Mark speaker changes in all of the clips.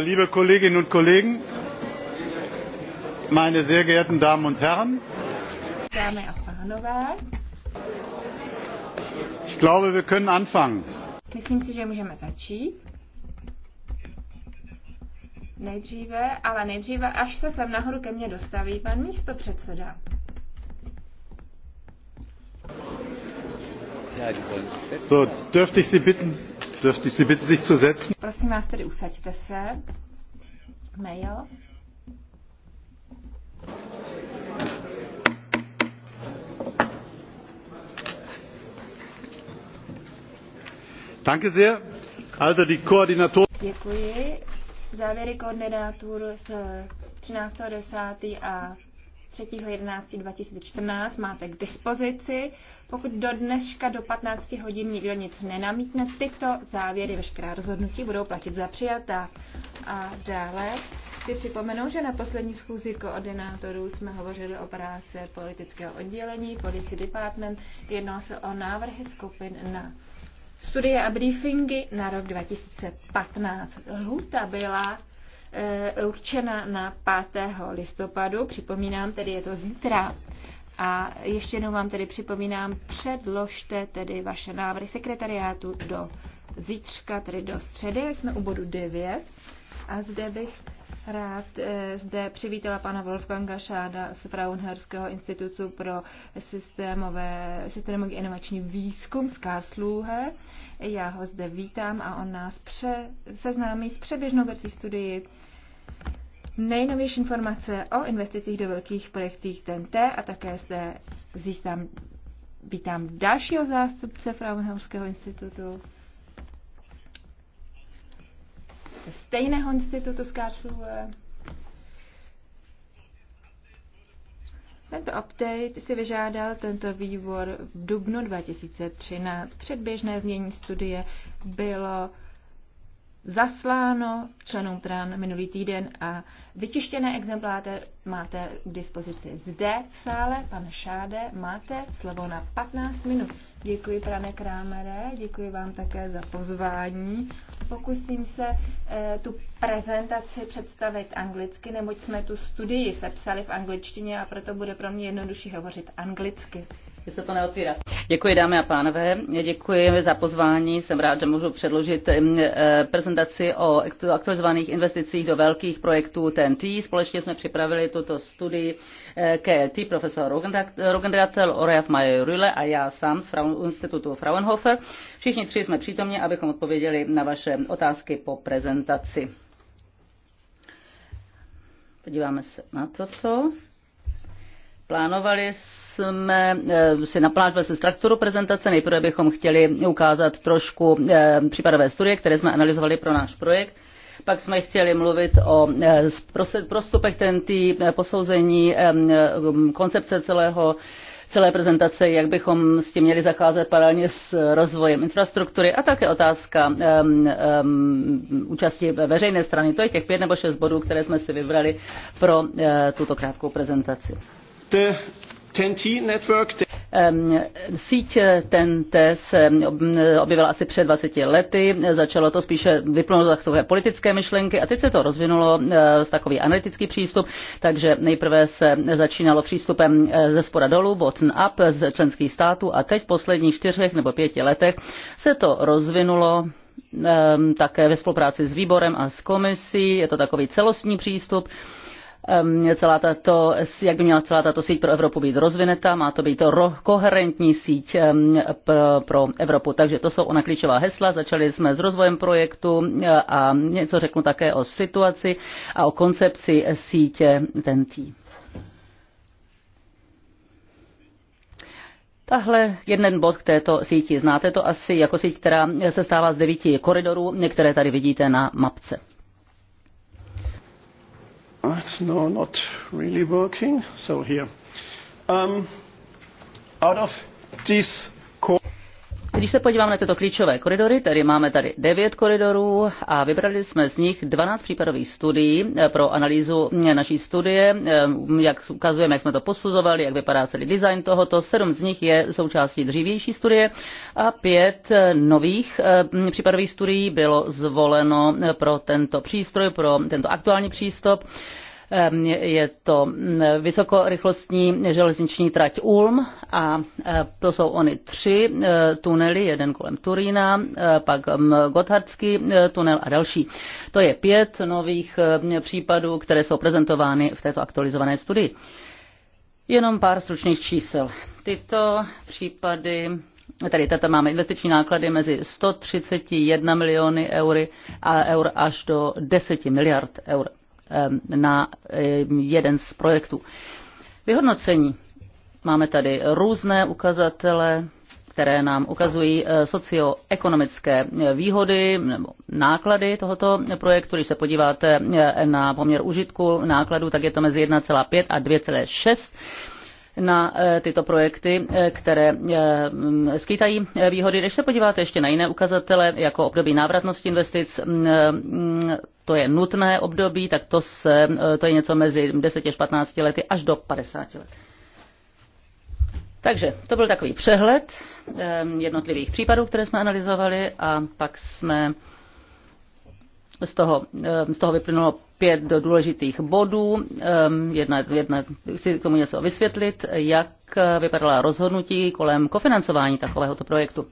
Speaker 1: liebe Kolleginnen und Kollegen, meine sehr geehrten Damen und Herren, Ich glaube, wir können anfangen.
Speaker 2: Nejdříve, ale nejdříve, až se sem nahoru ke mně dostaví pan místo předseda. So,
Speaker 1: dürfte ich Sie bitten,
Speaker 2: Prosím vás tedy usaďte se. Mail. Danke sehr. Also die Koordinator. Děkuji. Závěry koordinátů z 13.10. a 3.11.2014 máte k dispozici. Pokud do dneška do 15 hodin nikdo nic nenamítne, tyto závěry, veškerá rozhodnutí budou platit za přijatá. A dále si připomenu, že na poslední schůzi koordinátorů jsme hovořili o práci politického oddělení, Policy Department. Jednalo se o návrhy skupin na studie a briefingy na rok 2015. Lhuta byla Eh, určena na 5. listopadu. Připomínám, tedy je to zítra. A ještě jednou vám tedy připomínám, předložte tedy vaše návrhy sekretariátu do zítřka, tedy do středy. Jsme u bodu 9 a zde bych rád eh, zde přivítala pana Wolfganga Šáda z Fraunherského institutu pro systémové, systémový inovační výzkum z Karlsruhe. Já ho zde vítám a on nás pře, seznámí s předběžnou verzí studii nejnovější informace o investicích do velkých projektích TNT a také zde získám, vítám dalšího zástupce Fraunherského institutu stejného institutu z Karlsruhe. Eh. Tento update si vyžádal tento výbor v dubnu 2013. Předběžné změní studie bylo zasláno členům TRAN minulý týden a vytištěné exempláře máte k dispozici zde v sále. Pane Šáde, máte slovo na 15 minut. Děkuji, pane Krámere, děkuji vám také za pozvání. Pokusím se e, tu prezentaci představit anglicky, neboť jsme tu studii sepsali v angličtině a proto bude pro mě jednodušší
Speaker 1: hovořit anglicky se to neotvírá. Děkuji dámy a pánové, děkuji za pozvání, jsem rád, že můžu předložit eh, prezentaci o aktualizovaných investicích do velkých projektů TNT. Společně jsme připravili tuto studii eh, KLT, profesor Rogendatel, Oreaf Majorule a já sám z Institutu Fraunhofer. Všichni tři jsme přítomni, abychom odpověděli na vaše otázky po prezentaci. Podíváme se na toto. Plánovali jsme eh, si pláž se strukturu prezentace. Nejprve bychom chtěli ukázat trošku eh, případové studie, které jsme analyzovali pro náš projekt. Pak jsme chtěli mluvit o eh, prostupech TNT, posouzení koncepce celého celé prezentace, jak bychom s tím měli zacházet paralelně s rozvojem infrastruktury a také otázka um, um, účasti veřejné strany. To je těch pět nebo šest bodů, které jsme si vybrali pro uh, tuto krátkou prezentaci. Síť eh, TNT se mm, mm, objevila asi před 20 lety, začalo to spíše vyplnout takové politické myšlenky a teď se to rozvinulo eh, v takový analytický přístup, takže nejprve se začínalo přístupem eh, ze spora dolů, bottom up z členských států a teď v posledních čtyřech nebo pěti letech se to rozvinulo také ve spolupráci s výborem a s komisí, je to takový celostní přístup, Ehm, celá tato, jak by měla celá tato síť pro Evropu být rozvineta, má to být ro- koherentní síť ehm, pro, pro Evropu. Takže to jsou ona klíčová hesla. Začali jsme s rozvojem projektu e, a něco řeknu také o situaci a o koncepci sítě TNT. Tahle jeden bod k této síti. Znáte to asi jako síť, která se stává z devíti koridorů, které tady vidíte na mapce. It's no, not really working. So here. Um, out of these když se podíváme na tyto klíčové koridory, tady máme tady devět koridorů a vybrali jsme z nich 12 případových studií eh, pro analýzu eh, naší studie, eh, jak ukazujeme, jak jsme to posuzovali, jak vypadá celý design tohoto. Sedm z nich je součástí dřívější studie a pět nových případových studií bylo zvoleno pro tento přístroj, pro tento aktuální přístup Ehm, je to mm, vysokorychlostní železniční trať Ulm a e, to jsou ony tři e, tunely, jeden kolem Turína, e, pak mm, Gotthardský tunel a další. To je pět nových případů, které jsou prezentovány v této aktualizované studii. Jenom pár stručných čísel. Tyto případy Tady tato máme investiční náklady mezi 131 miliony eur a eur až do 10 miliard eur. Eh, na eh, jeden z projektů. Vyhodnocení. Máme tady různé ukazatele, které nám ukazují eh, socioekonomické výhody nebo náklady tohoto projektu. Když se podíváte na poměr užitku nákladů, tak je to mezi 1,5 a 2,6 na eh, tyto projekty, eh, které eh, skýtají výhody. Když se podíváte ještě na jiné ukazatele, jako období návratnosti investic, mm, mm, to je nutné období, tak to, se, to je něco mezi 10 až 15 lety až do 50 let. Takže to byl takový přehled jednotlivých případů, které jsme analyzovali a pak jsme z toho, z toho vyplynulo zpět do důležitých bodů. Ehm, jedna, jedna, chci k tomu něco vysvětlit, jak eh, vypadala rozhodnutí kolem kofinancování takovéhoto projektu.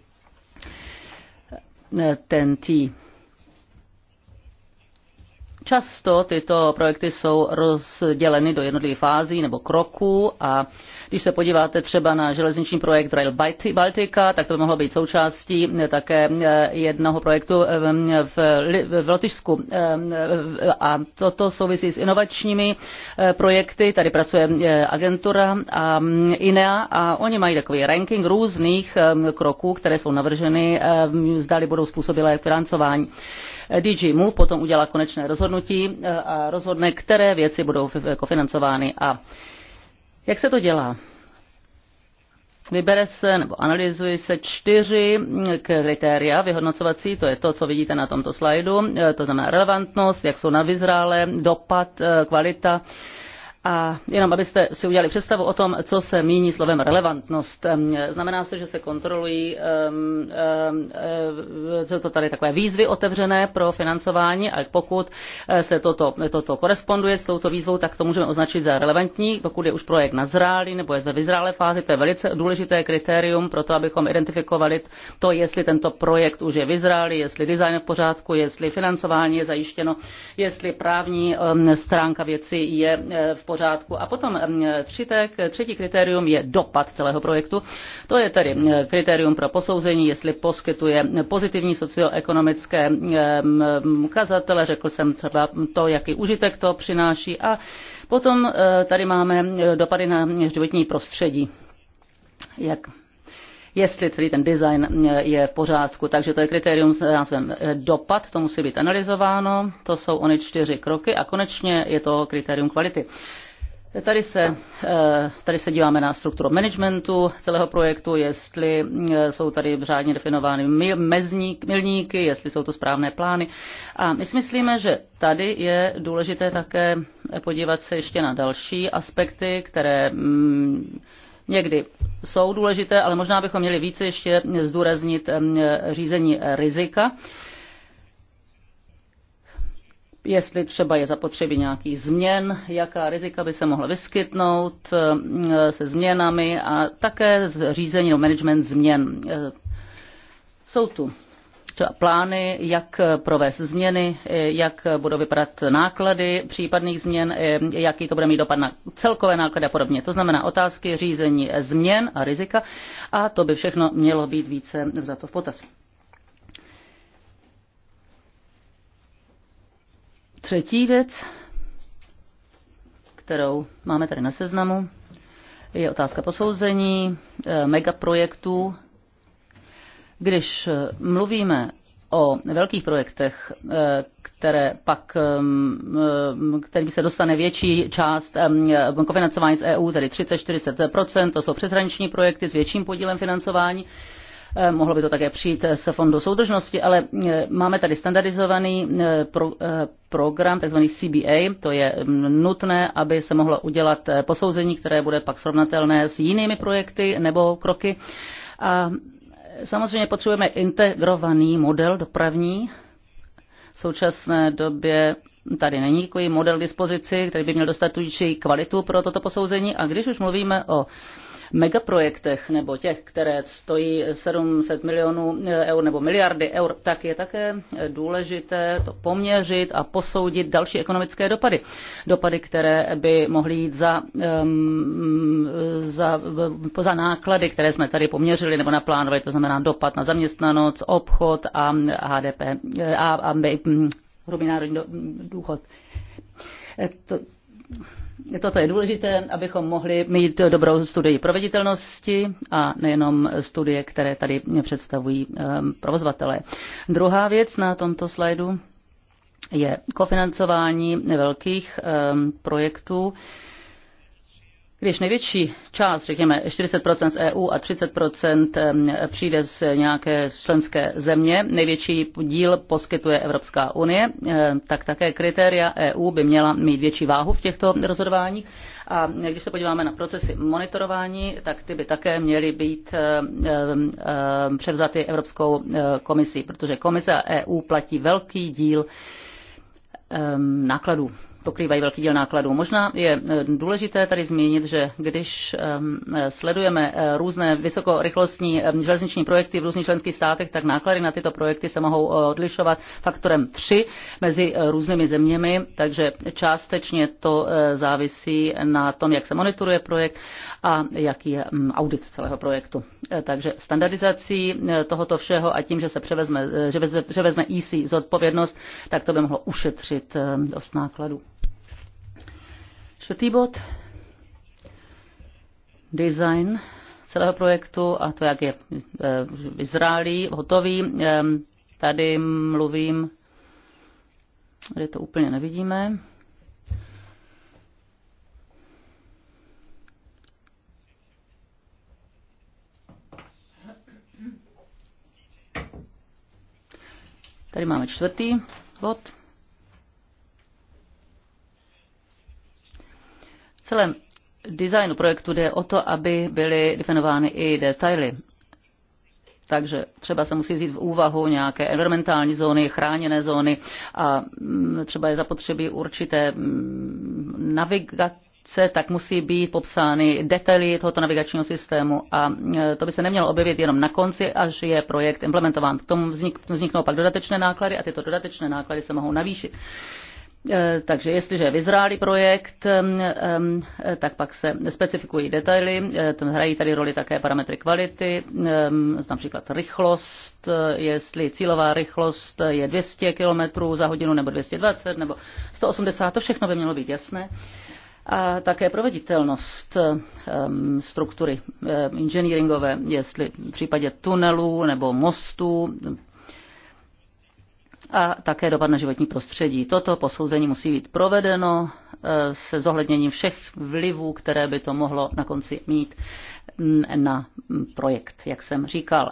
Speaker 1: Eh, ten tý. Často tyto projekty jsou rozděleny do jednotlivých fází nebo kroků a když se podíváte třeba na železniční projekt Rail Baltica, tak to by mohlo být součástí eh, také eh, jednoho projektu eh, v, v Lotyšsku. A toto souvisí s inovačními projekty. Tady pracuje agentura a mm, INEA a oni mají takový ranking různých kroků, které jsou navrženy, zdali budou způsobilé financování. DG Move potom udělá konečné rozhodnutí eh, a rozhodne, které věci budou kofinancovány jako a jak se to dělá. Vybere se nebo analyzuje se čtyři mm, kritéria vyhodnocovací, to je to, co vidíte na tomto slajdu, eh, to znamená relevantnost, jak jsou na vyzrále, dopad, eh, kvalita, a jenom abyste si udělali představu o tom, co se míní slovem relevantnost. Znamená se, že se kontrolují co e, to tady takové výzvy otevřené pro financování a pokud e, se toto, toto koresponduje s touto výzvou, tak to můžeme označit za relevantní. Pokud je už projekt nazrálý nebo je ve vyzrálé fázi, to je velice důležité kritérium pro to, abychom identifikovali to, jestli tento projekt už je vyzrálý, jestli design je v pořádku, jestli financování je zajištěno, jestli právní stránka věci je e, v pořádku. A potom mm, třitek, třetí kritérium je dopad celého projektu. To je tedy mm, kritérium pro posouzení, jestli poskytuje pozitivní socioekonomické mm, ukazatele, řekl jsem třeba to, jaký užitek to přináší a Potom tady máme dopady na životní prostředí. Jak jestli celý ten design je v pořádku. Takže to je kritérium s názvem eh, dopad, to musí být analyzováno, to jsou ony čtyři kroky a konečně je to kritérium kvality. Tady se, eh, tady se díváme na strukturu managementu celého projektu, jestli eh, jsou tady řádně definovány mezník, milníky, jestli jsou to správné plány. A my si myslíme, že tady je důležité také podívat se ještě na další aspekty, které mm, někdy jsou důležité, ale možná bychom měli více ještě zdůraznit mm, řízení rizika jestli třeba je zapotřebí nějakých změn, jaká rizika by se mohla vyskytnout eh, se změnami a také řízení nebo management změn. Eh, jsou tu třeba plány, jak provést změny, eh, jak budou vypadat náklady případných změn, jaký to bude mít dopad na celkové náklady a podobně. To znamená otázky řízení změn a rizika a to by všechno mělo být více vzato v potaz. Třetí věc, kterou máme tady na seznamu, je otázka posouzení eh, megaprojektů. Když eh, mluvíme o velkých projektech, eh, které pak, by ehm, se dostane větší část ehm, kofinancování z EU, tedy 30-40%, to jsou přeshraniční projekty s větším podílem financování, Eh, mohlo by to také přijít z Fondu soudržnosti, ale eh, máme tady standardizovaný eh, pro, program, takzvaný CBA, to je mm, nutné, aby se mohlo udělat posouzení, které bude pak srovnatelné s jinými projekty nebo kroky. A samozřejmě potřebujeme integrovaný model dopravní. V současné době tady není takový model dispozici, který by měl dostatující kvalitu pro toto posouzení. A když už mluvíme o megaprojektech nebo těch, které stojí 700 milionů eur nebo miliardy eur, tak je také důležité to poměřit a posoudit další ekonomické dopady. Dopady, které by mohly jít za, za, za náklady, které jsme tady poměřili nebo naplánovali, to znamená dopad na zaměstnanost, obchod a HDP a, a hrubý národní důchod. E, to, Toto je důležité, abychom mohli mít dobrou studii proveditelnosti a nejenom studie, které tady představují ehm, provozovatelé. Druhá věc na tomto slajdu je kofinancování velkých ehm, projektů když největší část, řekněme 40% z EU a 30% přijde z nějaké členské země, největší díl poskytuje Evropská unie, tak také kritéria EU by měla mít větší váhu v těchto rozhodováních. A když se podíváme na procesy monitorování, tak ty by také měly být převzaty Evropskou eh, komisí, protože komise a EU platí velký díl nákladů pokrývají velký díl nákladů. Možná je eh, důležité tady zmínit, že když ehm, eh, sledujeme eh, různé vysokorychlostní ehm, železniční projekty v různých členských státech, tak náklady na tyto projekty se mohou odlišovat faktorem 3 mezi různými zeměmi, takže částečně to závisí na tom, jak se monitoruje projekt a jaký je mm, audit celého projektu. Takže standardizací tohoto všeho a tím, že se převezme, že vezme EC zodpovědnost, tak to by mohlo ušetřit ehm, dost nákladů. Čtvrtý bod. Design celého projektu a to, jak je eh, v Izraeli hotový. Ehm, tady mluvím, tady to úplně nevidíme. Tady máme čtvrtý bod. celém designu projektu jde o to, aby byly definovány i detaily. Takže třeba se musí vzít v úvahu nějaké environmentální zóny, chráněné zóny a mm, třeba je zapotřebí určité mm, navigace se tak musí být popsány detaily tohoto navigačního systému a mm, to by se nemělo objevit jenom na konci, až je projekt implementován. K tomu vzniknou pak dodatečné náklady a tyto dodatečné náklady se mohou navýšit. Eh, takže jestliže je vyzrálý projekt, eh, eh, tak pak se specifikují detaily, tam hrají tady roli také parametry kvality, například rychlost, jestli cílová rychlost je 200 km za hodinu nebo 220 nebo 180, to všechno by mělo být jasné. A také proveditelnost struktury inženýringové, jestli v případě tunelů nebo mostů, a také dopad na životní prostředí. Toto posouzení musí být provedeno eh, se zohledněním všech vlivů, které by to mohlo na konci mít na projekt, jak jsem říkal.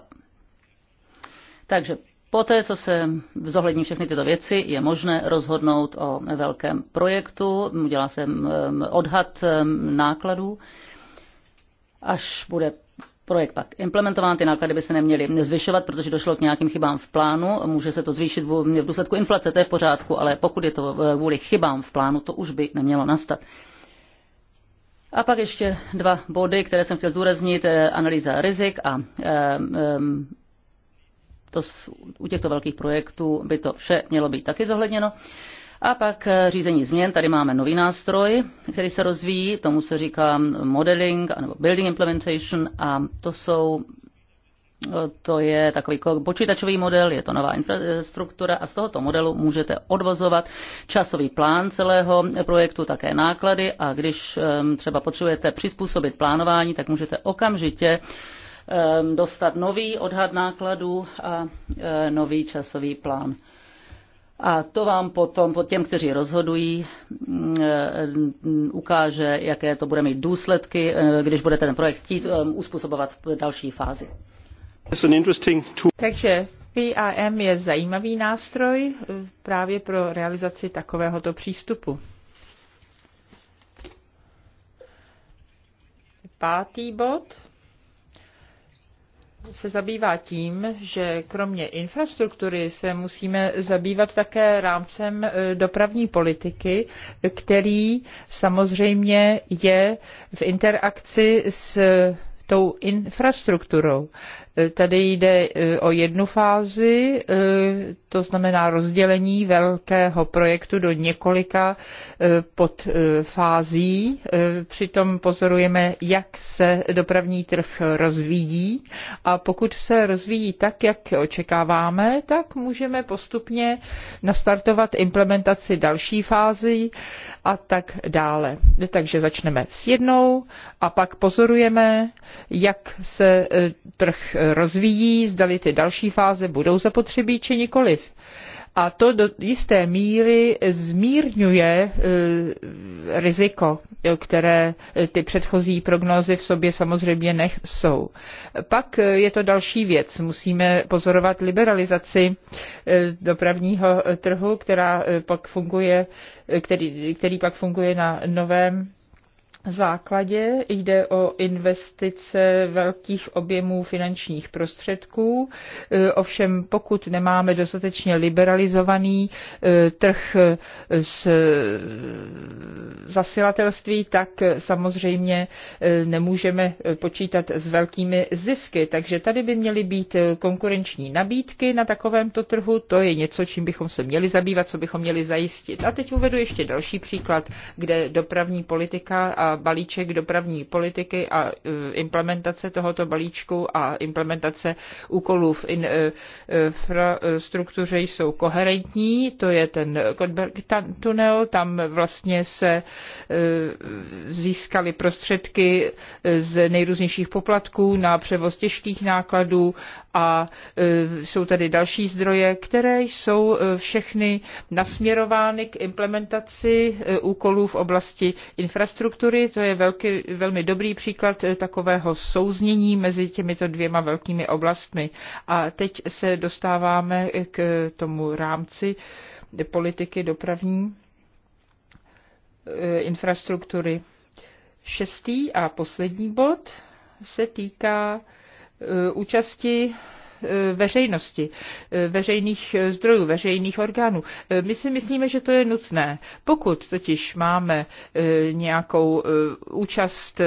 Speaker 1: Takže Poté, co se zohlední všechny tyto věci, je možné rozhodnout o velkém projektu. Udělá jsem odhad nákladů. Až bude projekt pak implementován, ty náklady by se neměly zvyšovat, protože došlo k nějakým chybám v plánu, může se to zvýšit v důsledku inflace, to je v pořádku, ale pokud je to kvůli chybám v plánu, to už by nemělo nastat. A pak ještě dva body, které jsem chtěl zdůraznit, eh, analýza rizik a eh, eh, to, u těchto velkých projektů by to vše mělo být taky zohledněno. A pak eh, řízení změn, tady máme nový nástroj, který se rozvíjí, tomu se říká modeling nebo building implementation a to jsou eh, to je takový počítačový model, je to nová infrastruktura a z tohoto modelu můžete odvozovat časový plán celého projektu, také náklady a když ehm, třeba potřebujete přizpůsobit plánování, tak můžete okamžitě ehm, dostat nový odhad nákladů a eh, nový časový plán. A to vám potom, pod těm, kteří rozhodují, mm, ukáže, jaké to bude mít důsledky, eh, když budete ten projekt chtít eh, uspůsobovat v další fázi. Takže
Speaker 3: PIM je zajímavý nástroj eh, právě pro realizaci takovéhoto přístupu. Pátý bod se zabývá tím, že kromě infrastruktury se musíme zabývat také rámcem e, dopravní politiky, který samozřejmě je v interakci s tou infrastrukturou. E, tady jde e, o jednu fázi, e, to znamená rozdělení velkého projektu do několika podfází. Přitom pozorujeme, jak se dopravní trh rozvíjí a pokud se rozvíjí tak, jak očekáváme, tak můžeme postupně nastartovat implementaci další fázi a tak dále. Takže začneme s jednou a pak pozorujeme, jak se e, trh e, rozvíjí, zdali ty další fáze budou zapotřebí či nikoliv a to do jisté míry zmírňuje e, riziko, které ty předchozí prognózy v sobě samozřejmě nesou. Pak je to další věc. Musíme pozorovat liberalizaci dopravního trhu, která pak funguje, který, který pak funguje na novém základě jde o investice velkých objemů finančních prostředků. Eh, ovšem, pokud nemáme dostatečně liberalizovaný eh, trh eh, s zasilatelství, tak samozřejmě nemůžeme počítat s velkými zisky. Takže tady by měly být konkurenční nabídky na takovémto trhu. To je něco, čím bychom se měli zabývat, co bychom měli zajistit. A teď uvedu ještě další příklad, kde dopravní politika a balíček dopravní politiky a e, implementace tohoto balíčku a implementace úkolů v e, e, infrastruktuře jsou koherentní. To je ten Kotberg tunel, tam vlastně se získaly prostředky z nejrůznějších poplatků na převoz těžkých nákladů a jsou tady další zdroje, které jsou všechny nasměrovány k implementaci úkolů v oblasti infrastruktury Evropy. To je velký, velmi dobrý příklad eh, takového souznění mezi těmito dvěma velkými oblastmi. A teď se dostáváme eh, k eh, tomu rámci politiky dopravní infrastruktury. Šestý a poslední bod se týká účasti Eh, veřejnosti, eh, veřejných eh, zdrojů, veřejných orgánů. My si myslíme, že to je nutné. Pokud totiž máme nějakou účast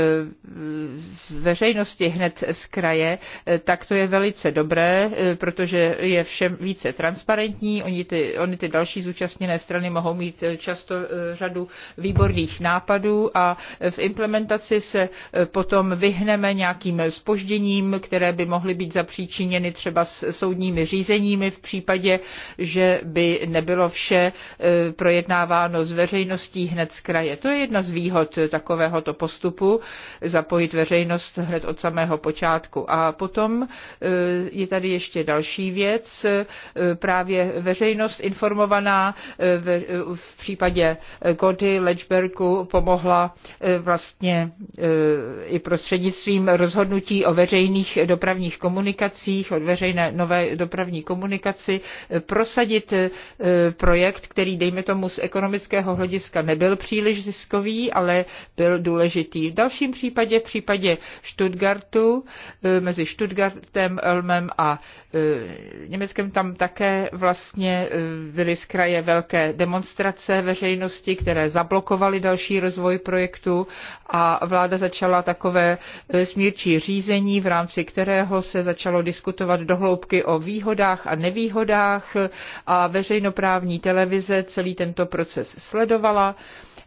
Speaker 3: veřejnosti hned z kraje, tak to je velice dobré, protože je všem více transparentní. Oni ty, oni ty další zúčastněné strany mohou mít často řadu výborných nápadů a v implementaci se potom vyhneme nějakým spožděním, které by mohly být zapříčiněny třeba s soudními řízeními v případě, že by nebylo vše e, projednáváno s veřejností hned z kraje. To je jedna z výhod takovéhoto postupu, zapojit veřejnost hned od samého počátku. A potom e, je tady ještě další věc, e, právě veřejnost informovaná v případě Gody Lečberku pomohla vlastně i prostřednictvím rozhodnutí o veřejných dopravních komunikacích, o veřejné nové dopravní komunikaci, eh, prosadit eh, projekt, který, dejme tomu, z ekonomického hlediska nebyl příliš ziskový, ale byl důležitý. V dalším případě, v případě Stuttgartu, eh, mezi Stuttgartem, Elmem a Německem tam také vlastně byly z kraje velké demonstrace veřejnosti, které zablokovaly další rozvoj projektu a vláda začala takové smírčí řízení, v rámci kterého se začalo diskutovat dohloubky o výhodách a nevýhodách a veřejnoprávní televize celý tento proces sledovala.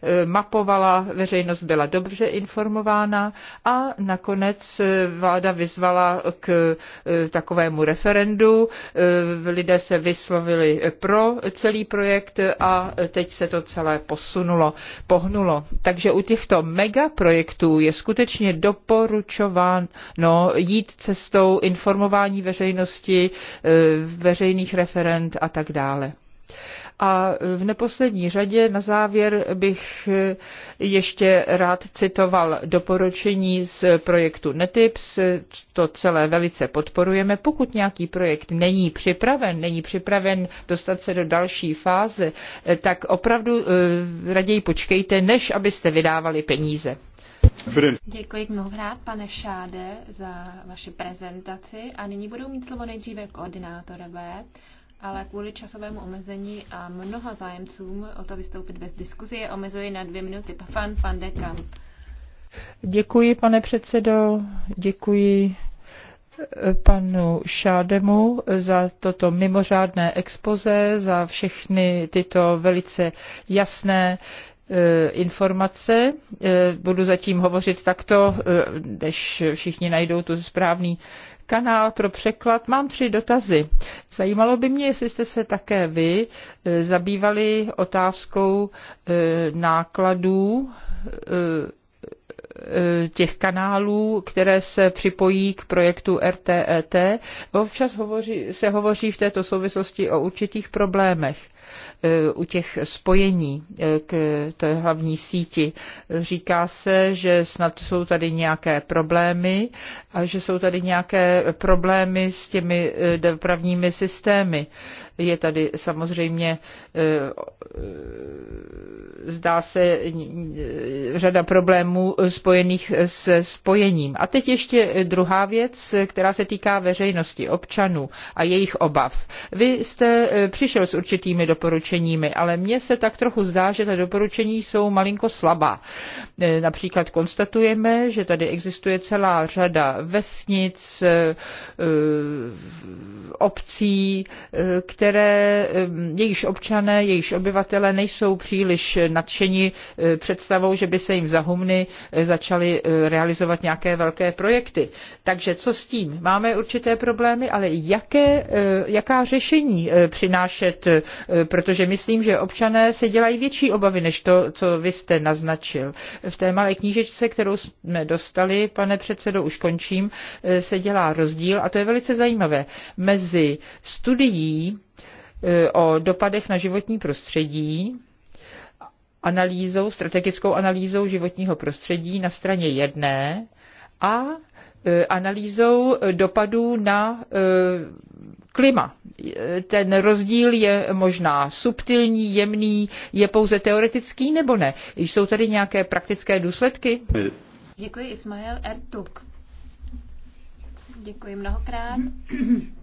Speaker 3: Eh, mapovala, veřejnost byla dobře informována a nakonec eh, vláda vyzvala k eh, takovému referendu. Lidé se vyslovili pro celý projekt a teď se to celé posunulo, pohnulo. Takže u těchto megaprojektů je skutečně doporučováno jít cestou informování veřejnosti, veřejných referent a tak dále. A v neposlední řadě na závěr bych ještě rád citoval doporučení z projektu Netips. To celé velice podporujeme. Pokud nějaký projekt není připraven, není připraven dostat se do další fáze, tak opravdu eh, raději počkejte, než abyste vydávali peníze.
Speaker 2: Děkuji mnohokrát, pane Šáde, za vaši prezentaci a nyní budou mít slovo nejdříve koordinátorové ale kvůli časovému omezení a mnoha zájemcům o to vystoupit bez diskuzi je omezuji na dvě minuty. Pan Van de Kamp.
Speaker 3: Děkuji, pane předsedo, děkuji eh, panu Šádemu za toto mimořádné expoze, za všechny tyto velice jasné eh, informace. Eh, budu zatím hovořit takto, než všichni najdou tu správný kanál pro překlad. Mám tři dotazy. Zajímalo by mě, jestli jste se také vy e, zabývali otázkou e, nákladů e, těch kanálů, které se připojí k projektu RTET. Občas hovoří, se hovoří v této souvislosti o určitých problémech u těch spojení e, k té hlavní síti. Říká se, že snad jsou tady nějaké problémy a že jsou tady nějaké problémy s těmi e, dopravními systémy. Je tady samozřejmě, eh, eh, zdá se, řada problémů spojených s spojením. A teď ještě druhá věc, která se týká veřejnosti, občanů a jejich obav. Vy jste eh, přišel s určitými doporučeními, ale mně se tak trochu zdá, že ta doporučení jsou malinko slabá. Například konstatujeme, že tady existuje celá řada vesnic, obcí, které které jejichž občané, jejichž obyvatele nejsou příliš nadšeni eh, představou, že by se jim za humny eh, začaly eh, realizovat nějaké velké projekty. Takže co s tím? Máme určité problémy, ale jaké, jaká řešení přinášet, protože myslím, že občané si dělají větší obavy, než to, co vy jste naznačil. V té malé knížečce, kterou jsme dostali, pane předsedo, už končím, se dělá rozdíl, a to je velice zajímavé, mezi studií o dopadech na životní prostředí analýzou, strategickou analýzou životního prostředí na straně jedné a e, analýzou dopadů na e, klima. Ten rozdíl je možná subtilní, jemný, je pouze teoretický nebo ne? Jsou tady nějaké praktické důsledky?
Speaker 2: Děkuji, Ismail Ertuk. Děkuji mnohokrát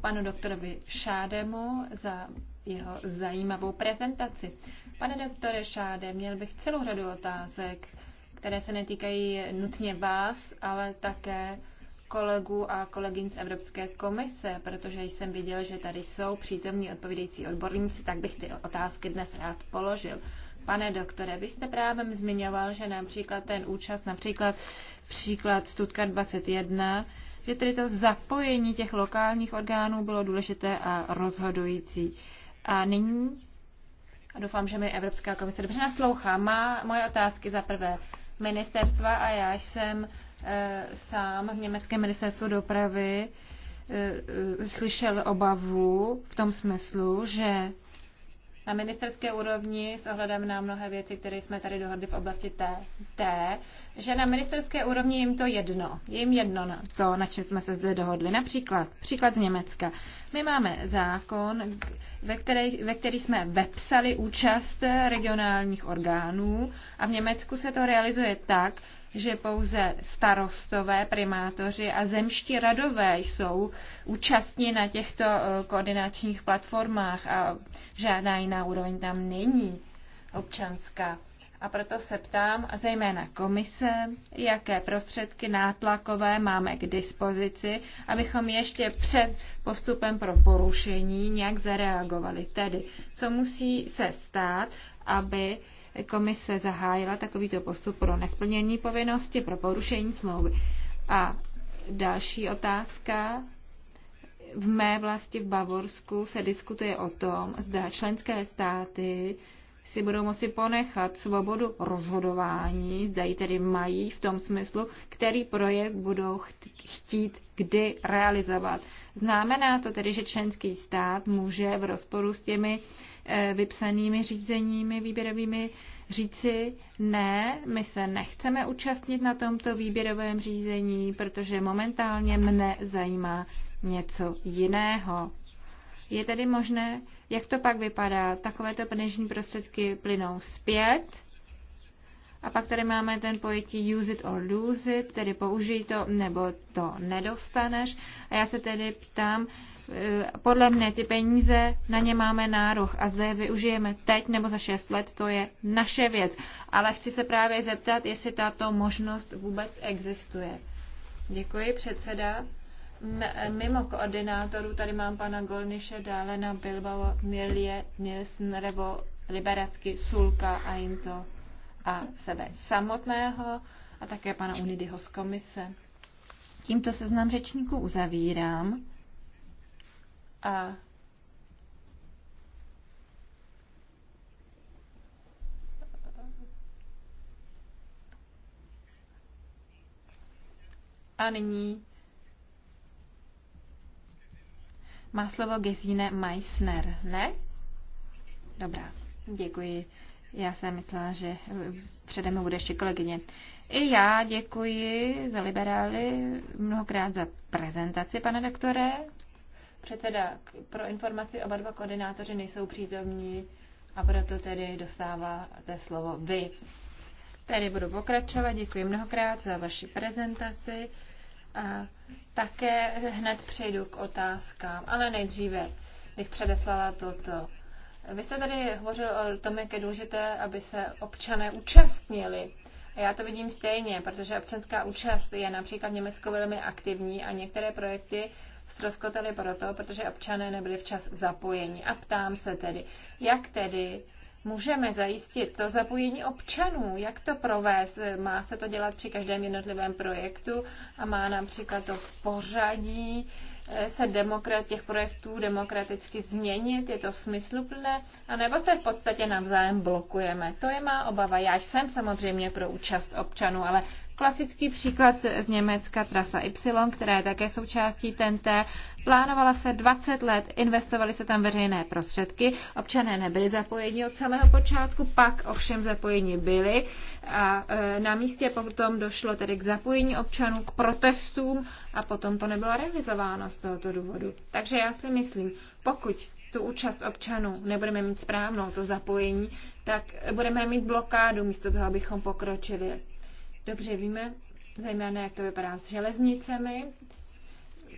Speaker 2: panu doktorovi Šádemu za jeho zajímavou prezentaci. Pane doktore Šáde, měl bych celou řadu otázek, které se netýkají nutně vás, ale také kolegů a kolegyn z Evropské komise, protože jsem viděl, že tady jsou přítomní odpovídající odborníci, tak bych ty otázky dnes rád položil. Pane doktore, vy jste právě zmiňoval, že například ten účast, například příklad Stuttgart 21, že tedy to zapojení těch lokálních orgánů bylo důležité a rozhodující. A nyní, a doufám, že mi Evropská komise dobře naslouchá, má moje otázky za prvé ministerstva a já jsem e, sám v Německém ministerstvu dopravy e, e, slyšel obavu v tom smyslu, že na ministerské úrovni s ohledem na mnohé věci, které jsme tady dohodli v oblasti T, T že na ministerské úrovni jim to jedno. Je jim jedno na to, na čem jsme se zde dohodli. Například, příklad z Německa. My máme zákon, ve, který, ve který jsme vepsali účast regionálních orgánů a v Německu se to realizuje tak, že pouze starostové, primátoři a zemští radové jsou účastní na těchto eh, koordinačních platformách a žádná jiná úroveň tam není občanská. A proto se ptám, a zejména komise, jaké prostředky nátlakové máme k dispozici, abychom ještě před postupem pro porušení nějak zareagovali. Tedy, co musí se stát, aby komise zahájila takovýto postup pro nesplnění povinnosti, pro porušení smlouvy. A další otázka. V mé vlasti v Bavorsku se diskutuje o tom, zda členské státy si budou moci ponechat svobodu rozhodování, zda ji tedy mají v tom smyslu, který projekt budou chtít kdy realizovat. Znamená to tedy, že členský stát může v rozporu s těmi uh, Eh, vypsanými řízeními výběrovými říci ne, my se nechceme účastnit na tomto výběrovém řízení, protože momentálně mne zajímá něco jiného. Je tedy možné, jak to pak vypadá? Takovéto peněžní prostředky plynou zpět a pak tady máme ten pojetí use it or lose it, tedy použij to nebo to nedostaneš. A já se tedy ptám, Eh, podle mne ty peníze na ně máme nárok a zde je využijeme teď nebo za šest let, to je naše věc. Ale chci se právě zeptat, jestli tato možnost vůbec existuje. Děkuji, předseda. Mimo koordinátorů tady mám pana Golniše, dále na Bilbao, Mirlie, Nilsen, nebo Liberacky, Sulka a to a sebe samotného a také pana Unidyho z komise. Tímto seznam řečníků uzavírám. A A nyní má slovo Gesine Meissner, ne? Dobrá, děkuji. Já jsem myslela, že přede mnou bude ještě kolegyně. I já děkuji za liberály mnohokrát za prezentaci, pane doktore. Předseda pro informaci oba dva koordinátoři nejsou přítomní a proto tedy dostáváte slovo vy. Tady budu pokračovat. Děkuji mnohokrát za vaši prezentaci. A také hned přejdu k otázkám, ale nejdříve bych předeslala toto. Vy jste tady hovořil o tom, jak je důležité, aby se občané účastnili. A já to vidím stejně, protože občanská účast je například v Německu velmi aktivní a některé projekty ztroskotali proto, protože občané nebyli včas zapojeni. A ptám se tedy, jak tedy můžeme zajistit to zapojení občanů, jak to provést. Má se to dělat při každém jednotlivém projektu a má například to v pořadí eh, se demokrat, těch projektů demokraticky změnit, je to smysluplné, anebo se v podstatě navzájem blokujeme. To je má obava. Já jsem samozřejmě pro účast občanů, ale Klasický příklad z Německa, trasa Y, která je také součástí TNT, plánovala se 20 let, investovaly se tam veřejné prostředky, občané nebyli zapojeni od samého počátku, pak ovšem zapojeni byli a e, na místě potom došlo tedy k zapojení občanů, k protestům a potom to nebylo realizováno z tohoto důvodu. Takže já si myslím, pokud tu účast občanů nebudeme mít správnou, to zapojení, tak budeme mít blokádu místo toho, abychom pokročili. Dobře víme, zejména jak to vypadá s železnicemi,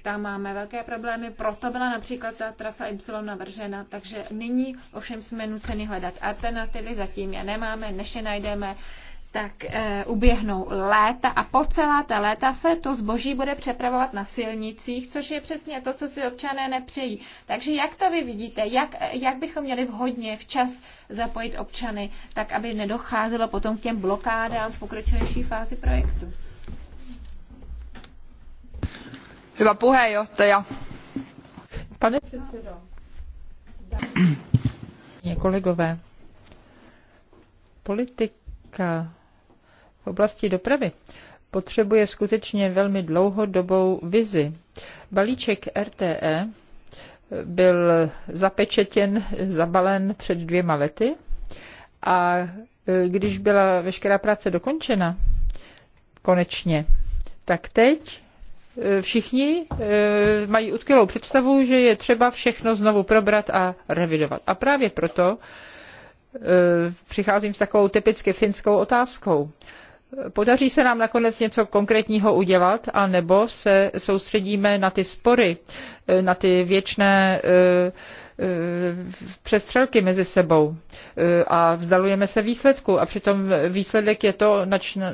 Speaker 2: tam máme velké problémy, proto byla například ta trasa Y navržena, takže nyní ovšem jsme nuceni hledat alternativy, zatím je nemáme, než je najdeme, tak e, uběhnou léta a po celá ta léta se to zboží bude přepravovat na silnicích, což je přesně to, co si občané nepřejí. Takže jak to vy vidíte, jak, jak bychom měli vhodně včas zapojit občany, tak aby nedocházelo potom k těm blokádám v pokročilejší fázi projektu?
Speaker 3: Hyvä puheenjohtaja. Pane předsedo. Kolegové, politika v oblasti dopravy potřebuje skutečně velmi dlouhodobou vizi. Balíček RTE byl zapečetěn, zabalen před dvěma lety a e, když byla veškerá práce dokončena, konečně, tak teď e, všichni e, mají utkylou představu, že je třeba všechno znovu probrat a revidovat. A právě proto přicházím s takovou typicky finskou otázkou. Podaří se nám nakonec něco konkrétního udělat, anebo se soustředíme na ty spory, eh, na ty věčné eh, eh, přestřelky mezi sebou a vzdalujeme se výsledku a přitom výsledek je to,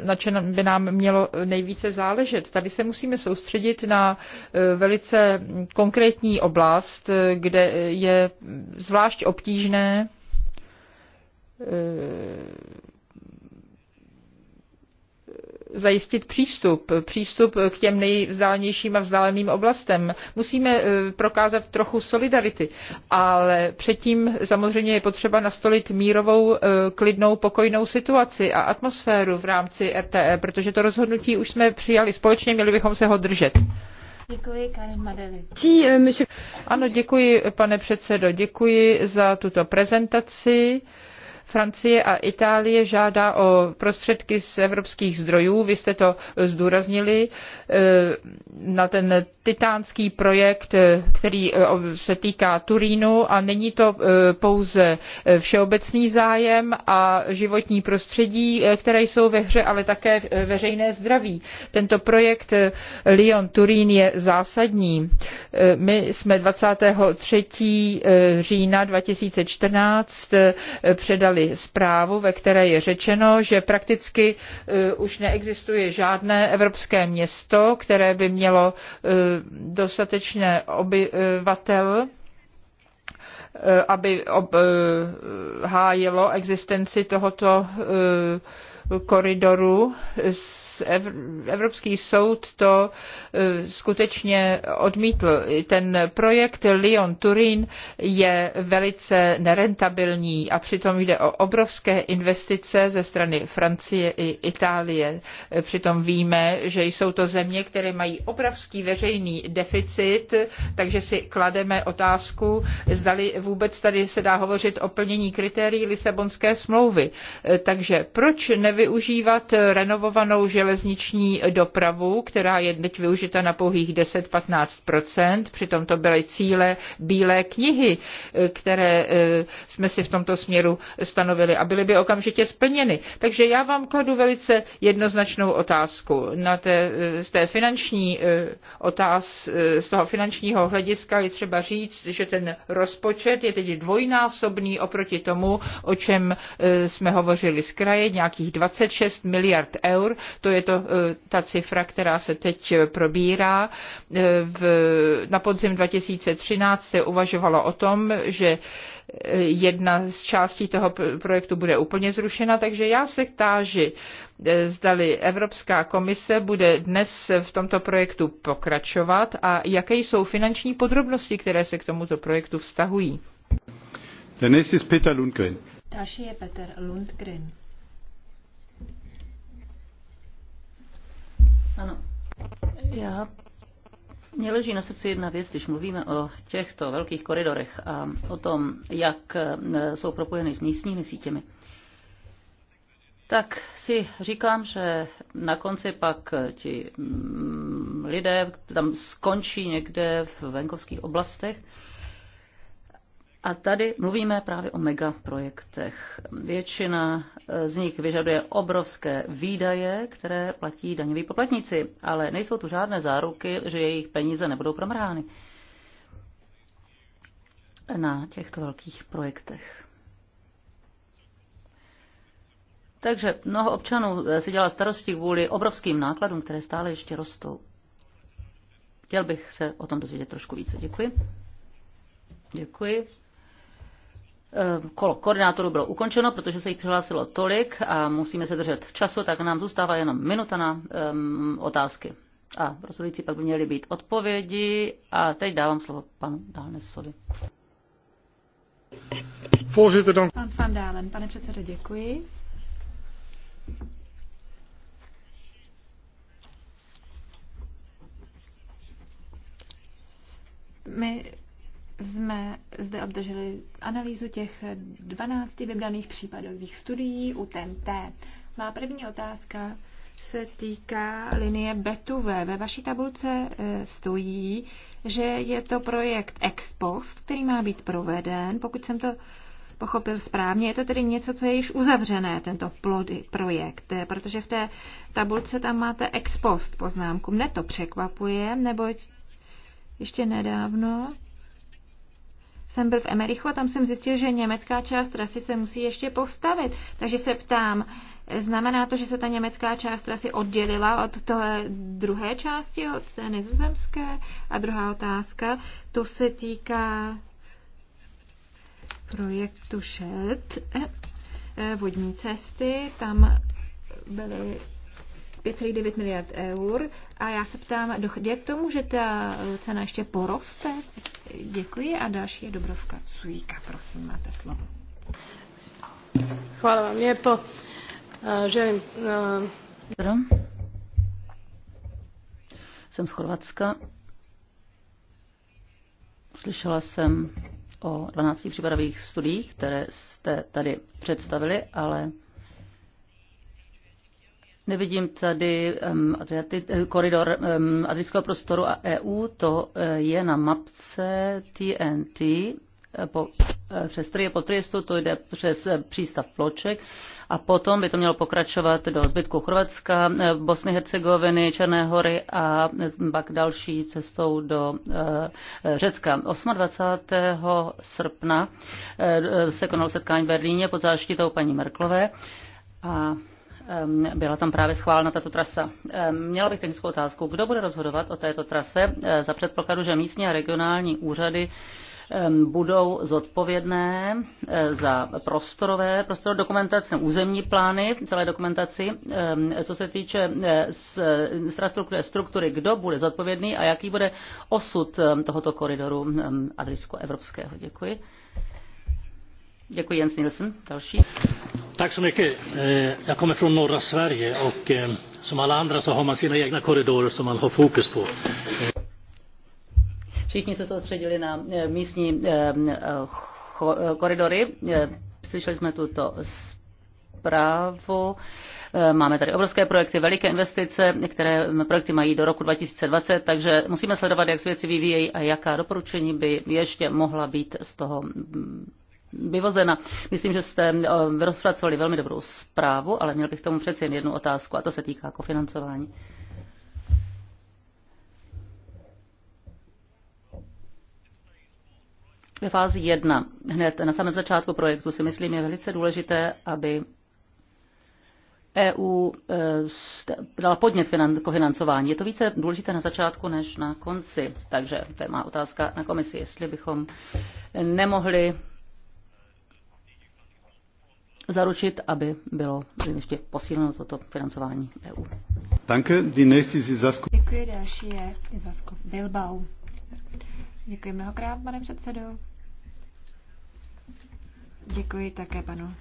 Speaker 3: na čem by nám mělo nejvíce záležet. Tady se musíme soustředit na velice konkrétní oblast, kde je zvlášť obtížné zajistit přístup, přístup k těm nejvzdálenějším a vzdáleným oblastem. Musíme eh, prokázat trochu solidarity, ale předtím samozřejmě je potřeba nastolit mírovou, eh, klidnou, pokojnou situaci a atmosféru v rámci RTE, protože to rozhodnutí už jsme přijali společně, měli bychom se ho držet.
Speaker 2: Děkuji, Karin Madeli.
Speaker 3: Eh, ano, děkuji, pane předsedo, děkuji za tuto prezentaci. Francie a Itálie žádá o prostředky z evropských zdrojů. Vy jste to zdůraznili eh, na ten titánský projekt, eh, který eh, se týká Turínu a není to pouze všeobecný zájem a životní prostředí, které jsou ve hře, ale také veřejné zdraví. Tento projekt Lyon-Turín je zásadní. My jsme 23. října 2014 předali dostali zprávu, ve které je řečeno, že prakticky e, už neexistuje žádné evropské město, které by mělo e, dostatečné obyvatel e, aby ob, hájilo existenci tohoto koridoru s Evropský soud to e, skutečně odmítl. Ten projekt Lyon-Turín je velice nerentabilní a přitom jde o obrovské investice ze strany Francie i Itálie. E, přitom víme, že jsou to země, které mají obrovský veřejný deficit, takže si klademe otázku, zdali vůbec tady se dá hovořit o plnění kritérií Lisabonské smlouvy. E, takže proč nevyužívat renovovanou železnici? železniční dopravu, která je teď využita na pouhých 10-15%, přitom to byly cíle bílé knihy, eh, které eh, jsme si v tomto směru stanovili a byly by okamžitě splněny. Takže já vám kladu velice jednoznačnou otázku. Na té, eh, z té finanční otáz, z toho finančního hlediska je třeba říct, že ten rozpočet je teď dvojnásobný oproti tomu, o čem jsme hovořili z kraje, nějakých 26 miliard eur. To je je to eh, ta cifra, která se teď eh, probírá. Eh, v, na podzim 2013 se uvažovalo o tom, že jedna z částí toho projektu bude úplně zrušena, takže já se táži, zdali Evropská komise bude dnes v tomto projektu pokračovat a jaké jsou finanční podrobnosti, které se k tomuto projektu vztahují.
Speaker 2: Další je Peter Lundgren.
Speaker 1: Ano. Já mně leží na srdci jedna věc, když mluvíme o těchto velkých koridorech a o tom, jak eh, jsou propojeny s místními sítěmi. Tak si říkám, že na konci pak eh, ti mm, lidé tam skončí někde v venkovských oblastech a tady mluvíme právě o megaprojektech. Většina eh, z nich vyžaduje obrovské výdaje, které platí daňoví poplatníci, ale nejsou tu žádné záruky, že jejich peníze nebudou promrány na těchto velkých projektech. Takže mnoho občanů eh, si dělá starosti kvůli obrovským nákladům, které stále ještě rostou. Chtěl bych se o tom dozvědět trošku více. Děkuji. Děkuji. Eh, kolo koordinátorů bylo ukončeno, protože se jich přihlásilo tolik a musíme se držet v času, tak nám zůstává jenom minuta na um, otázky. A rozhodující pak by měly být odpovědi. A teď dávám slovo panu Dálnesovi. Pan,
Speaker 2: Pan Dálen, pane předsedo, děkuji. My jsme zde obdrželi analýzu těch 12 vybraných případových studií u TNT. Má první otázka se týká linie Betuve. Ve vaší tabulce eh, stojí, že je to projekt Expost, který má být proveden, pokud jsem to pochopil správně, je to tedy něco, co je již uzavřené, tento plody, projekt, eh, protože v té tabulce tam máte EXPOST poznámku. Mne to překvapuje, neboť ještě nedávno jsem byl v Emerichu a tam jsem zjistil, že německá část trasy se musí ještě postavit. Takže se ptám, znamená to, že se ta německá část trasy oddělila od té druhé části, od té nizozemské? A druhá otázka, to se týká projektu ŠED, eh, vodní cesty, tam byly 5,9 miliard eur. A já se ptám, jak to může ta cena ještě poroste? Děkuji a další je Dobrovka Cujíka. Prosím, máte slovo.
Speaker 1: Hvala vám lijepo. Eh, Želim... Eh, jsem z Chorvatska. Slyšela jsem o 12 případových studiích, které jste tady představili, ale Nevidím tady um, koridor um, adrického prostoru a EU, to eh, je na mapce TNT, eh, po, přes je po Triestu, to jde přes přístav Ploček a potom by to mělo pokračovat do zbytku Chorvatska, Bosny, Hercegoviny, Černé hory a pak další cestou do Řecka. 28. srpna se konalo setkání v Berlíně pod záštitou paní Merklové a byla tam právě schválena tato trasa. Měla bych technickou otázku, kdo bude rozhodovat o této trase eh, za předpokladu, že místní a regionální úřady budou zodpovědné eh, za prostorové, prostorové dokumentace, územní plány, celé dokumentaci, co se týče eh, struktury, struktury, kdo bude zodpovědný a jaký bude osud tohoto koridoru adrisko-evropského. Děkuji. Děkuji, Jens Nielsen. Další.
Speaker 2: Tack så mycket. Eh, jag kommer från norra Sverige och eh, som alla andra så har man sina egna korridorer som man har fokus på.
Speaker 1: Všichni se soustředili na eh, místní koridory. Slyšeli jsme tuto zprávu. Máme tady obrovské projekty, veliké investice, které projekty mají do roku 2020, takže musíme sledovat, jak se věci vyvíjejí a jaká doporučení by ještě mohla být z toho mm, vyvozena. Myslím, že jste eh, rozpracovali velmi dobrou zprávu, ale měl bych tomu přeci jen jednu otázku, a to se týká kofinancování. Ve fázi 1, hned na samém začátku projektu, si myslím, je velice důležité, aby EU eh, dala podnět kofinancování. Je to více důležité na začátku než na konci. Takže to je má otázka na komisi, jestli bychom nemohli zaručit, aby bylo ještě posíleno toto financování EU. Danke, die nächste ist zasko.
Speaker 2: Děkuji, další je zasko. Bilbao. Děkuji mnohokrát, pane předsedo. Děkuji také panu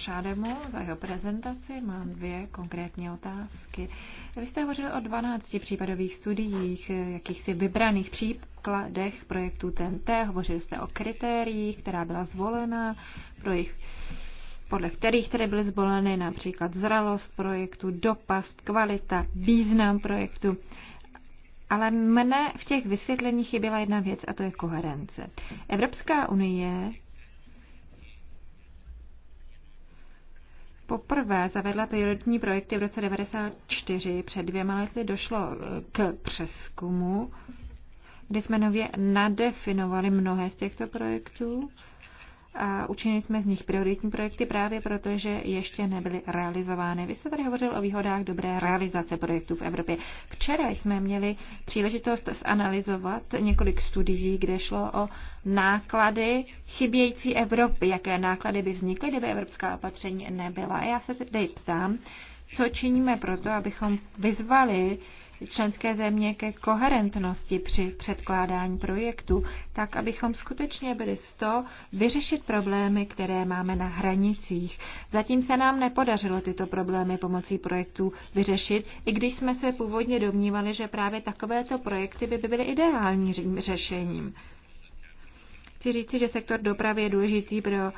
Speaker 2: Šádemu za jeho prezentaci. Mám dvě konkrétní otázky. Vy jste hovořil o 12 případových studiích, jakýchsi vybraných příkladech projektů TNT. Hovořil jste o kritériích, která byla zvolena pro jejich podle kterých tedy byly zvoleny například zralost projektu, dopast, kvalita, význam projektu. Ale mne v těch vysvětleních chyběla jedna věc a to je koherence. Evropská unie poprvé zavedla pilotní projekty v roce 1994. Před dvěma lety došlo e, k přeskumu, kdy jsme nově nadefinovali mnohé z těchto projektů a učinili jsme z nich prioritní projekty právě proto, že ještě nebyly realizovány. Vy jste tady hovořil o výhodách dobré realizace projektů v Evropě. Včera jsme měli příležitost zanalizovat několik studií, kde šlo o náklady chybějící Evropy, jaké náklady by vznikly, kdyby evropská opatření nebyla. A já se tedy ptám, co činíme proto, abychom vyzvali členské země ke koherentnosti při předkládání projektu, tak abychom skutečně byli z to vyřešit problémy, které máme na hranicích. Zatím se nám nepodařilo tyto problémy pomocí projektů vyřešit, i když jsme se původně domnívali, že právě takovéto projekty by byly ideální řešením. Chci říci, že sektor dopravy je důležitý pro eh,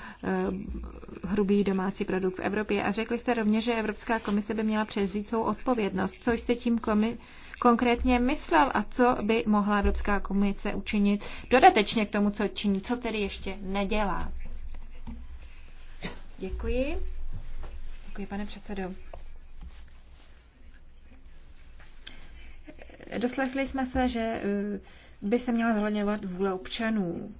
Speaker 2: hrubý domácí produkt v Evropě a řekli jste rovněž, že Evropská komise by měla převzít svou odpovědnost. Co jste tím komi- konkrétně myslel a co by mohla Evropská komise učinit dodatečně k tomu, co činí, co tedy ještě nedělá? Děkuji. Děkuji, pane předsedo. Doslechli jsme se, že eh, by se měla zhledňovat vůle občanů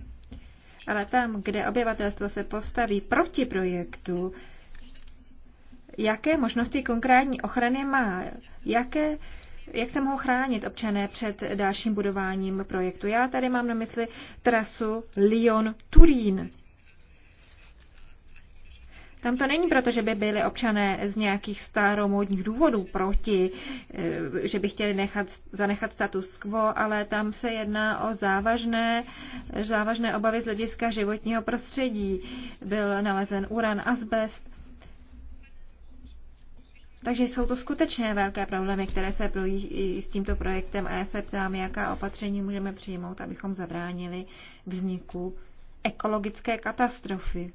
Speaker 2: ale tam, kde obyvatelstvo se postaví proti projektu, jaké možnosti konkrétní ochrany má, jaké, jak se mohou chránit občané před dalším budováním projektu. Já tady mám na mysli trasu Lyon-Turín. Tam to není proto, že by byli občané z nějakých staromódních důvodů proti, eh, že by chtěli nechat, zanechat status quo, ale tam se jedná o závažné, závažné obavy z hlediska životního prostředí. Byl nalezen uran, asbest. Takže jsou to skutečně velké problémy, které se projí i s tímto projektem a já se ptám, jaká opatření můžeme přijmout, abychom zabránili vzniku ekologické katastrofy.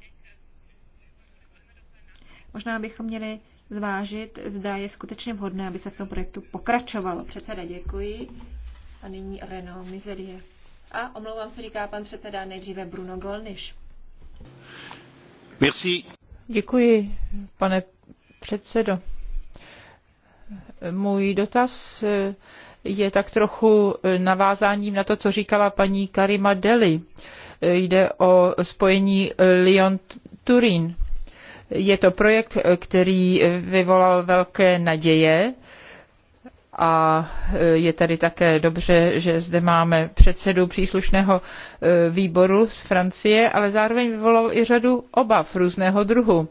Speaker 2: Možná bychom měli zvážit, zda je skutečně vhodné, aby se v tom projektu pokračovalo. Předseda, děkuji. A nyní Reno Mizelie. A omlouvám se, říká pan předseda, nejdříve Bruno
Speaker 3: Golniš. Merci. Děkuji, pane předsedo. Můj dotaz je tak trochu navázáním na to, co říkala paní Karima Deli. Jde o spojení Lyon-Turín je to projekt, který vyvolal velké naděje a je tady také dobře, že zde máme předsedu příslušného e, výboru z Francie, ale zároveň vyvolal i řadu obav různého druhu.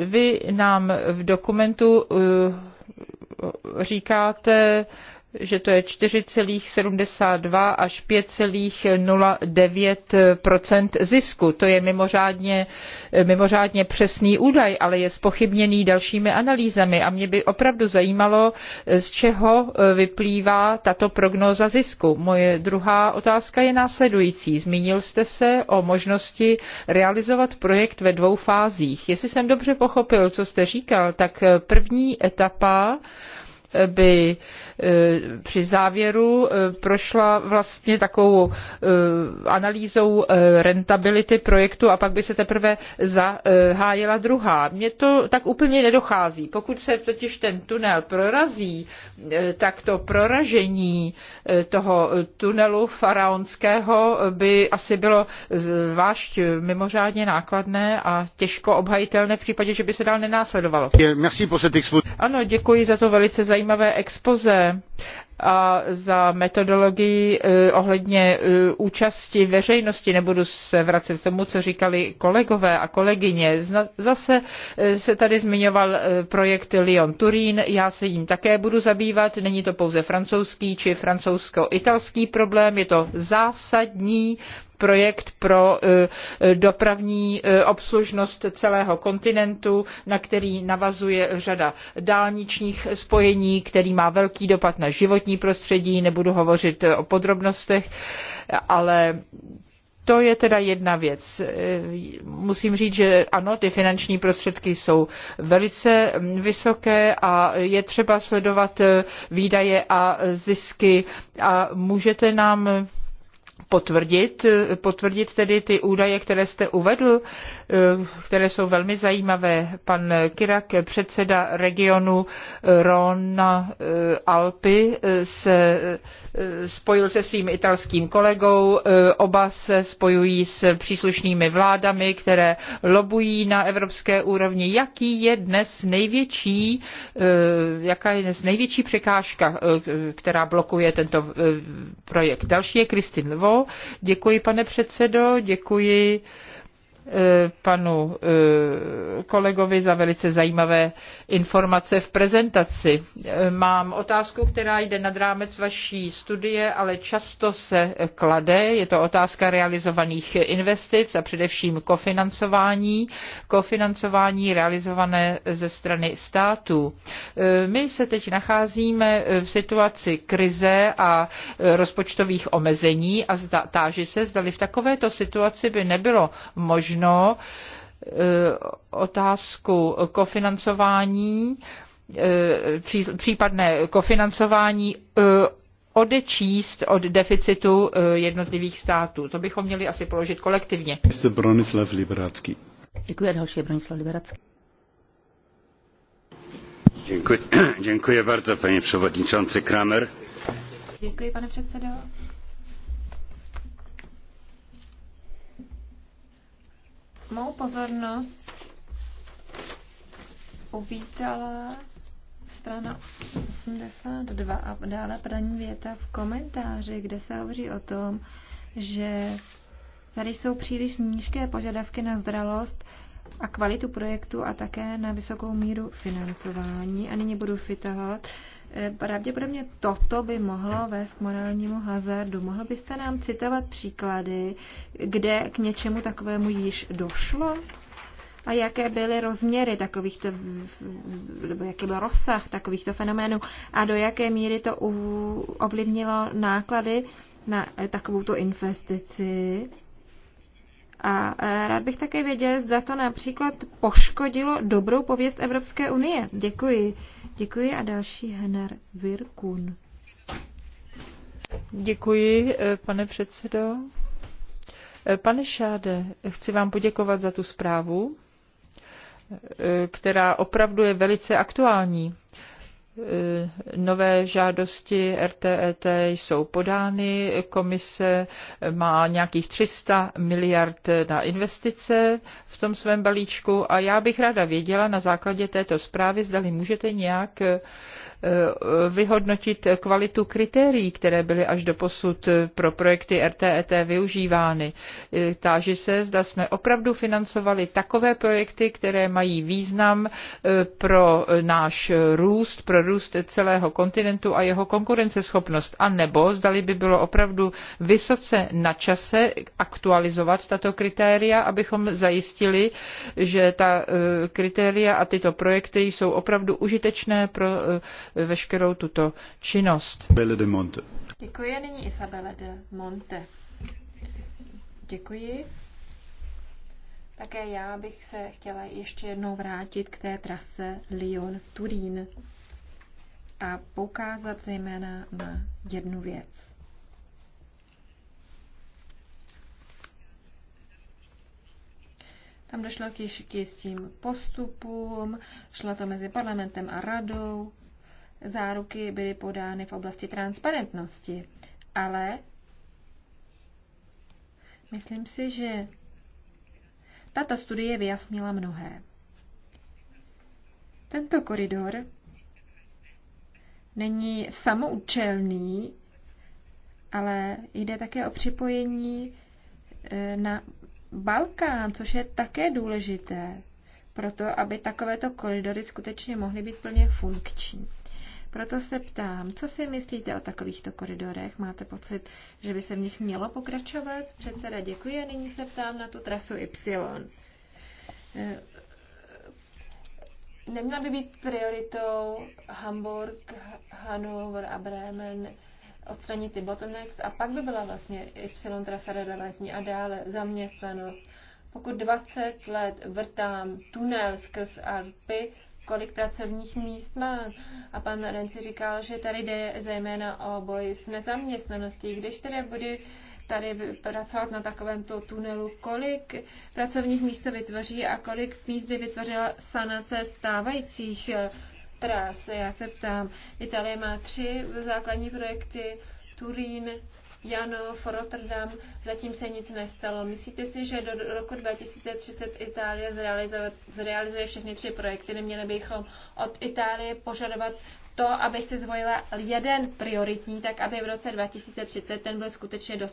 Speaker 3: E, vy nám v dokumentu e, říkáte, že to je 4,72 až 5,09 zisku. To je mimořádně, mimořádně přesný údaj, ale je spochybněný dalšími analýzami. A mě by opravdu zajímalo, z čeho e, vyplývá tato prognóza zisku. Moje druhá otázka je následující. Zmínil jste se o možnosti realizovat projekt ve dvou fázích. Jestli jsem dobře pochopil, co jste říkal, tak e, první etapa by e, při závěru e, prošla vlastně takovou e, analýzou rentability projektu a pak by se teprve zahájila druhá. Mně to tak úplně nedochází. Pokud se totiž ten tunel prorazí, tak to proražení toho tunelu faraonského by asi bylo zvlášť mimořádně nákladné a těžko obhajitelné v případě, že by se dál nenásledovalo. Ano, děkuji za to velice zajímavé zajímavé expoze a za metodologii eh, ohledně eh, účasti veřejnosti. Nebudu se vracet k tomu, co říkali kolegové a kolegyně. Zase eh, se tady zmiňoval projekt Lyon Turín, já se jim také budu zabývat. Není to pouze francouzský či francouzsko-italský problém, je to zásadní projekt pro eh, eh, dopravní eh, obslužnost celého kontinentu, na který navazuje řada dálničních spojení, který má velký dopad na životní prostředí, nebudu hovořit o podrobnostech, ale to je teda jedna věc. Musím říct, že ano, ty finanční prostředky jsou velice hm, vysoké a je třeba sledovat výdaje a zisky. A můžete nám potvrdit, potvrdit tedy ty údaje, které jste uvedl, eh, které jsou velmi zajímavé. Pan Kirak, předseda regionu eh, Rona eh, Alpy, se spojil se svým italským kolegou. Oba se spojují s příslušnými vládami, které lobují na evropské úrovni. Jaký je dnes největší, jaká je dnes největší překážka, která blokuje tento projekt? Další je Kristin Lvo, Děkuji, pane předsedo, děkuji Eh, panu eh, kolegovi za velice zajímavé informace v prezentaci. Eh, mám otázku, která jde nad rámec vaší studie, ale často se klade. Je to otázka realizovaných investic a především kofinancování, kofinancování realizované ze strany států. My se teď nacházíme v situaci krize a rozpočtových omezení a táži se, zdali v takovéto situaci by nebylo možné možno eh, otázku kofinancování, eh, případné kofinancování eh, odečíst od deficitu jednotlivých států. To bychom měli asi položit kolektivně. Jste
Speaker 2: Bronislav Liberácký.
Speaker 1: Děkuji, další je Bronislav Liberácký. Děkuji, děkuji bardzo, paní předsedající Kramer.
Speaker 2: Děkuji, pane předsedo. mou pozornost uvítala strana 82 a dále praní věta v komentáři, kde se hovoří o tom, že tady jsou příliš nízké požadavky na zdralost a kvalitu projektu a také na vysokou míru financování. A nyní budu fitovat Pravděpodobně toto by mohlo vést k morálnímu hazardu. Mohl byste nám citovat příklady, kde k něčemu takovému již došlo? A jaké byly rozměry takovýchto, nebo jaký byl rozsah takovýchto fenoménů a do jaké míry to ovlivnilo náklady na takovouto investici? A e, rád bych také věděl, zda to například poškodilo dobrou pověst Evropské unie. Děkuji. Děkuji a další Hener Virkun.
Speaker 3: Děkuji, e, pane předsedo. E, pane Šáde, chci vám poděkovat za tu zprávu, která opravdu je velice aktuální. Eh, nové žádosti RTET e jsou podány, komise má nějakých 300 miliard na investice v tom svém balíčku a já bych ráda věděla na základě této zprávy, zdali můžete nějak Eh, vyhodnotit kvalitu kritérií, které byly až do posud pro projekty RTET e využívány. Eh, táži se, zda jsme opravdu financovali takové projekty, které mají význam eh, pro náš růst, pro růst celého kontinentu a jeho konkurenceschopnost, a nebo zdali by bylo opravdu vysoce na čase aktualizovat tato kritéria, abychom zajistili, že ta kritéria a tyto projekty jsou opravdu užitečné pro veškerou tuto činnost.
Speaker 1: Belle de Monte.
Speaker 2: Děkuji nyní Isabela de Monte. Děkuji. Také já bych se chtěla ještě jednou vrátit k té trase Lyon-Turín a poukázat zejména na jednu věc. Tam došlo k, k jistým postupům, šlo to mezi parlamentem a radou záruky byly podány v oblasti transparentnosti. Ale myslím si, že tato studie vyjasnila mnohé. Tento koridor není samoučelný, ale jde také o připojení e, na Balkán, což je také důležité proto, aby takovéto koridory skutečně mohly být plně funkční. Proto se ptám, co si myslíte o takovýchto koridorech? Máte pocit, že by se v nich mělo pokračovat? Předseda, děkuji a nyní se ptám na tu trasu Y. Eh, neměla by být prioritou Hamburg, Hanover a Bremen odstranit ty bottlenecks a pak by byla vlastně Y trasa relevantní a dále zaměstnanost. Pokud 20 let vrtám tunel skrz Alpy, kolik pracovních míst má. A pan Renci říkal, že tady jde zejména o boj s nezaměstnaností. Když tedy bude tady pracovat na takovémto tunelu, kolik pracovních míst to vytvoří a kolik míst by vytvořila sanace stávajících eh, tras. Já se ptám, Itálie má tři základní projekty, Turín, v Rotterdam, zatím se nic nestalo. Myslíte si, že do roku 2030 Itálie zrealizuje, zrealizuje všechny tři projekty? Neměli bychom od Itálie požadovat to, aby se zvolila jeden prioritní, tak aby v roce 2030 ten byl skutečně do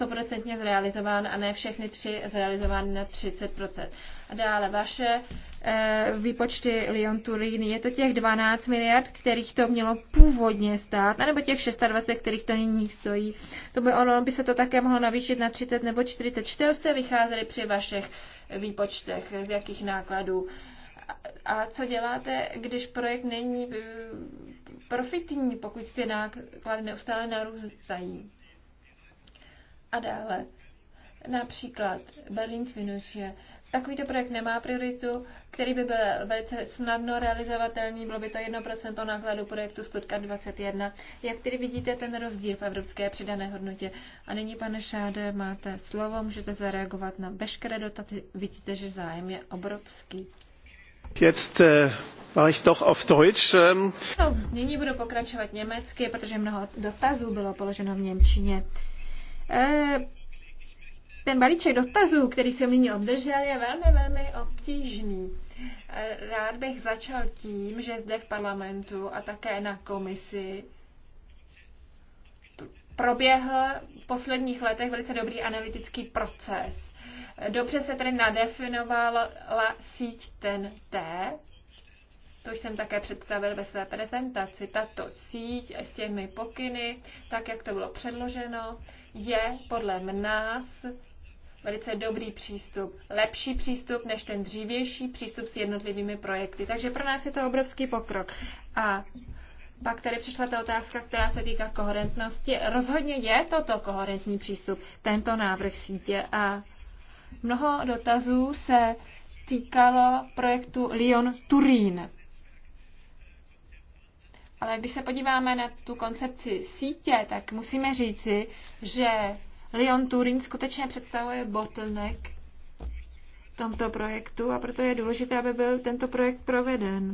Speaker 2: 100%, zrealizován a ne všechny tři zrealizovány na 30%. A dále vaše e, výpočty Lyon Turin, je to těch 12 miliard, kterých to mělo původně stát, anebo těch 26, kterých to nyní stojí. To by, ono by se to také mohlo navýšit na 30 nebo 40. Čteho jste vycházeli při vašich výpočtech, z jakých nákladů. A co děláte, když projekt není eh, profitní, pokud ty náklady neustále narůstají? A dále. Například Berlin Finus je takovýto projekt nemá prioritu, který by byl velice snadno realizovatelný, bylo by to 1% nákladu projektu Studka 21. Jak tedy vidíte ten rozdíl v evropské přidané hodnotě? A nyní, pane Šáde, máte slovo, můžete zareagovat na veškeré dotazy, vidíte, že zájem je obrovský.
Speaker 3: Jetzt äh,
Speaker 2: ich doch auf Deutsch. Ähm. No, nyní budu pokračovat německy, protože mnoho dotazů bylo položeno v Němčině. E, ten balíček dotazů, který jsem nyní obdržel, je velmi, velmi obtížný. E, rád bych začal tím, že zde v parlamentu a také na komisi proběhl v posledních letech velice dobrý analytický proces Dobře se tedy nadefinovala síť ten T, to jsem také představil ve své prezentaci. Tato síť s těmi pokyny, tak jak to bylo předloženo, je podle nás velice dobrý přístup, lepší přístup než ten dřívější přístup s jednotlivými projekty. Takže pro nás je to obrovský pokrok. A pak tady přišla ta otázka, která se týká koherentnosti. Rozhodně je toto koherentní přístup, tento návrh sítě a Mnoho dotazů se týkalo projektu Lyon-Turín. Ale když se podíváme na tu koncepci sítě, tak musíme říci, že Lyon-Turín skutečně představuje bottleneck v tomto projektu a proto je důležité, aby byl tento projekt proveden.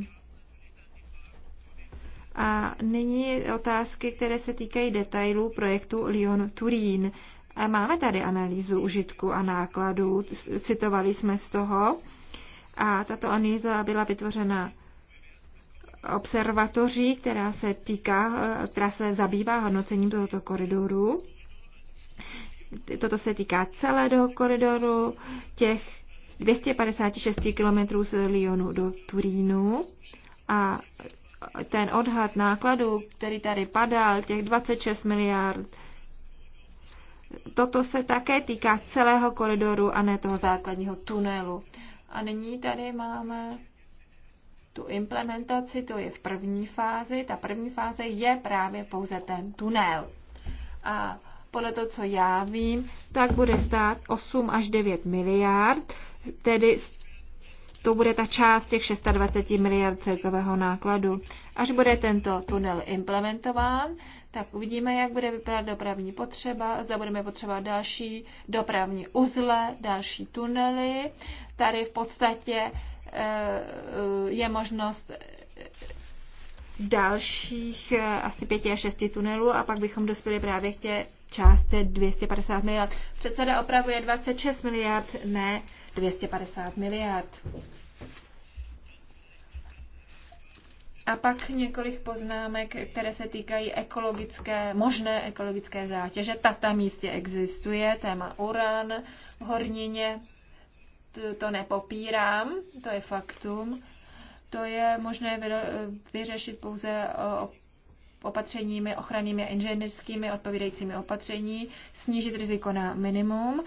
Speaker 2: A nyní otázky, které se týkají detailů projektu Lyon-Turín. Máme tady analýzu užitku a nákladů, citovali jsme z toho. A tato analýza byla vytvořena observatoří, která se týká, která se zabývá hodnocením tohoto koridoru. Toto se týká celého koridoru, těch 256 kilometrů z Lyonu do Turínu a ten odhad nákladů, který tady padal, těch 26 miliard toto se také týká celého koridoru a ne toho základního tunelu. A nyní tady máme tu implementaci, to je v první fázi. Ta první fáze je právě pouze ten tunel. A podle toho, co já vím, tak bude stát 8 až 9 miliard, tedy to bude ta část těch 620 miliard celkového nákladu. Až bude tento tunel implementován, tak uvidíme, jak bude vypadat dopravní potřeba, zda budeme potřebovat další dopravní uzle, další tunely. Tady v podstatě eh, je možnost dalších eh, asi pěti a šesti tunelů a pak bychom dospěli právě k té částce 250 miliard. Předseda opravuje 26 miliard, ne 250 miliard. A pak několik poznámek, které se týkají ekologické, možné ekologické zátěže. Ta tam jistě existuje, téma uran v hornině, to, to nepopírám, to je faktum to je možné vyřešit pouze opatřeními, ochrannými a inženýrskými odpovídajícími opatření, snížit riziko na minimum.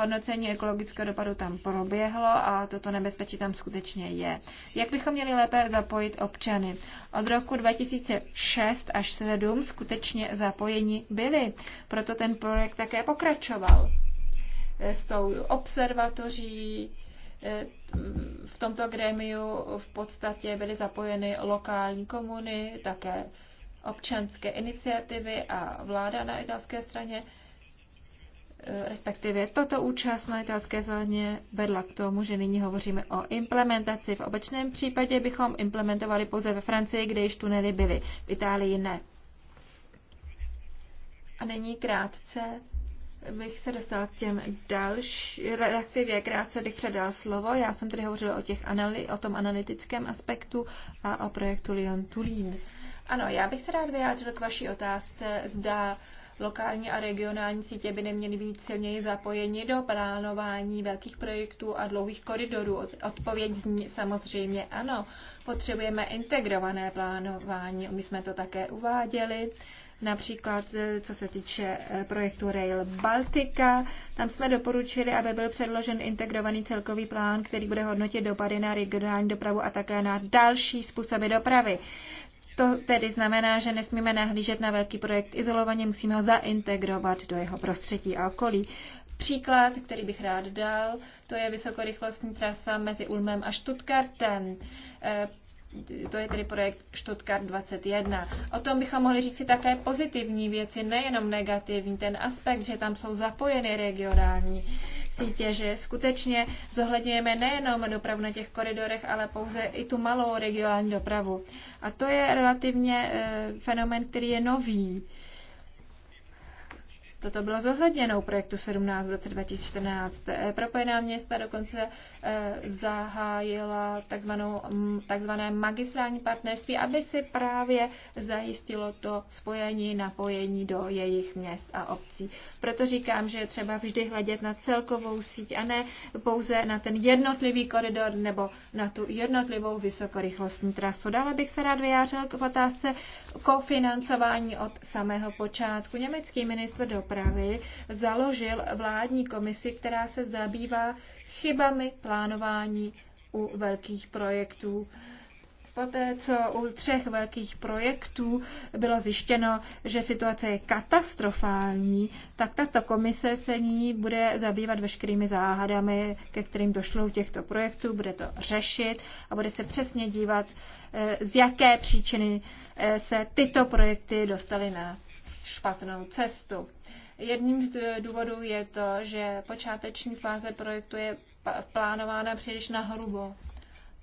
Speaker 2: Hodnocení ekologického dopadu tam proběhlo a toto nebezpečí tam skutečně je. Jak bychom měli lépe zapojit občany? Od roku 2006 až 2007 skutečně zapojení byli, proto ten projekt také pokračoval s tou observatoří, E, v tomto grémiu v podstatě byly zapojeny lokální komuny, také občanské iniciativy a vláda na italské straně, e, respektive toto účast na italské straně vedla k tomu, že nyní hovoříme o implementaci. V obecném případě bychom implementovali pouze ve Francii, kde již tunely byly, v Itálii ne. A nyní krátce bych se dostal k těm další, reaktivě krátce bych předal slovo. Já jsem tedy hovořila o, těch anali, o tom analytickém aspektu a o projektu Lyon Turín. Ano, já bych se rád vyjádřil k vaší otázce, zda lokální a regionální sítě by neměly být silněji zapojeni do plánování velkých projektů a dlouhých koridorů. Odpověď zní samozřejmě ano. Potřebujeme integrované plánování, my jsme to také uváděli například e, co se týče e, projektu Rail Baltica. Tam jsme doporučili, aby byl předložen integrovaný celkový plán, který bude hodnotit dopady na regionální dopravu a také na další způsoby dopravy. To tedy znamená, že nesmíme nahlížet na velký projekt izolovaně, musíme ho zaintegrovat do jeho prostředí a okolí. Příklad, který bych rád dal, to je vysokorychlostní trasa mezi Ulmem a Stuttgartem. E, to je tedy projekt Stuttgart 21. O tom bychom mohli říct si také pozitivní věci, nejenom negativní. Ten aspekt, že tam jsou zapojeny regionální sítě, že skutečně zohledňujeme nejenom dopravu na těch koridorech, ale pouze i tu malou regionální dopravu. A to je relativně e, fenomen, který je nový. E, Toto bylo zohledněno u projektu 17 v roce 2014. E, propojená města dokonce e, zahájila takzvanou, takzvané magistrální partnerství, aby si právě zajistilo to spojení, napojení do jejich měst a obcí. Proto říkám, že je třeba vždy hledět na celkovou síť a ne pouze na ten jednotlivý koridor nebo na tu jednotlivou vysokorychlostní trasu. Dále bych se rád vyjářil k otázce kofinancování od samého počátku. Německý ministr do dopravy založil vládní komisi, která se zabývá chybami plánování u velkých projektů. Poté, co u třech velkých projektů bylo zjištěno, že situace je katastrofální, tak tato komise se ní bude zabývat veškerými záhadami, ke kterým došlo u těchto projektů, bude to řešit a bude se přesně dívat, eh, z jaké příčiny eh, se tyto projekty dostaly na špatnou cestu. Jedním z důvodů je to, že počáteční fáze projektu je plánována příliš nahrubo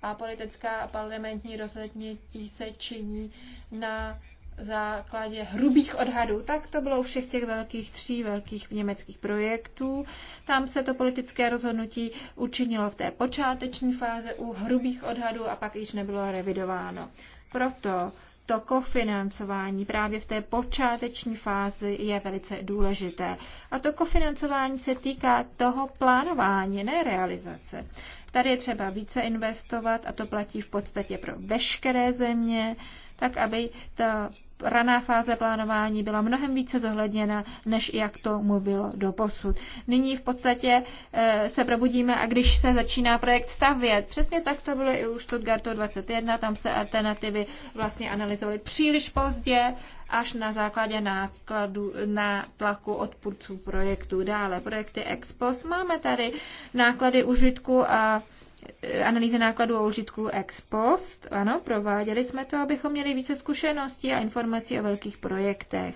Speaker 2: a politická a parlamentní rozhodnutí se činí na základě hrubých odhadů. Tak to bylo u všech těch velkých tří velkých německých projektů. Tam se to politické rozhodnutí učinilo v té počáteční fáze u hrubých odhadů a pak již nebylo revidováno. Proto to kofinancování právě v té počáteční fázi je velice důležité. A to kofinancování se týká toho plánování, ne realizace. Tady je třeba více investovat a to platí v podstatě pro veškeré země, tak aby ta raná fáze plánování byla mnohem více zohledněna, než jak to bylo do posud. Nyní v podstatě eh, se probudíme a když se začíná projekt stavět, přesně tak to bylo i u Stuttgartu 21, tam se alternativy vlastně analyzovaly příliš pozdě, až na základě nákladu, na tlaku odpůrců projektu. Dále projekty ex post. Máme tady náklady užitku a Analýze nákladů a užitků ex post. Ano, prováděli jsme to, abychom měli více zkušeností a informací o velkých projektech.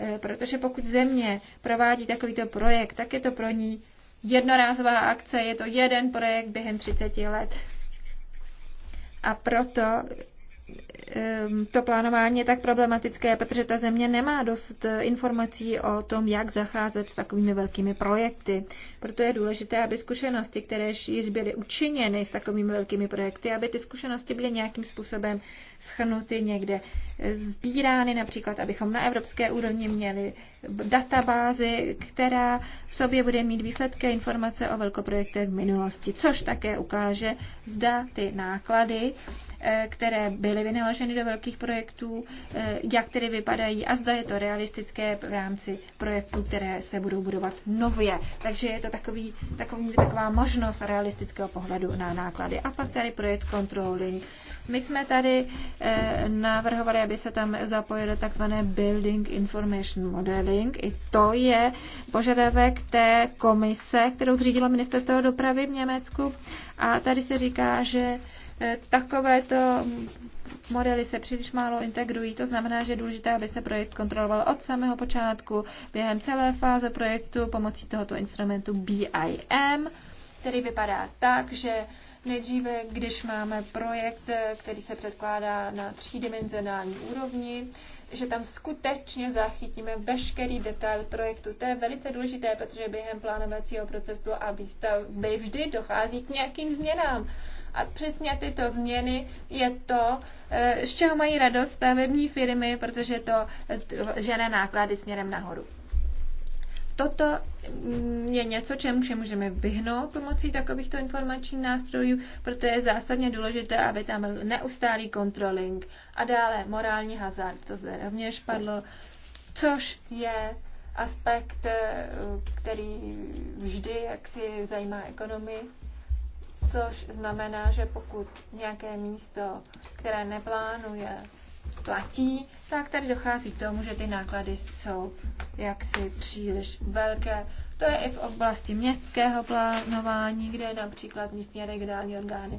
Speaker 2: E, protože pokud země provádí takovýto projekt, tak je to pro ní jednorázová akce, je to jeden projekt během 30 let. A proto Ehm, to plánování je tak problematické, protože ta země nemá dost eh, informací o tom, jak zacházet s takovými velkými projekty. Proto je důležité, aby zkušenosti, které již byly učiněny s takovými velkými projekty, aby ty zkušenosti byly nějakým způsobem schrnuty někde eh, sbírány, například abychom na evropské úrovni měli databázi, která v sobě bude mít výsledky informace o velkoprojektech v minulosti, což také ukáže, zda ty náklady Eh, které byly vynaloženy do velkých projektů, eh, jak tedy vypadají a zda je to realistické v rámci projektů, které se budou budovat nově. Takže je to takový, takový, taková možnost realistického pohledu na náklady. A pak tady projekt controlling. My jsme tady eh, navrhovali, aby se tam zapojilo takzvané Building Information Modeling. I to je požadavek té komise, kterou zřídilo ministerstvo dopravy v Německu. A tady se říká, že Eh, takovéto modely se příliš málo integrují, to znamená, že je důležité, aby se projekt kontroloval od samého počátku, během celé fáze projektu pomocí tohoto instrumentu BIM, který vypadá tak, že Nejdříve, když máme projekt, eh, který se předkládá na třídimenzionální úrovni, že tam skutečně zachytíme veškerý detail projektu. To je velice důležité, protože během plánovacího procesu a výstavby vždy dochází k nějakým změnám. A přesně tyto změny je to, eh, z čeho mají radost stavební firmy, protože to eh, žene náklady směrem nahoru. Toto mm, je něco, čemu se můžeme vyhnout pomocí takovýchto informačních nástrojů, proto je zásadně důležité, aby tam byl neustálý kontroling. A dále morální hazard, to zde rovněž padlo, což je aspekt, eh, který vždy jaksi zajímá ekonomii což znamená, že pokud nějaké místo, které neplánuje, platí, tak tady dochází k tomu, že ty náklady jsou jaksi příliš velké. To je i v oblasti městského plánování, kde například místní a regionální orgány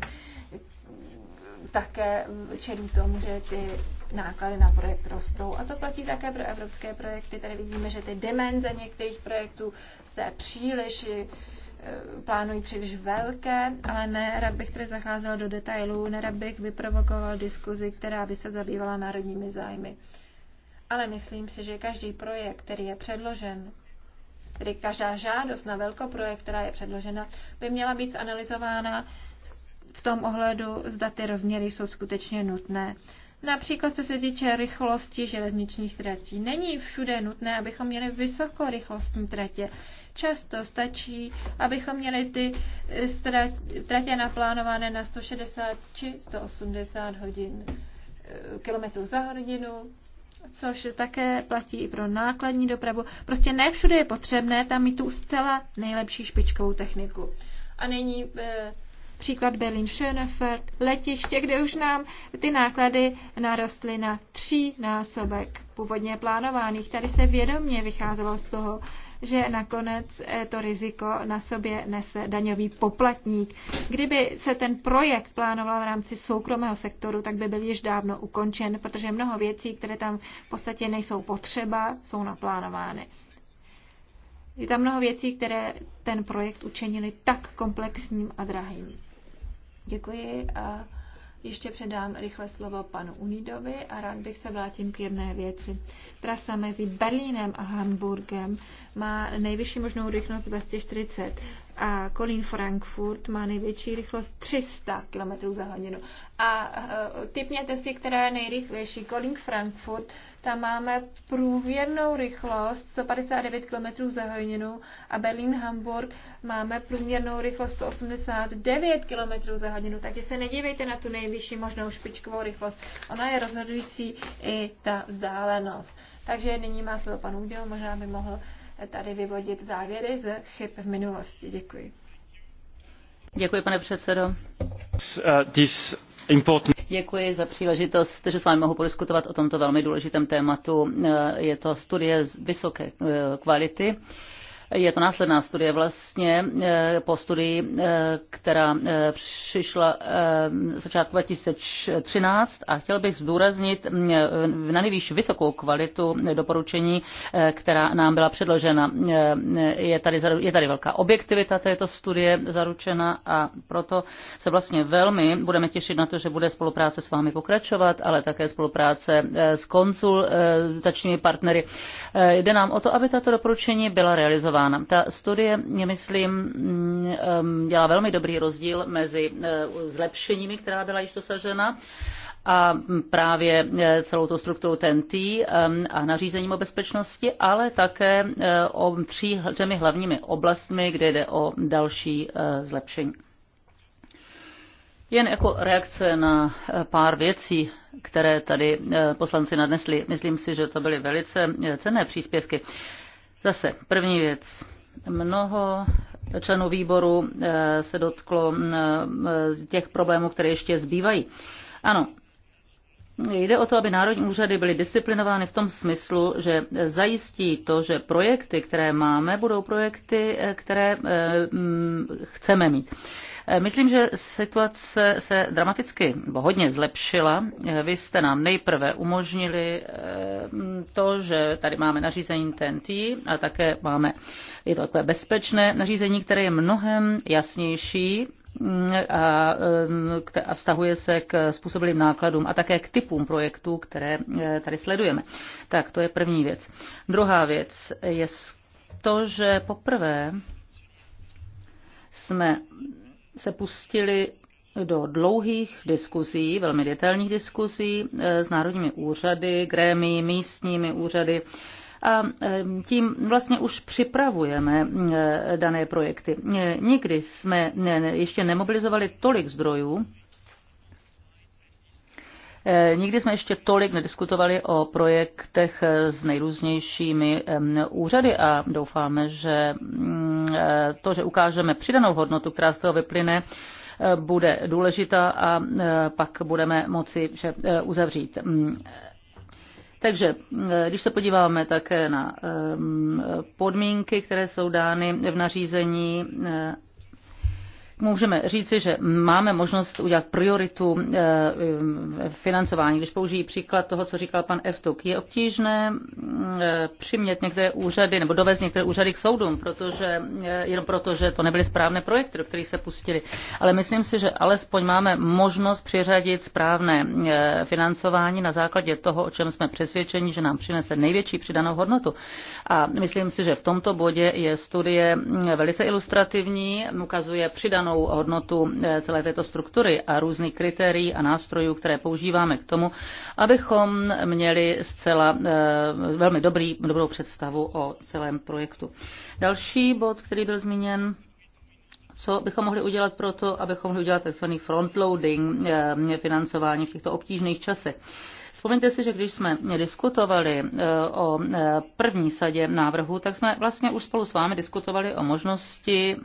Speaker 2: také čelí tomu, že ty náklady na projekt rostou. A to platí také pro evropské projekty. Tady vidíme, že ty dimenze některých projektů se příliš plánují příliš velké, ale ne, rád bych tady zacházel do detailů, nerad bych vyprovokoval diskuzi, která by se zabývala národními zájmy. Ale myslím si, že každý projekt, který je předložen, tedy každá žádost na velkoprojekt, která je předložena, by měla být zanalizována v tom ohledu, zda ty rozměry jsou skutečně nutné. Například co se týče rychlosti železničních tratí. Není všude nutné, abychom měli vysokorychlostní tratě. Často stačí, abychom měli ty eh, tratě naplánované na 160 či 180 hodin eh, kilometrů za hodinu, což také platí i pro nákladní dopravu. Prostě ne všude je potřebné tam mít tu zcela nejlepší špičkovou techniku. A nyní e, příklad Berlin Schönefeld, letiště, kde už nám ty náklady narostly na tří násobek původně plánovaných. Tady se vědomně vycházelo z toho, že nakonec eh, to riziko na sobě nese daňový poplatník. Kdyby se ten projekt plánoval v rámci soukromého sektoru, tak by byl již dávno ukončen, protože mnoho věcí, které tam v podstatě nejsou potřeba, jsou naplánovány. Je tam mnoho věcí, které ten projekt učinili tak komplexním a drahým. Děkuji a ještě předám rychle slovo panu Unidovi a rád bych se vrátil k jedné věci. Trasa mezi Berlínem a Hamburgem má nejvyšší možnou rychlost 240 a Kolín Frankfurt má největší rychlost 300 km za hodinu. A uh, typněte si, která je nejrychlejší. Kolín Frankfurt, tam máme průměrnou rychlost 159 km za hodinu a Berlín Hamburg máme průměrnou rychlost 189 km za hodinu. Takže se nedívejte na tu nejvyšší možnou špičkovou rychlost. Ona je rozhodující i ta vzdálenost. Takže nyní má slovo pan Uděl, možná by mohl uh, tady vyvodit závěry z chyb v minulosti. Děkuji.
Speaker 1: Děkuji, pane předsedo. Děkuji za příležitost, že s vámi mohu podiskutovat o tomto velmi důležitém tématu. Je to studie z vysoké eh, kvality je to následná studie vlastně eh, po studii, eh, která eh, přišla začátku 2013 a chtěl bych zdůraznit mm, na nejvýš vysokou kvalitu doporučení, která nám byla předložena. Je tady, je tady velká objektivita této studie zaručena a proto se vlastně velmi budeme těšit na to, že bude spolupráce s vámi pokračovat, ale také spolupráce s konzultačními partnery. Jde nám o to, aby tato doporučení byla realizována financována. Ta studie, myslím, mm, dělá velmi dobrý rozdíl mezi e, zlepšeními, která byla již dosažena, a mm, právě e, celou tou strukturou TNT a nařízením o bezpečnosti, ale také e, o tří, třemi hlavními oblastmi, kde jde o další zlepšení. Jen jako reakce na pár věcí, které tady poslanci nadnesli, myslím si, že to byly velice cenné příspěvky. Zase první věc. Mnoho členů výboru eh, se dotklo mm, eh, těch problémů, které ještě zbývají. Ano, Jde o to, aby národní úřady byly disciplinovány v tom smyslu, že zajistí to, že projekty, které máme, budou projekty, eh, které mm, chceme mít. Eh, myslím, že situace se dramaticky hodně zlepšila. Eh, vy jste nám nejprve umožnili eh, to, že tady máme nařízení TNT a také máme, je to takové bezpečné nařízení, které je mnohem jasnější mm, a, a vztahuje se k způsobilým nákladům a také k typům projektů, které tady sledujeme. Tak to je první věc. Druhá věc je to, že poprvé jsme se pustili do dlouhých diskuzí, velmi detailních diskuzí eh, s národními úřady, grémy, místními úřady a eh, tím vlastně už připravujeme eh, dané projekty. Nikdy jsme ještě nemobilizovali tolik zdrojů Eh, nikdy jsme ještě tolik nediskutovali o projektech eh, s nejrůznějšími úřady a doufáme, že mm, eh, to, že ukážeme přidanou hodnotu, která z toho vyplyne, bude důležitá a pak budeme moci vše uzavřít. Mm. Takže když se podíváme také na podmínky, které jsou dány v nařízení můžeme říci, že máme možnost udělat prioritu eh, financování. Když použijí příklad toho, co říkal pan Eftuk, je obtížné mm, eh, přimět některé úřady nebo dovést některé úřady k soudům, protože, eh, jenom proto, že to nebyly správné projekty, do kterých se pustili. Ale myslím si, že alespoň máme možnost přiřadit správné financování na základě toho, o čem jsme přesvědčeni, že nám přinese největší přidanou hodnotu. A myslím si, že v tomto bodě je studie mm, velice ilustrativní, ukazuje přidanou přidanou hodnotu eh, celé této struktury a různých kritérií a nástrojů, které používáme k tomu, abychom měli zcela eh, velmi dobrý, dobrou představu o celém projektu. Další bod, který byl zmíněn, co bychom mohli udělat pro to, abychom mohli udělat tzv. frontloading eh, financování v těchto obtížných časech. Vzpomeňte si, že když jsme diskutovali e, o e, první sadě návrhu, tak jsme vlastně už spolu s vámi diskutovali o možnosti e,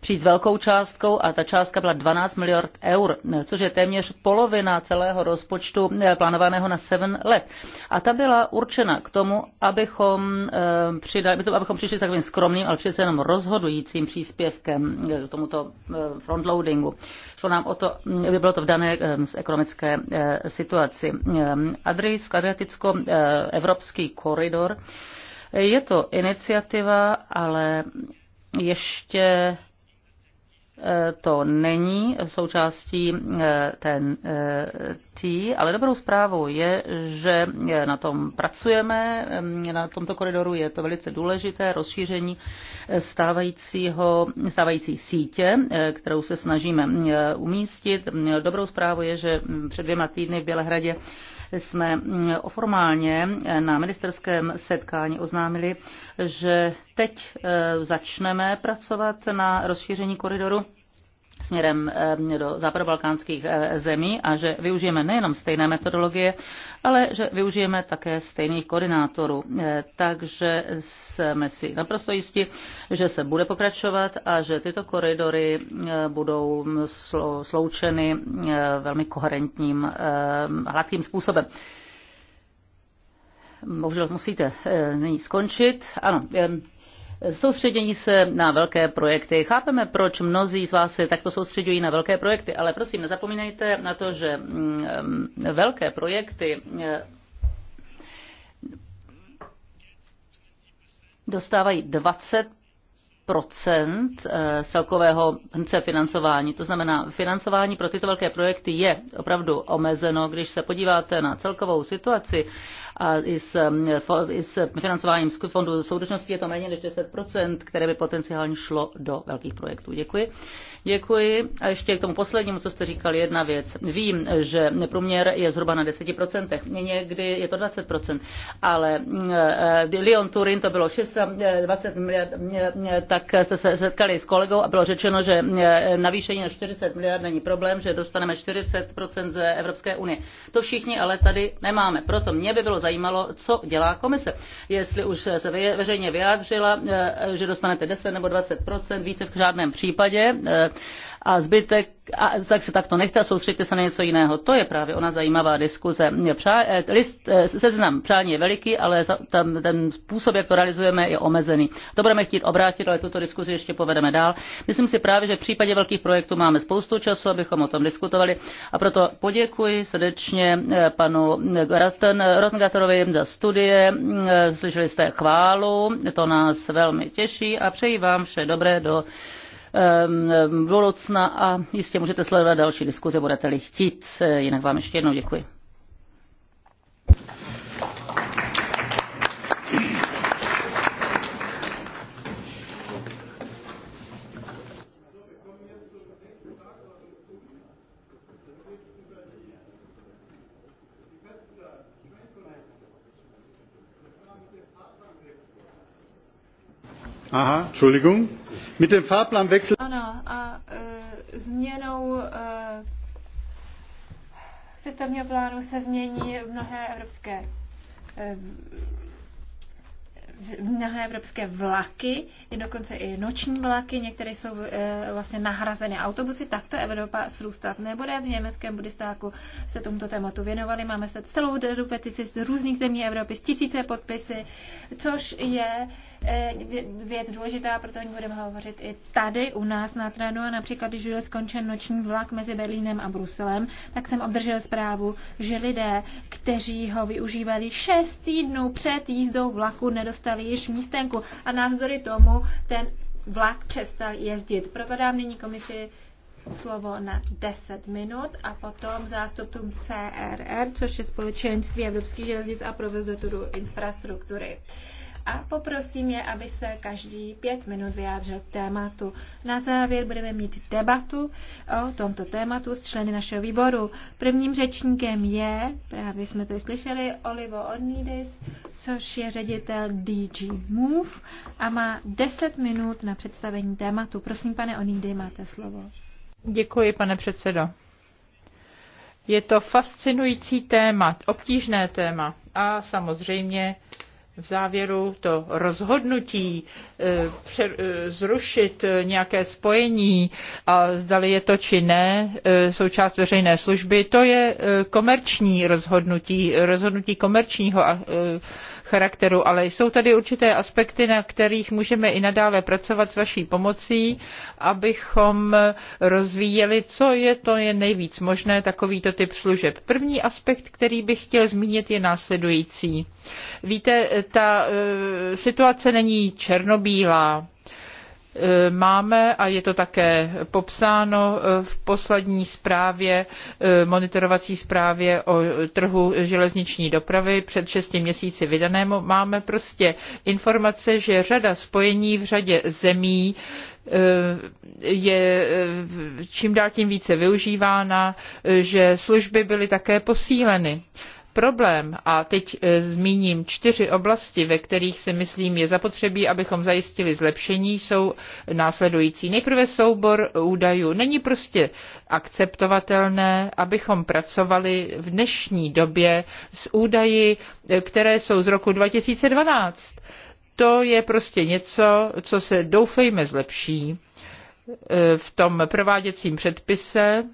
Speaker 1: přijít s velkou částkou a ta částka byla 12 miliard eur, což je téměř polovina celého rozpočtu eh, plánovaného na 7 let. A ta byla určena k tomu, abychom, eh, přidali, abychom přišli s takovým skromným, ale přece jenom rozhodujícím příspěvkem eh, k tomuto frontloadingu. Šlo nám o to, aby bylo to v dané ekonomické situaci. Adrijsko, Adriatisko, Evropský koridor. Je to iniciativa, ale ještě to není součástí eh, ten eh, T, ale dobrou zprávou je, že na tom pracujeme, eh, na tomto koridoru je to velice důležité rozšíření stávajícího, stávající sítě, kterou se snažíme umístit. Dobrou zprávou je, že hm, před dvěma týdny v Bělehradě jsme mm, oformálně eh, na ministerském setkání oznámili, že teď eh, začneme pracovat na rozšíření koridoru směrem eh, do západobalkánských eh, zemí a že využijeme nejenom stejné metodologie, ale že využijeme také stejných koordinátorů. Eh, takže jsme si naprosto jisti, že se bude pokračovat a že tyto koridory budou sloučeny velmi koherentním, hladkým způsobem bohužel musíte nyní skončit. Ano, Soustředění se na velké projekty. Chápeme, proč mnozí z vás se takto soustředují na velké projekty, ale prosím, nezapomínejte na to, že mm, velké projekty e, dostávají 20 procent eh, celkového hrnce financování. To znamená, financování pro tyto velké projekty je opravdu omezeno. Když se podíváte na celkovou situaci a i s, eh, i s financováním z fondu soudržnosti je to méně než 10 které by potenciálně šlo do velkých projektů. Děkuji. Děkuji. A ještě k tomu poslednímu, co jste říkal, jedna věc. Vím, že průměr je zhruba na 10 někdy je to 20 ale eh, Lyon Turin to bylo 620 miliard, tak jste se setkali s kolegou a bylo řečeno, že eh, navýšení na 40 miliard není problém, že dostaneme 40% z Evropské unie. To všichni ale tady nemáme. Proto mě by bylo zajímalo, co dělá komise. Jestli už se veřejně vyjádřila, eh, že dostanete 10 nebo 20%, více v žádném případě. Eh, a zbytek a tak se takto nechte a soustředte se na něco jiného. To je právě ona zajímavá diskuze. Přá, eh, list, eh, seznam přání je veliký, ale tam, ten způsob, jak to realizujeme, je omezený. To budeme chtít obrátit, ale tuto diskuzi ještě povedeme dál. Myslím si právě, že v případě velkých projektů máme spoustu času, abychom o tom diskutovali. A proto poděkuji srdečně eh, panu Rottengaterovi za studie. Slyšeli jste chválu, to nás velmi těší a přeji vám vše dobré do budoucna ehm, ehm, a jistě můžete sledovat další diskuze, budete-li chtít. Jinak vám ještě jednou děkuji. Aha, Entschuldigung. Mit dem Fahrplanwechsel. Ano,
Speaker 2: a e, změnou e, cestovního plánu se změní mnohé evropské e, mnohé evropské vlaky, i dokonce i noční vlaky, některé jsou e, vlastně nahrazeny autobusy, tak to Evropa srůstat nebude. V německém budistáku se tomuto tématu věnovali, máme se celou petici z různých zemí Evropy, z tisíce podpisy, což je e, Eh, věc důležitá, proto o ní budeme hovořit i tady u nás na trénu. A například, když byl skončen noční vlak mezi Berlínem a Bruselem, tak jsem obdržel zprávu, že lidé, kteří ho využívali šest týdnů před jízdou vlaku, nedostali již místenku. A navzdory tomu ten vlak přestal jezdit. Proto dám nyní komisi slovo na 10 minut a potom zástupcům CRR, což je společenství Evropských železnic a provozatorů infrastruktury. Uh, a poprosím je, aby se každý pět minut vyjádřil k tématu. Na závěr budeme mít debatu o tomto tématu s členy našeho výboru. Prvním řečníkem je, právě jsme to slyšeli, Olivo Ornidis, což je ředitel DG Move a má 10 minut na představení tématu. Prosím, pane Onidy, máte slovo.
Speaker 3: Děkuji, pane předsedo. Je to fascinující téma, obtížné téma a samozřejmě v závěru to rozhodnutí eh, eh, zrušit eh, nějaké spojení a zdali je to či ne součást veřejné služby, to je komerční rozhodnutí, rozhodnutí komerčního charakteru, ale jsou tady určité aspekty, na kterých můžeme i nadále pracovat s vaší pomocí, abychom rozvíjeli, co je to je nejvíc možné, takovýto typ služeb. První aspekt, který bych chtěl zmínit, je následující. Víte, ta e, situace není černobílá Eh, máme a je to také popsáno eh, v poslední zprávě, eh, monitorovací zprávě o trhu železniční dopravy před šesti měsíci vydanému, máme prostě informace, že řada spojení v řadě zemí je čím dál tím více využívána, že služby byly také posíleny problém, a teď e, zmíním čtyři oblasti, ve kterých si myslím je zapotřebí, abychom zajistili zlepšení, jsou následující. Nejprve soubor údajů. Není prostě akceptovatelné, abychom pracovali v dnešní době s údaji, e, které jsou z roku 2012. To je prostě něco, co se doufejme zlepší e, v tom prováděcím předpise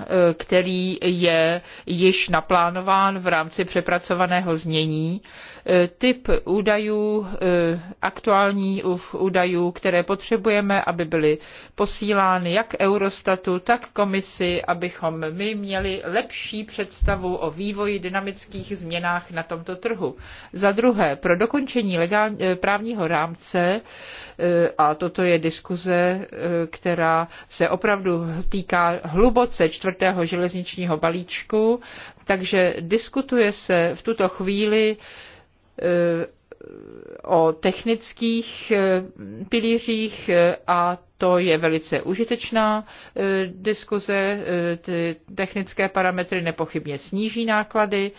Speaker 3: Eh, který je již naplánován v rámci přepracovaného znění. Eh, typ údajů, eh, aktuální údajů, které potřebujeme, aby byly posílány jak Eurostatu, tak komisi, abychom my měli lepší představu o vývoji dynamických změnách na tomto trhu. Za druhé, pro dokončení legální, právního rámce, a toto je diskuze, která se opravdu týká hluboce čtvrtého železničního balíčku, takže diskutuje se v tuto chvíli e, o technických e, pilířích e, a to je velice užitečná diskuze. Ty technické parametry nepochybně sníží náklady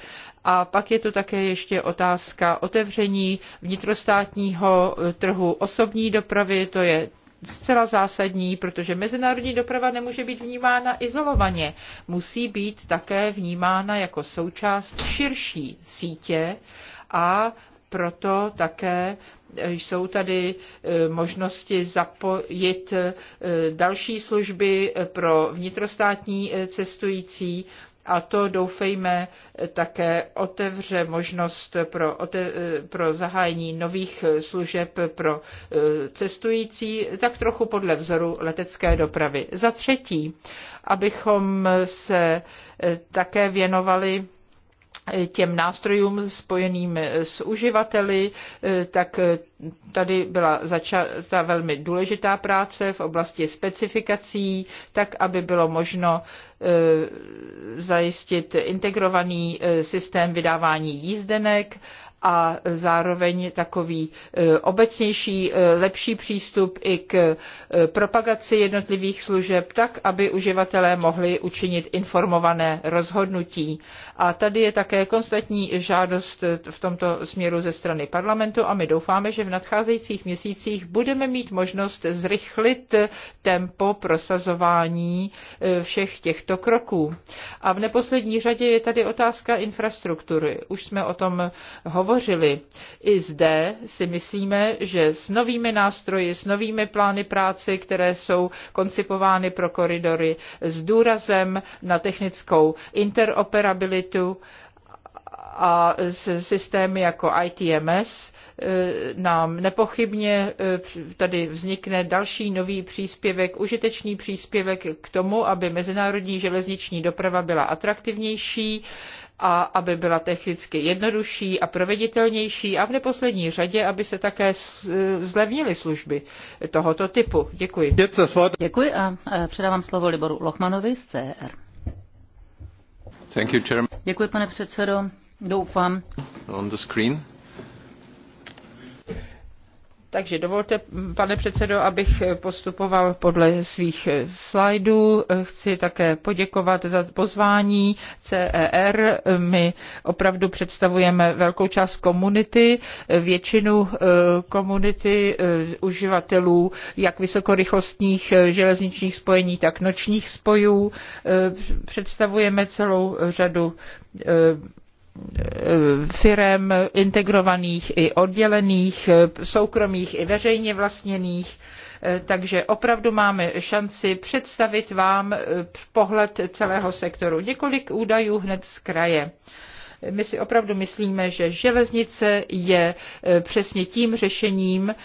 Speaker 3: a pak je tu také ještě otázka otevření vnitrostátního trhu osobní dopravy. To je zcela zásadní, protože mezinárodní doprava nemůže být vnímána izolovaně. Musí být také vnímána jako součást širší sítě a proto také jsou tady e, možnosti zapojit e, další služby pro vnitrostátní e, cestující a to doufejme také otevře možnost pro, ote, pro zahájení nových služeb pro e, cestující, tak trochu podle vzoru letecké dopravy. Za třetí, abychom se e, také věnovali těm nástrojům spojeným s uživateli, eh, tak eh, tady byla začata velmi důležitá práce v oblasti specifikací, tak aby bylo možno eh, zajistit integrovaný systém vydávání jízdenek a zároveň takový e, obecnější, e, lepší přístup i k e, propagaci jednotlivých služeb, tak, aby uživatelé mohli učinit informované rozhodnutí. A tady je také konstantní žádost v tomto směru ze strany parlamentu a my doufáme, že v nadcházejících měsících budeme mít možnost zrychlit tempo prosazování všech těchto kroků. A v neposlední řadě je tady otázka infrastruktury. Už jsme o tom hovořili hovořili. I zde si myslíme, že s novými nástroji, s novými plány práce, které jsou koncipovány pro koridory, s důrazem na technickou interoperabilitu, a s systémy jako ITMS eh, nám nepochybně eh, tady vznikne další nový příspěvek, užitečný příspěvek k tomu, aby mezinárodní železniční doprava byla atraktivnější, a aby byla technicky jednodušší a proveditelnější a v neposlední řadě, aby se také e, zlevnily služby tohoto
Speaker 1: typu. Děkuji. Děkuji a e, předávám slovo Liboru Lochmanovi z CR. Thank you, Děkuji, pane předsedo. Doufám.
Speaker 2: On the screen.
Speaker 1: Takže dovolte, pane předsedo, abych
Speaker 3: postupoval podle svých slajdů. Chci také poděkovat za pozvání CER. My opravdu představujeme velkou část komunity, většinu eh, komunity eh, uživatelů jak vysokorychlostních eh, železničních spojení, tak nočních spojů. Představujeme celou řadu Eh, firem integrovaných i oddělených, eh, soukromých i veřejně vlastněných. Eh, takže opravdu máme šanci představit vám pohled celého sektoru. Několik údajů hned z kraje. My si opravdu myslíme, že železnice je e, přesně tím řešením, e,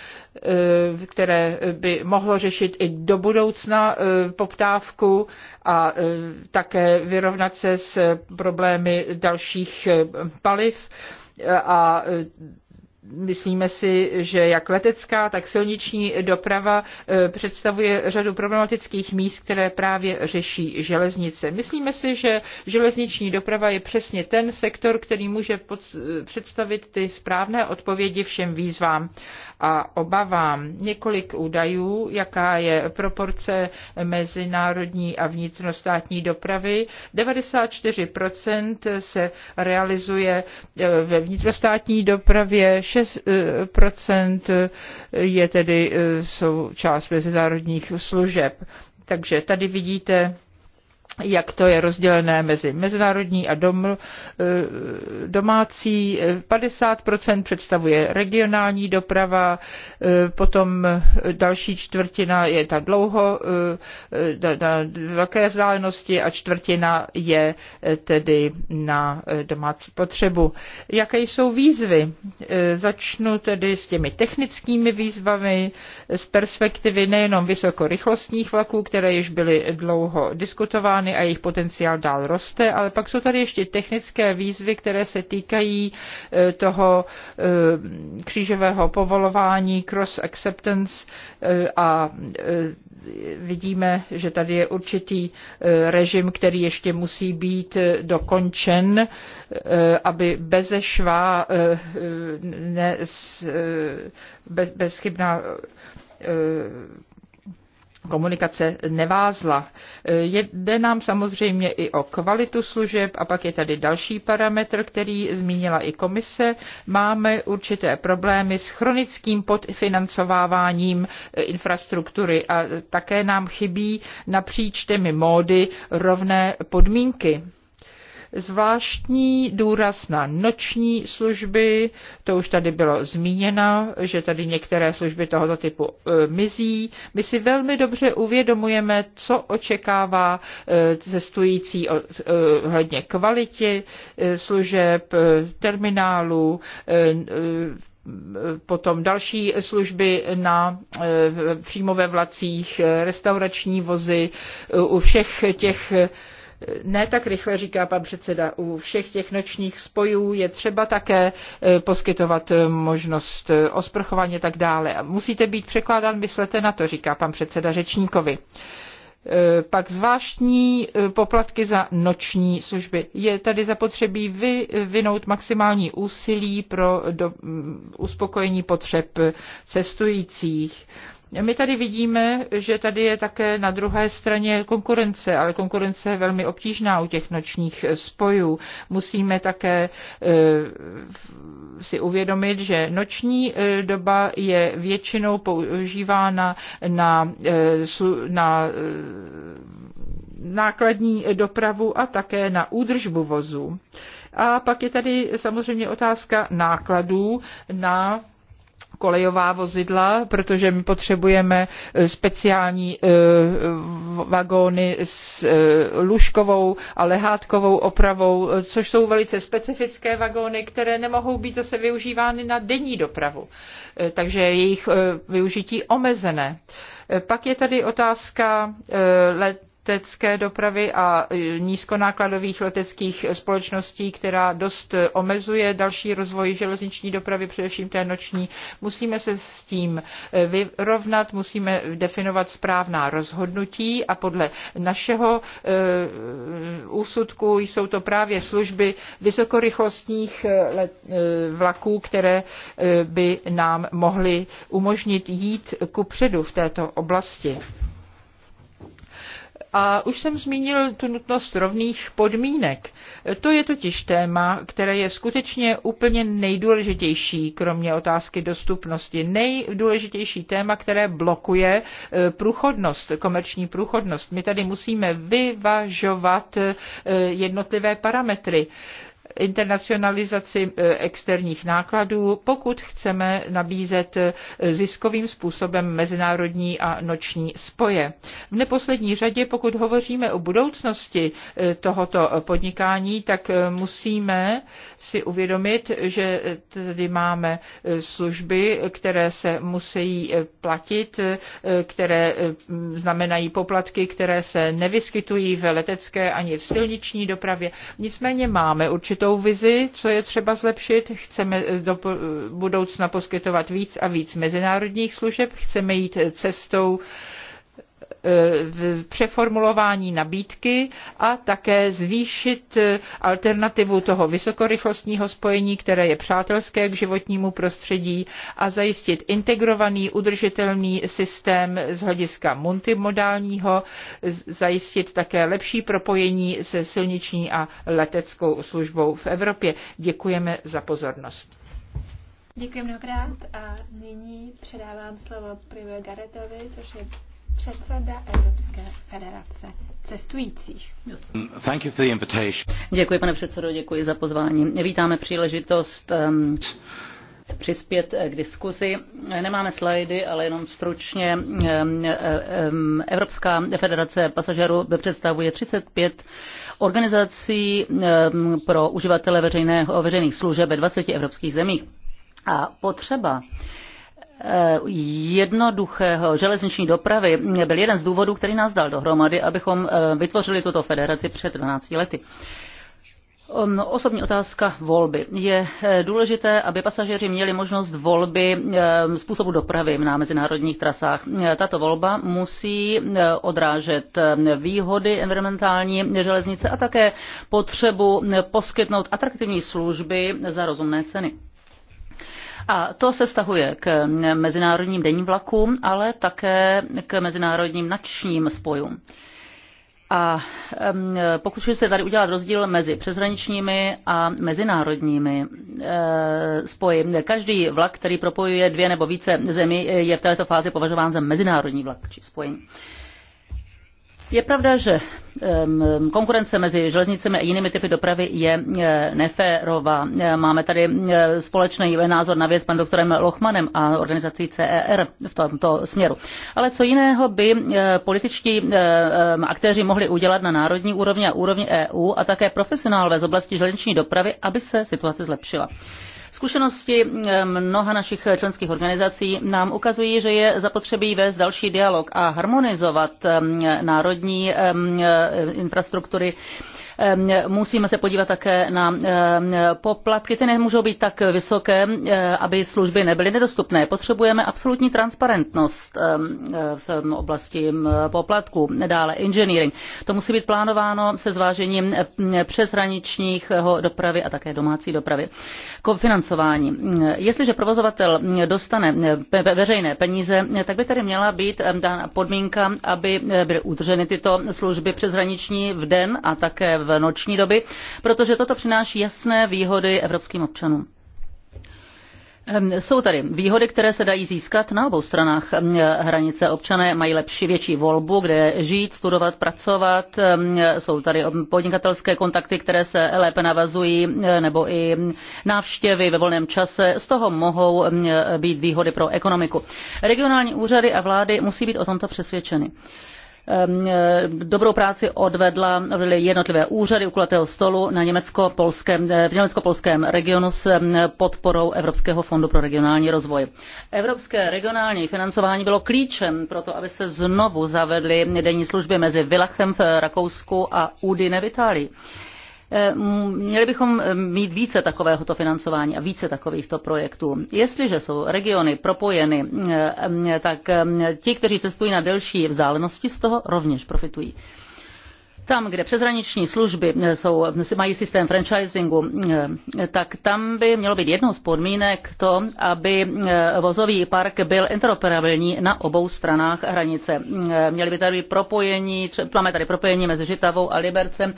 Speaker 3: které by mohlo řešit i do budoucna e, poptávku a také vyrovnat se s problémy dalších paliv a Myslíme si, že jak letecká, tak silniční doprava e, představuje řadu problematických míst, které právě řeší železnice. Myslíme si, že železniční doprava je přesně ten sektor, který může e, představit ty správné odpovědi všem výzvám a obavám. Několik údajů, jaká je proporce mezinárodní a vnitrostátní dopravy. 94% se realizuje e, ve vnitrostátní dopravě, 6 eh, eh, je tedy eh, součást mezinárodních služeb. Takže tady vidíte jak to je rozdělené mezi mezinárodní a dom, eh, domácí. 50% představuje regionální doprava, eh, potom další čtvrtina je ta dlouho, eh, na velké vzdálenosti a čtvrtina je tedy na domácí potřebu. Jaké jsou výzvy? Začnu tedy s těmi technickými výzvami z perspektivy nejenom vysokorychlostních vlaků, které již byly dlouho diskutovány, plány a jejich potenciál dál roste, ale pak jsou tady ještě technické výzvy, které se týkají e, toho e, křížového povolování, cross acceptance e, a vidíme, že tady je určitý režim, který ještě musí být dokončen, aby švá ne, bez, bezchybná komunikace nevázla. Eh, jde nám samozřejmě i o kvalitu služeb a pak je tady další parametr, který zmínila i komise. Máme určité problémy s chronickým podfinancováváním eh, infrastruktury a také nám chybí napříč těmi módy rovné podmínky zvláštní důraz na noční služby, to už tady bylo zmíněno, že tady některé služby tohoto typu e, mizí. My si velmi dobře uvědomujeme, co očekává e, cestující e, hledně kvality služeb, e, potom další služby na ve vlacích, restaurační vozy, u všech těch ne tak rychle, říká pan předseda. U všech těch nočních spojů je třeba také eh, poskytovat eh, možnost eh, osprchování a tak dále. Musíte být překládán, myslete na to, říká pan předseda řečníkovi pak zvláštní poplatky za noční služby. Je tady zapotřebí vyvinout maximální úsilí pro do, mm, uspokojení potřeb cestujících. My tady vidíme, že tady je také na druhé straně konkurence, ale konkurence je velmi obtížná u těch nočních spojů. Musíme také eh, si uvědomit, že noční eh, doba je většinou používána na, eh, na nákladní dopravu a také na údržbu vozů. A pak je tady samozřejmě otázka nákladů na kolejová vozidla, protože my potřebujeme eh, speciální eh, vagóny s eh, lůžkovou a lehátkovou opravou, což jsou velice specifické vagóny, které nemohou být zase využívány na denní dopravu. Takže jejich využití omezené. Pak je tady otázka let letecké dopravy a e, nízkonákladových leteckých společností, která dost e, omezuje další rozvoj železniční dopravy, především té noční. Musíme se s tím e, vyrovnat, musíme definovat správná rozhodnutí a podle našeho úsudku jsou to právě služby vysokorychlostních vlaků, které by nám mohly umožnit jít ku předu v této oblasti a už jsem zmínil tu nutnost rovných podmínek. To je totiž téma, které je skutečně úplně nejdůležitější, kromě otázky dostupnosti. Nejdůležitější téma, které blokuje e, průchodnost, komerční průchodnost. My tady musíme vyvažovat e, jednotlivé parametry internacionalizaci eh, externích nákladů, pokud chceme nabízet eh, ziskovým způsobem mezinárodní a noční spoje. V neposlední řadě, pokud hovoříme o budoucnosti eh, tohoto podnikání, tak musíme si uvědomit, že tady máme služby, které se musí platit, které znamenají poplatky, které se nevyskytují v letecké ani v silniční dopravě. Nicméně máme určitě určitou vizi, co je třeba zlepšit. Chceme eh, do eh, budoucna poskytovat víc a víc mezinárodních služeb, chceme jít eh, cestou E, v přeformulování nabídky a také zvýšit e, alternativu toho vysokorychlostního spojení, které je přátelské k životnímu prostředí a zajistit integrovaný, udržitelný systém z hlediska multimodálního, zajistit také lepší propojení se silniční a leteckou službou v Evropě. Děkujeme za pozornost.
Speaker 2: Děkuji mnohokrát a nyní předávám slovo Prive Garetovi, což je předseda Evropské federace cestujících. Thank you for the invitation.
Speaker 1: Děkuji, pane předsedo, děkuji za pozvání. Vítáme příležitost um, přispět k diskuzi. Nemáme slajdy, ale jenom stručně. Ehm, ehm, Evropská federace pasažerů představuje 35 organizací pro uživatele veřejného, veřejných služeb ve 20 evropských zemích. A potřeba jednoduchého železniční dopravy byl jeden z důvodů, který nás dal dohromady, abychom eh, vytvořili tuto federaci před 12 lety. Um, osobní otázka volby. Je eh, důležité, aby pasažéři měli možnost volby eh, způsobu dopravy na mezinárodních trasách. Tato volba musí odrážet výhody environmentální železnice a také potřebu poskytnout atraktivní služby za rozumné ceny. A to se vztahuje k mezinárodním denním vlakům, ale také k mezinárodním nadčním spojům. A um, pokusím se tady udělat rozdíl mezi přeshraničními a mezinárodními e, spoji. Každý vlak, který propojuje dvě nebo více zemí, je v této fázi považován za mezinárodní vlak či spojení. Je pravda, že konkurence mezi železnicemi a jinými typy dopravy je e, neférová. E, máme tady e, společný názor na věc pan doktorem Lochmanem a organizací CER v tomto směru. Ale co jiného by političtí aktéři mohli udělat na národní úrovni a úrovni EU a také profesionálové z oblasti železniční dopravy, aby se situace zlepšila. Zkušenosti eh, mnoha našich členských organizací nám ukazují, že je zapotřebí vést další dialog a harmonizovat eh, národní eh, infrastruktury Ehm, musíme se podívat také na ehm, poplatky. Ty nemůžou být tak vysoké, ehm, aby služby nebyly nedostupné. Potřebujeme absolutní transparentnost v oblasti poplatků. Dále engineering. To musí být plánováno se zvážením přeshraničních dopravy a také domácí dopravy. Kofinancování. Jestliže provozovatel dostane veřejné peníze, tak by tady měla být dána podmínka, aby byly udrženy tyto služby přeshraniční v den a také v v noční doby, protože toto přináší jasné výhody evropským občanům. Ehm, jsou tady výhody, které se dají získat na obou stranách ehm, hranice. Občané mají lepší, větší volbu, kde žít, studovat, pracovat. Ehm, jsou tady podnikatelské kontakty, které se lépe navazují, e, nebo i návštěvy ve volném čase. Z toho mohou být výhody pro ekonomiku. Regionální úřady a vlády musí být o tomto přesvědčeny. Ehm, eh, dobrou práci odvedla jednotlivé úřady u kulatého stolu na německo-polském, eh, v německo-polském regionu s ehm, podporou Evropského fondu pro regionální rozvoj. Evropské regionální financování bylo klíčem pro to, aby se znovu zavedly denní služby mezi Villachem v Rakousku a Udine v Itálii. Eh, měli bychom eh, mít více takovéhoto financování a více takovýchto projektů. Jestliže jsou regiony propojeny, eh, tak ti, kteří cestují na delší vzdálenosti, z toho rovněž profitují tam, kde přeshraniční služby eh, jsou, eh, mají systém franchisingu, eh, tak tam by mělo být jednou z podmínek to, aby vozový park byl interoperabilní na obou stranách hranice. Měli by tady být propojení, máme tady propojení mezi Žitavou a Libercem,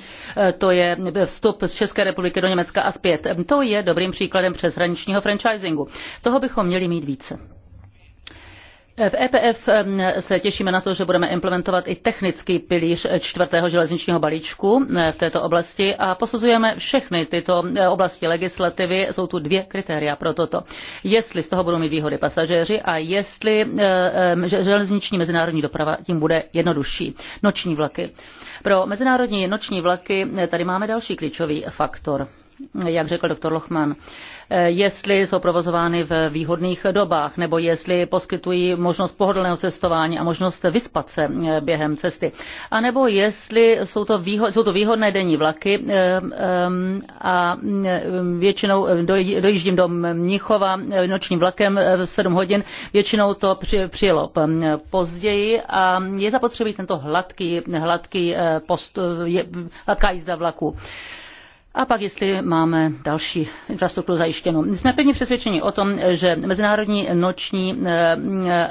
Speaker 1: to je vstup z České republiky do Německa a zpět. To je dobrým příkladem přeshraničního franchisingu. Toho bychom měli mít více. V EPF se těšíme na to, že budeme implementovat i technický pilíř čtvrtého železničního balíčku v této oblasti a posuzujeme všechny tyto oblasti legislativy. Jsou tu dvě kritéria pro toto. Jestli z toho budou mít výhody pasažéři a jestli železniční mezinárodní doprava tím bude jednodušší. Noční vlaky. Pro mezinárodní noční vlaky tady máme další klíčový faktor jak řekl doktor Lochman, Eh, jestli jsou provozovány v výhodných dobách, nebo jestli poskytují možnost pohodlného cestování a možnost vyspat se eh, během cesty, a nebo jestli jsou to, výho- jsou to výhodné denní vlaky eh, a mm, většinou dojíždím do Mnichova nočním vlakem v 7 hodin, většinou to přijelo později a je zapotřebí tento hladký, hladký post, hladká jízda vlaku a pak, jestli máme další infrastrukturu zajištěnou. Jsme pevně přesvědčeni o tom, že mezinárodní noční eh, eh,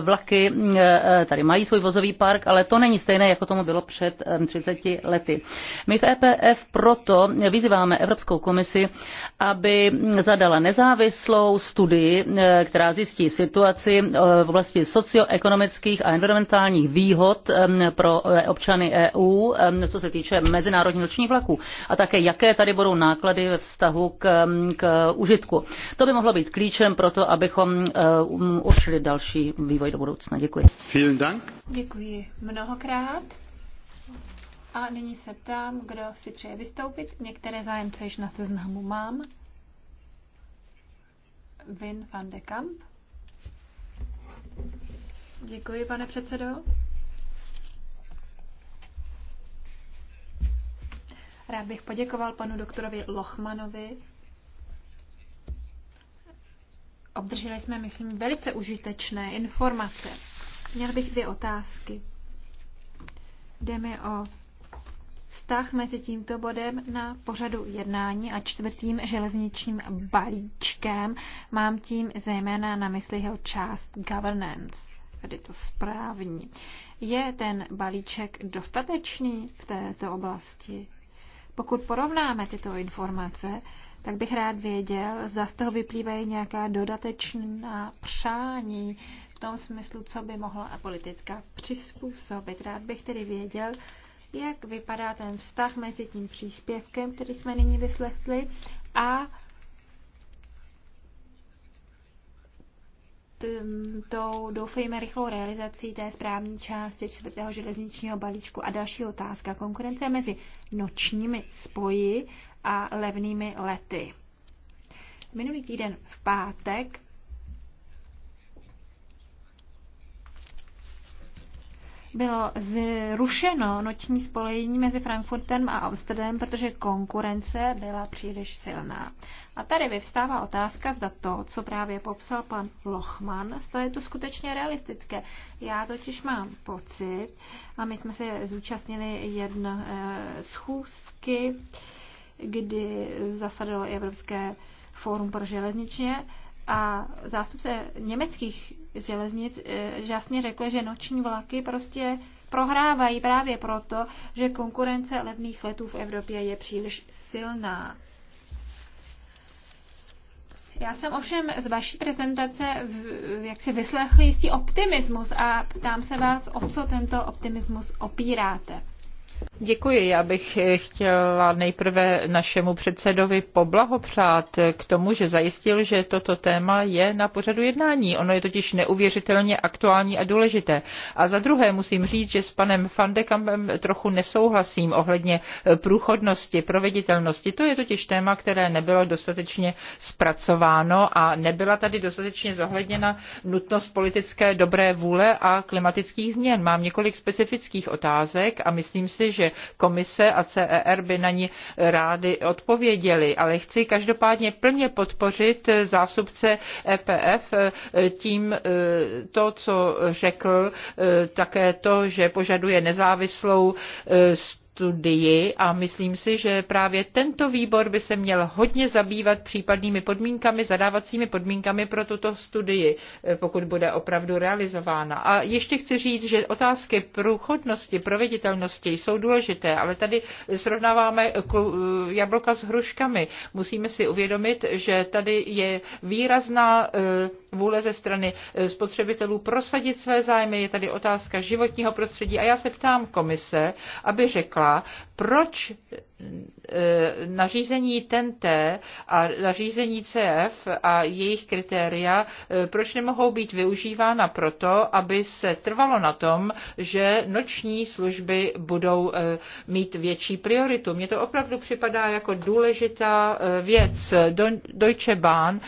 Speaker 1: vlaky eh, tady mají svůj vozový park, ale to není stejné, jako tomu bylo před 30 lety. My v EPF proto vyzýváme Evropskou komisi, aby zadala nezávislou studii, která zjistí situaci v oblasti socioekonomických a environmentálních výhod pro občany EU, co se týče mezinárodních nočních vlaků. A také, jak jaké tady budou náklady ve vztahu k, mm, k užitku. To by mohlo být klíčem pro to, abychom eh, um, určili další vývoj do budoucna. Děkuji. Vielen Dank.
Speaker 2: Děkuji mnohokrát. A nyní se ptám, kdo si přeje vystoupit. Některé zájemce již na seznamu mám. Vin van de Kamp. Děkuji, pane předsedo. Rád bych poděkoval panu doktorovi Lochmanovi. Obdrželi jsme, myslím, velice užitečné informace. Měl bych dvě otázky. Jde mi o vztah mezi tímto bodem na pořadu jednání a čtvrtým železničním balíčkem. Mám tím zejména na mysli jeho část governance, tedy to správní. Je ten balíček dostatečný v této oblasti? Pokud porovnáme tyto informace, tak bych rád věděl, zda z toho vyplývají nějaká dodatečná přání v tom smyslu, co by mohla politická přizpůsobit. Rád bych tedy věděl, jak vypadá ten vztah mezi tím příspěvkem, který jsme nyní vyslechli, a tou, doufejme, rychlou realizací té správní části čtvrtého železničního balíčku. A další otázka. Konkurence mezi nočními spoji a levnými lety. Minulý týden v pátek bylo zrušeno noční spojení mezi Frankfurtem a Amsterdamem, protože konkurence byla příliš silná. A tady vyvstává otázka, zda to, co právě popsal pan Lochman, zda je to skutečně realistické. Já totiž mám pocit, a my jsme se zúčastnili jedné eh, schůzky, kdy zasadilo Evropské fórum pro železničně, a zástupce německých železnic eh, jasně řekl, že noční vlaky prostě prohrávají právě proto, že konkurence levných letů v Evropě je příliš silná. Já jsem ovšem z vaší prezentace v, jak si vyslechl jistý optimismus a ptám se vás, o co tento optimismus opíráte.
Speaker 3: Děkuji. Já bych chtěla nejprve našemu předsedovi poblahopřát k tomu, že zajistil, že toto téma je na pořadu jednání. Ono je totiž neuvěřitelně aktuální a důležité. A za druhé musím říct, že s panem Fandekampem trochu nesouhlasím ohledně průchodnosti, proveditelnosti. To je totiž téma, které nebylo dostatečně zpracováno a nebyla tady dostatečně zohledněna nutnost politické dobré vůle a klimatických změn. Mám několik specifických otázek a myslím si, že komise a CER by na ní rády odpověděli, ale chci každopádně plně podpořit zástupce EPF eh, tím eh, to, co řekl, eh, také to, že požaduje nezávislou společnost studii a myslím si, že právě tento výbor by se měl hodně zabývat případnými podmínkami, zadávacími podmínkami pro tuto studii, eh, pokud bude opravdu realizována. A ještě chci říct, že otázky průchodnosti, proveditelnosti jsou důležité, ale tady srovnáváme eh, jablka s hruškami. Musíme si uvědomit, že tady je výrazná eh, vůle ze strany spotřebitelů prosadit své zájmy, je tady otázka životního prostředí a já se ptám komise, aby řekla, taková, proč eh, nařízení TNT a nařízení CF a jejich kritéria, eh, proč nemohou být využívána proto, aby se trvalo na tom, že noční služby budou eh, mít větší prioritu. Mně to opravdu připadá jako důležitá věc. do Deutsche Bahn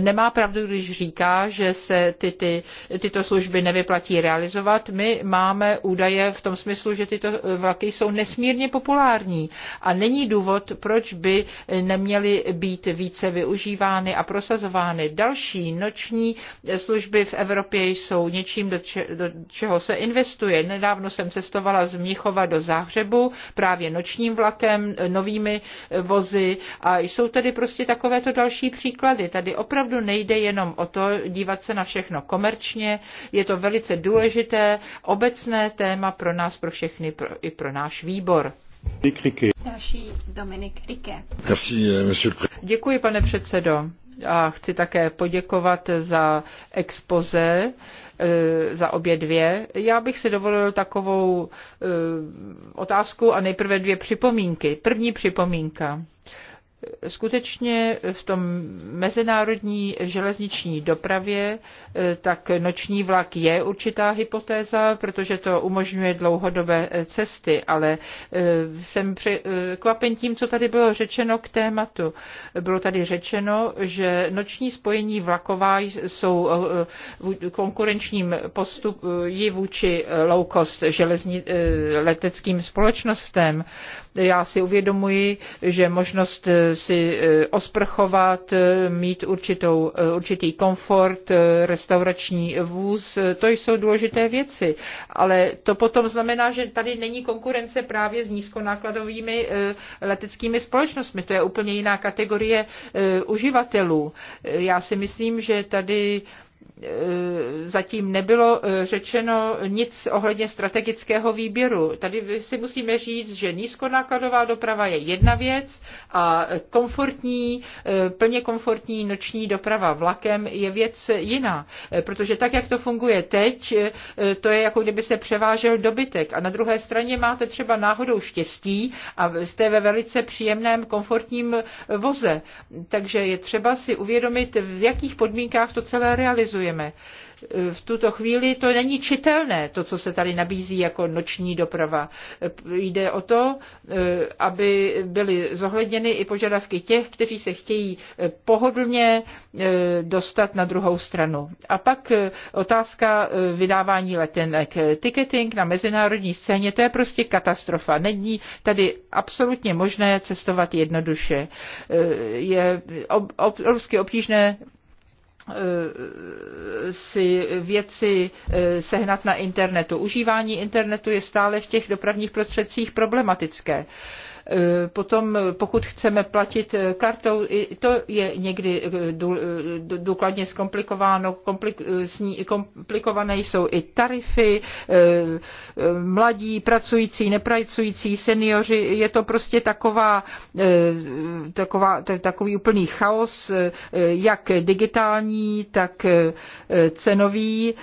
Speaker 3: nemá pravdu, když říká, že se ty, ty, tyto služby nevyplatí realizovat. My máme údaje v tom smyslu, že tyto vlaky jsou nesmírně populární a není důvod, proč by neměly být více využívány a prosazovány. Další noční služby v Evropě jsou něčím, do, če, do čeho se investuje. Nedávno jsem cestovala z Mnichova do Záhřebu právě nočním vlakem, novými vozy a jsou tady prostě takovéto další příklady. Tady opravdu nejde jenom o to dívat se na všechno komerčně, je to velice důležité obecné téma pro nás, pro všechny pro, i pro náš výbor. Další Dominik Rike.
Speaker 2: Eh,
Speaker 3: Děkuji, pane předsedo. A chci také poděkovat za expoze eh, za obě dvě. Já bych si dovolil takovou eh, otázku a nejprve dvě připomínky. První připomínka skutečně v tom mezinárodní železniční dopravě, e, tak noční vlak je určitá hypotéza, protože to umožňuje dlouhodobé e, cesty, ale e, jsem překvapen tím, co tady bylo řečeno k tématu. Bylo tady řečeno, že noční spojení vlaková jsou konkurenčním postup vůči low cost železni, leteckým společnostem já si uvědomuji, že možnost eh, si eh, osprchovat, eh, mít určitou, určitý komfort, restaurační vůz, to jsou důležité věci. Ale to potom znamená, že tady není konkurence právě s nízkonákladovými leteckými společnostmi. To je úplně jiná kategorie uživatelů. Já si myslím, že tady Eh, zatím nebylo eh, řečeno nic ohledně strategického výběru. Tady si musíme říct, že nízkonákladová doprava je jedna věc a komfortní, eh, plně komfortní noční doprava vlakem je věc jiná. Protože tak, jak to funguje teď, to je jako kdyby se převážel dobytek. A na druhé straně máte třeba náhodou štěstí a jste ve velice příjemném komfortním voze. Takže je třeba si uvědomit, v jakých podmínkách to celé realizuje potřebujeme. V tuto chvíli to není čitelné, to, co se tady nabízí jako noční doprava. Jde o to, eh, aby byly zohledněny i požadavky těch, kteří se chtějí eh, pohodlně eh, dostat na druhou stranu. A pak otázka vydávání letenek. Ticketing na mezinárodní scéně, to je prostě katastrofa. Není tady absolutně možné cestovat jednoduše. Je obrovsky obtížné Eh, si věci eh, sehnat na internetu. Užívání internetu je stále v těch dopravních prostředcích problematické. Eh, potom, pokud chceme platit eh, kartou, to je někdy eh, důkladně zkomplikováno. Komplikované jsou i tarify, mladí, pracující, nepracující, seniori. Je to prostě taková, taková, takový úplný chaos, jak digitální, tak cenový.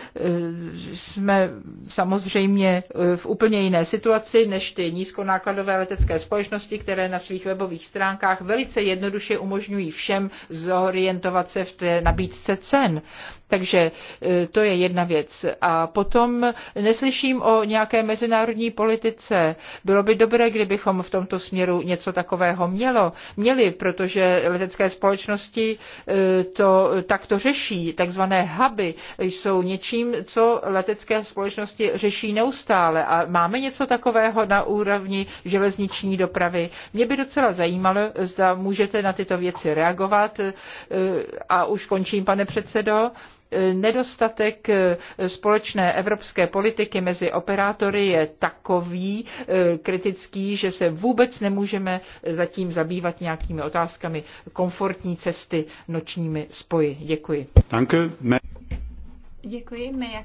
Speaker 3: Jsme samozřejmě v úplně jiné situaci než ty nízkonákladové letecké společnosti společnosti, které na svých webových stránkách velice jednoduše umožňují všem zorientovat se v té nabídce cen. Takže e, to je jedna věc. A potom neslyším o nějaké mezinárodní politice. Bylo by dobré, kdybychom v tomto směru něco takového mělo, měli, protože letecké společnosti e, to takto řeší. Takzvané huby jsou něčím, co letecké společnosti řeší neustále. A máme něco takového na úrovni železniční dopravy dopravy. Mě by docela zajímalo, zda můžete na tyto věci reagovat e, a už končím, pane předsedo e, nedostatek e, společné evropské politiky mezi operátory je takový kritický, že se vůbec nemůžeme zatím zabývat nějakými otázkami komfortní cesty nočními spoji. Děkuji.
Speaker 1: Děkuji.
Speaker 2: Děkuji, Meja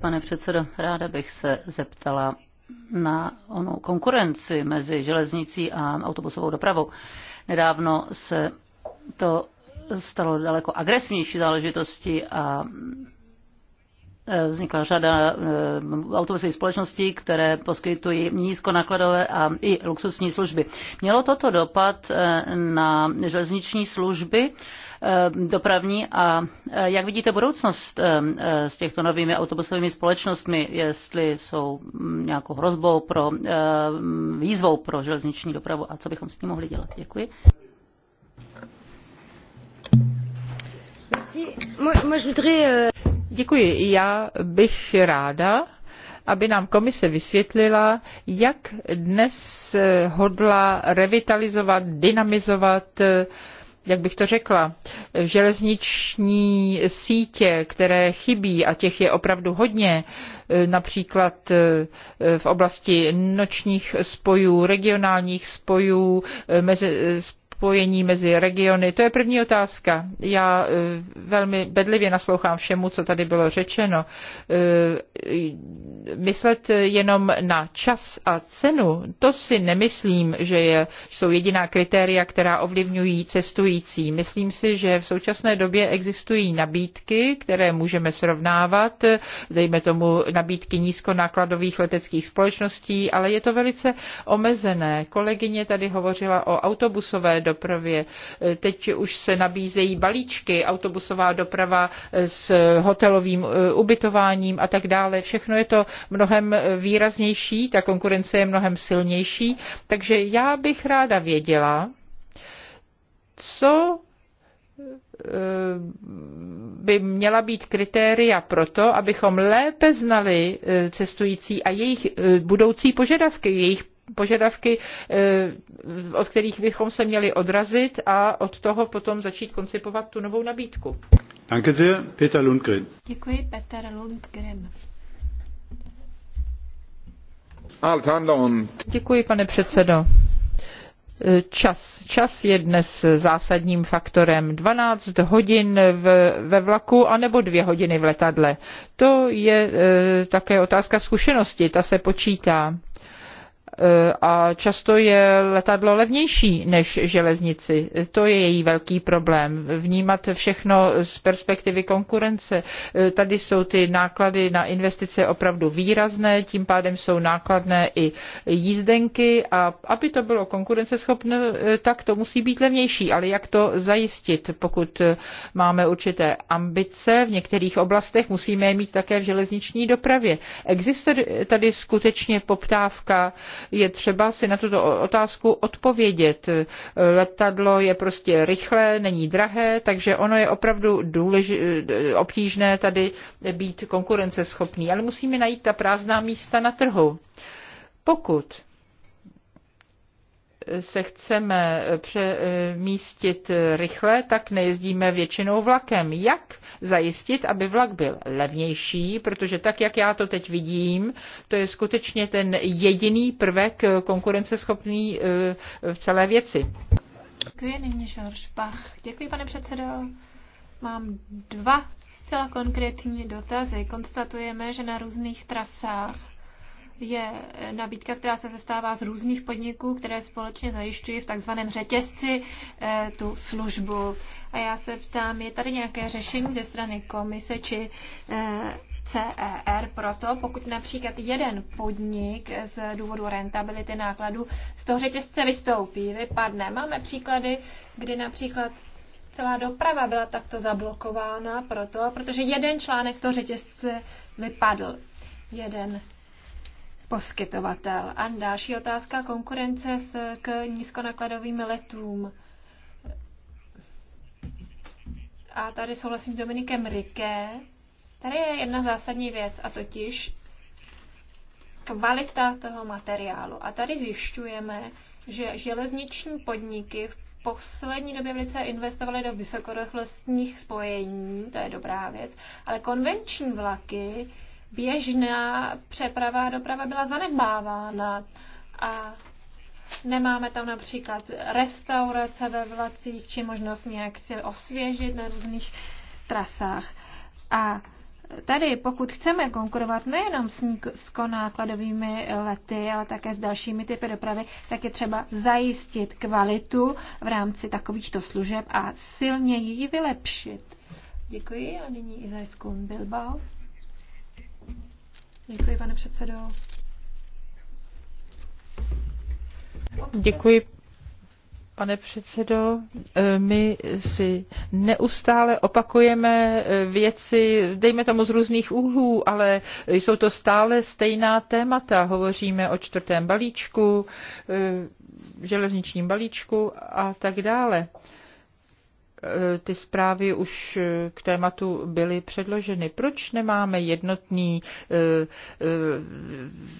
Speaker 1: Pane předsedající, ráda bych se zeptala na onu konkurenci mezi železnicí a autobusovou dopravou. Nedávno se to stalo daleko agresivnější záležitosti a e, vznikla řada e, autobusových společností, které poskytují nízkonákladové a i luxusní služby. Mělo toto dopad e, na železniční služby Eh, dopravní a eh, jak vidíte budoucnost eh, s těchto novými autobusovými společnostmi, jestli jsou mm, nějakou hrozbou pro výzvou pro železniční dopravu a co bychom s tím mohli dělat. Děkuji.
Speaker 3: Euh, Děkuji. Já bych ráda, aby nám komise vysvětlila, jak dnes hodla revitalizovat, dynamizovat uh, jak bych to řekla, železniční sítě, které chybí, a těch je opravdu hodně, e, například e, v oblasti nočních spojů, regionálních spojů, e, mezi, spojení mezi regiony? To je první otázka. Já e, velmi bedlivě naslouchám všemu, co tady bylo řečeno. E, myslet jenom na čas a cenu, to si nemyslím, že je, jsou jediná kritéria, která ovlivňují cestující. Myslím si, že v současné době existují nabídky, které můžeme srovnávat, dejme tomu nabídky nízkonákladových leteckých společností, ale je to velice omezené. Kolegyně tady hovořila o autobusové dopravě. Eh, teď už se nabízejí balíčky, autobusová doprava eh, s hotelovým eh, ubytováním a tak dále. Všechno je to mnohem výraznější, ta konkurence je mnohem silnější. Takže já bych ráda věděla, co by měla být kritéria pro to, abychom lépe znali cestující a jejich budoucí požadavky, jejich požadavky, eh, od kterých bychom se měli odrazit a od toho potom začít koncipovat tu novou nabídku.
Speaker 1: Danke sehr, Peter Lundgren.
Speaker 2: Děkuji, Peter Lundgren.
Speaker 3: Děkuji, pane předsedo. Eh, čas. Čas je dnes zásadním faktorem. 12 hodin v, ve vlaku anebo dvě hodiny v letadle. To je e, také otázka zkušenosti, ta se počítá. Eh, a často je letadlo levnější než železnici. To je její velký problém. Vnímat všechno z perspektivy konkurence. Eh, tady jsou ty náklady na investice opravdu výrazné, tím pádem jsou nákladné i jízdenky a aby to bylo konkurenceschopné, eh, tak to musí být levnější. Ale jak to zajistit, pokud máme určité ambice v některých oblastech, musíme je mít také v železniční dopravě. Existuje tady skutečně poptávka je třeba si na tuto otázku odpovědět. Letadlo je prostě rychlé, není drahé, takže ono je opravdu důlež, obtížné tady být konkurenceschopný. Ale musíme najít ta prázdná místa na trhu. Pokud se chceme přemístit rychle, tak nejezdíme většinou vlakem. Jak zajistit, aby vlak byl levnější, protože tak, jak já to teď vidím, to je skutečně ten jediný prvek konkurenceschopný eh, v celé věci.
Speaker 2: Děkuji, nyní George Bach. Děkuji, pane předsedo. Mám dva zcela konkrétní dotazy. Konstatujeme, že na různých trasách je nabídka, která se zastává z různých podniků, které společně zajišťují v takzvaném řetězci eh, tu službu. A já se ptám, je tady nějaké řešení ze strany komise či eh, CER proto, pokud například jeden podnik z důvodu rentability nákladů z toho řetězce vystoupí, vypadne. Máme příklady, kdy například celá doprava byla takto zablokována proto, protože jeden článek toho řetězce vypadl. Jeden poskytovatel. A další otázka, konkurence s, k nízkonakladovým letům. A tady souhlasím s Dominikem Riké. Tady je jedna zásadní věc, a totiž kvalita toho materiálu. A tady zjišťujeme, že železniční podniky v poslední době velice investovaly do vysokorychlostních spojení, to je dobrá věc, ale konvenční vlaky běžná přeprava a doprava byla zanedbávána. A nemáme tam například restaurace ve vlacích, či možnost nějak si osvěžit na různých trasách. A tady, pokud chceme konkurovat nejenom s nízkonákladovými lety, ale také s dalšími typy dopravy, tak je třeba zajistit kvalitu v rámci takovýchto služeb a silně ji vylepšit. Děkuji a nyní Izajskou Bilbao. Děkuji, pane předsedo.
Speaker 3: Děkuji, Pane předsedo, e, my si neustále opakujeme e, věci, dejme tomu z různých úhlů, ale jsou to stále stejná témata. Hovoříme o čtvrtém balíčku, e, železničním balíčku a tak dále. Eh, ty zprávy už eh, k tématu byly předloženy. Proč nemáme jednotný, eh,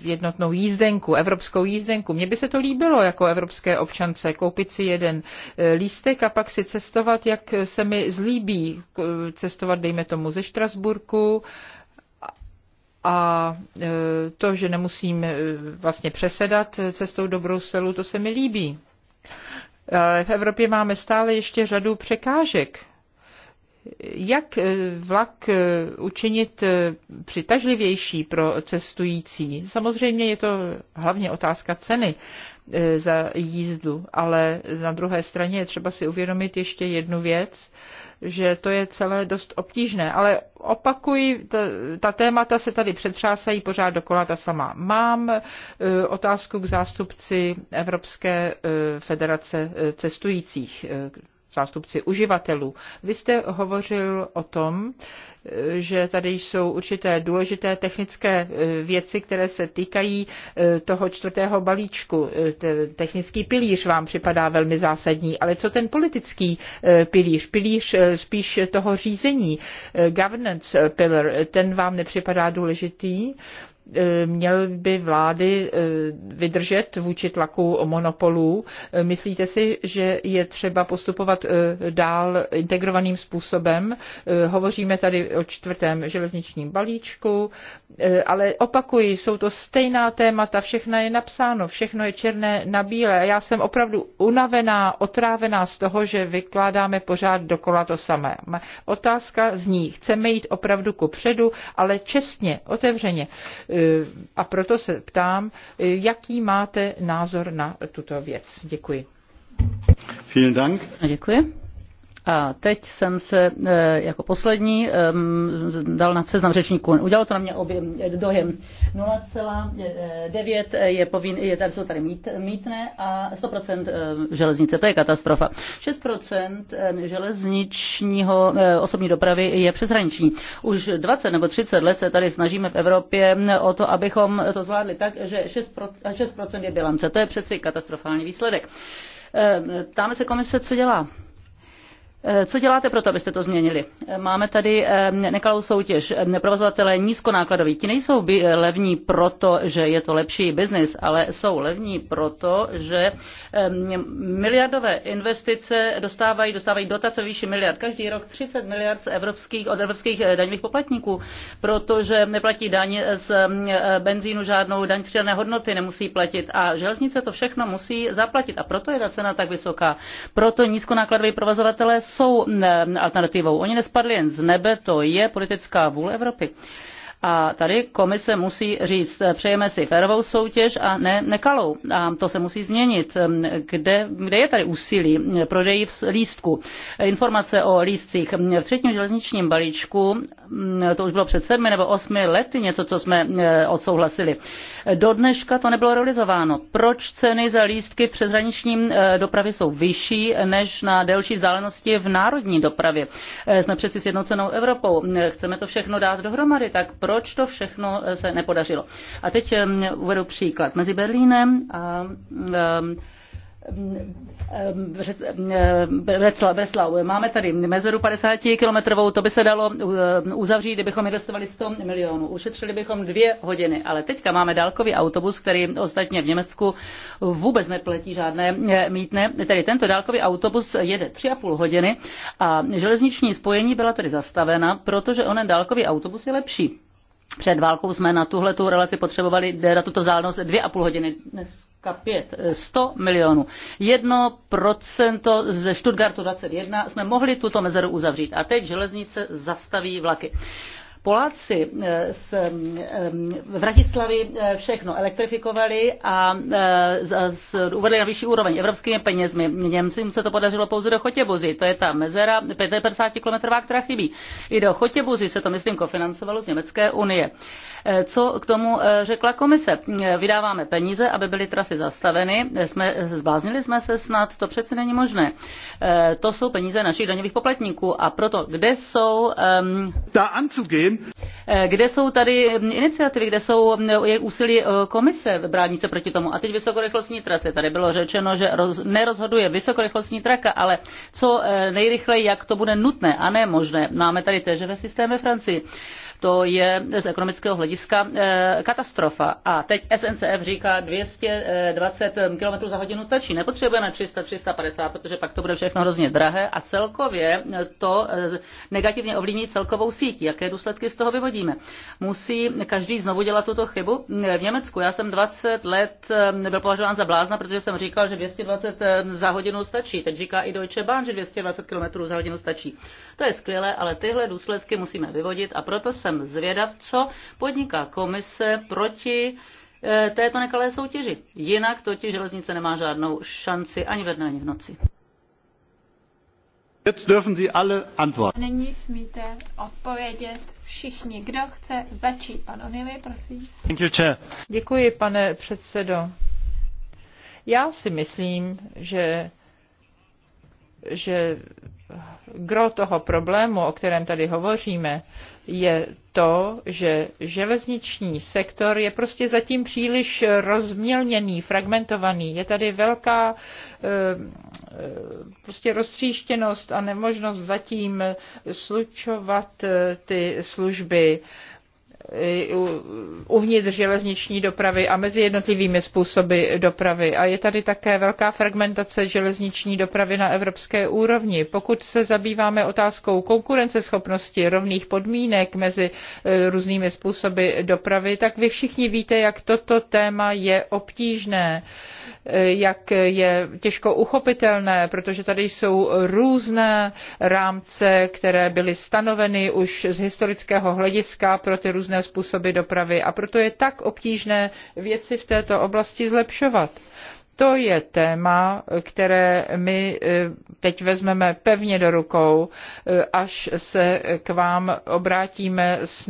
Speaker 3: jednotnou jízdenku, evropskou jízdenku? Mně by se to líbilo jako evropské občance, koupit si jeden lístek a pak si cestovat, jak se mi zlíbí. Cestovat, dejme tomu, ze Štrasburku, a to, že nemusím vlastně přesedat cestou do Bruselu, to se mi líbí v Evropě máme stále ještě řadu překážek. Jak eh, vlak eh, učinit eh, přitažlivější pro cestující? Samozřejmě je to hlavně otázka ceny, E, za jízdu. Ale na druhé straně je třeba si uvědomit ještě jednu věc, že to je celé dost obtížné. Ale opakuji, ta, ta témata se tady přetřásají pořád dokola ta sama. Mám e, otázku k zástupci Evropské e, federace e, cestujících. E, zástupci uživatelů. Vy jste hovořil o tom, že tady jsou určité důležité technické e, věci, které se týkají e, toho čtvrtého balíčku. E, technický pilíř vám připadá velmi zásadní, ale co ten politický pilíř? Pilíř spíš toho řízení, governance pillar, ten vám nepřipadá důležitý? E, měl by vlády e, vydržet vůči tlaku monopolů. E, myslíte si, že je třeba postupovat dál integrovaným způsobem? Hovoříme tady o čtvrtém železničním balíčku, ale opakuji, jsou to stejná témata, všechno je napsáno, všechno je černé na bílé. Já jsem opravdu unavená, otrávená z toho, že vykládáme pořád dokola to samé. Otázka zní, chceme jít opravdu ku předu, ale čestně, otevřeně a proto se ptám, jaký máte názor na tuto věc. Děkuji.
Speaker 1: Vielen Dank. Děkuji. A teď jsem se e, jako poslední dal na seznam řečníků. Udělalo to na mě obě, e, dojem. 0,9 je, povin, je tady, jsou tady mít, mítné a 100% e, železnice. To je katastrofa. 6% železničního osobní dopravy je přeshraniční. Už 20 nebo 30 let se tady snažíme v Evropě o to, abychom to zvládli tak, že 6%, 6 je bilance. To je přeci katastrofální výsledek. Ptáme se komise, co dělá. Eh, co děláte pro to, abyste to změnili? Eh, máme tady eh, nekalou soutěž. Provozovatelé nízkonákladoví. Ti nejsou levní proto, že je to lepší biznis, ale jsou levní proto, že miliardové investice dostávají, dostávají dotace výši miliard. Každý rok 30 miliard z evropských, od evropských daňových poplatníků, protože neplatí daň z benzínu žádnou daň přidané hodnoty nemusí platit a železnice to všechno musí zaplatit a proto je ta cena tak vysoká. Proto nízkonákladoví provozovatelé jsou alternativou. Oni nespadli jen z nebe, to je politická vůle Evropy. A tady komise musí říct, eh, přejeme si férovou soutěž a ne nekalou. A to se musí změnit. Kde, kde je tady úsilí eh, prodeji v lístku? Informace o lístcích v třetím železničním balíčku, mm, to už bylo před sedmi nebo osmi lety něco, co jsme eh, odsouhlasili. Do dneška to nebylo realizováno. Proč ceny za lístky v přeshraničním dopravě jsou vyšší než na delší vzdálenosti v národní dopravě? Jsme přeci jednocenou Evropou. Chceme to všechno dát dohromady, tak proč to všechno se nepodařilo. A teď uvedu příklad. Mezi Berlínem a Breslau. Máme tady mezeru 50 kilometrovou, to by se dalo uzavřít, kdybychom investovali 100 milionů. Ušetřili bychom dvě hodiny, ale teďka máme dálkový autobus, který ostatně v Německu vůbec nepletí žádné eh, mítné. Tedy tento dálkový autobus jede 3,5 hodiny a železniční spojení byla tedy zastavena, protože onen dálkový autobus je lepší před válkou jsme na tuhle tu relaci potřebovali eh, na tuto vzdálenost dvě a půl hodiny. Dneska pět, 100 eh, milionů. Jedno procento ze Stuttgartu 21 jsme mohli tuto mezeru uzavřít. A teď železnice zastaví vlaky. Poláci z eh, eh, Vratislavy eh, všechno elektrifikovali a uvedli na vyšší úroveň evropskými penězmi. Němcům se to podařilo pouze do Chotěbuzy, to je ta mezera 55 km, která chybí. I do Chotěbuzy se to, myslím, kofinancovalo z Německé unie. Eh, co k tomu eh, řekla komise? Eh, vydáváme peníze, aby byly trasy zastaveny. Jsme, zbláznili jsme se snad, to přece není možné. To jsou peníze našich daňových poplatníků a proto kde jsou... Ehm, kde jsou tady ehm, iniciativy, kde jsou ehm, je úsilí komise bránit se proti tomu? A teď vysokorychlostní trasy. Tady bylo řečeno, že roz, nerozhoduje vysokorychlostní traka, ale co nejrychleji, jak to bude nutné a ne možné. Máme tady téže ve systému ve Francii to je z ekonomického hlediska eh, katastrofa. A teď SNCF říká 220 eh, km za hodinu stačí, nepotřebujeme 300, 350, protože pak to bude všechno hrozně drahé a celkově eh, to negativně ovlivní celkovou síť. Jaké důsledky z toho vyvodíme? Musí každý znovu dělat tuto chybu? V Německu já jsem 20 let byl považován za blázna, protože jsem říkal, že 220 za hodinu stačí. Teď říká i Deutsche Bahn, že 220 km za hodinu stačí. To je skvělé, ale tyhle důsledky musíme vyvodit a proto jsem jsem zvědav, co podniká komise proti eh, této nekalé soutěži. Jinak totiž železnice nemá žádnou šanci ani ve dne, ani v noci. Jetzt dürfen Sie alle antworten.
Speaker 2: Nyní smíte odpovědět všichni. Kdo chce začít? Pan Onily, prosím.
Speaker 1: Thank you, chair.
Speaker 3: Děkuji, pane předsedo. Já si myslím, že že gro toho problému, o kterém tady hovoříme, je to, že železniční sektor je prostě zatím příliš rozmělněný, fragmentovaný. Je tady velká eh, prostě roztříštěnost a nemožnost zatím slučovat eh, ty služby Eh, uvnitř železniční dopravy a mezi jednotlivými způsoby dopravy. A je tady také velká fragmentace železniční dopravy na evropské úrovni. Pokud se zabýváme otázkou konkurenceschopnosti, rovných podmínek mezi eh, různými způsoby dopravy, tak vy všichni víte, jak toto téma je obtížné eh, jak je těžko uchopitelné, protože tady jsou různé rámce, které byly stanoveny už z historického hlediska pro ty různé různé způsoby dopravy a proto je tak obtížné věci v této oblasti zlepšovat. To je téma, které my eh, teď vezmeme pevně do rukou, eh, až se k vám obrátíme s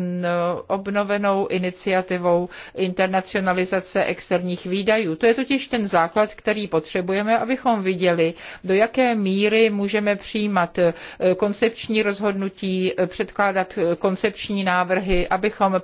Speaker 3: obnovenou iniciativou internacionalizace externích výdajů. To je totiž ten základ, který potřebujeme, abychom viděli, do jaké míry můžeme přijímat eh, koncepční rozhodnutí, předkládat koncepční návrhy, abychom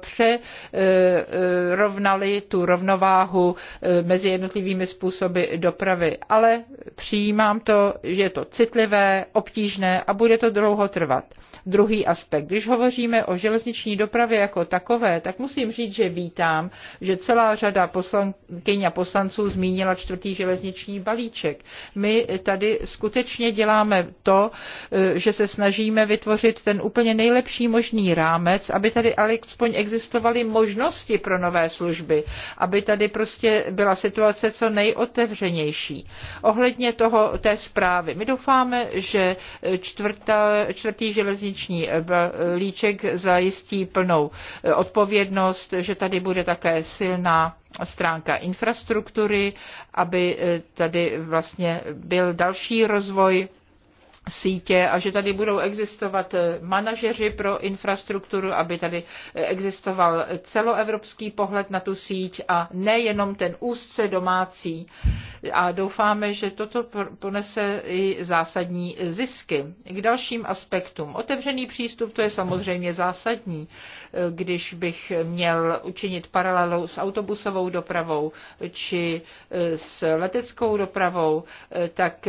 Speaker 3: přerovnali tu rovnováhu mezi jednotlivými způsoby způsoby dopravy, ale přijímám to, že je to citlivé, obtížné a bude to dlouho trvat. Druhý aspekt. Když hovoříme o železniční dopravě jako takové, tak musím říct, že vítám, že celá řada poslankyň a poslanců zmínila čtvrtý železniční balíček. My tady skutečně děláme to, že se snažíme vytvořit ten úplně nejlepší možný rámec, aby tady alespoň existovaly možnosti pro nové služby, aby tady prostě byla situace co nejotevřenější otevřenější. Ohledně toho, té zprávy, my doufáme, že čtvrtá, čtvrtý železniční líček zajistí plnou eh, odpovědnost, že tady bude také silná stránka infrastruktury, aby eh, tady vlastně byl další rozvoj sítě a že tady budou existovat eh, manažeři pro infrastrukturu, aby tady eh, existoval celoevropský pohled na tu síť a nejenom ten úzce domácí. A doufáme, že toto ponese i zásadní zisky. K dalším aspektům. Otevřený přístup, to je samozřejmě zásadní. Eh, když bych měl učinit paralelu s autobusovou dopravou či s leteckou dopravou, tak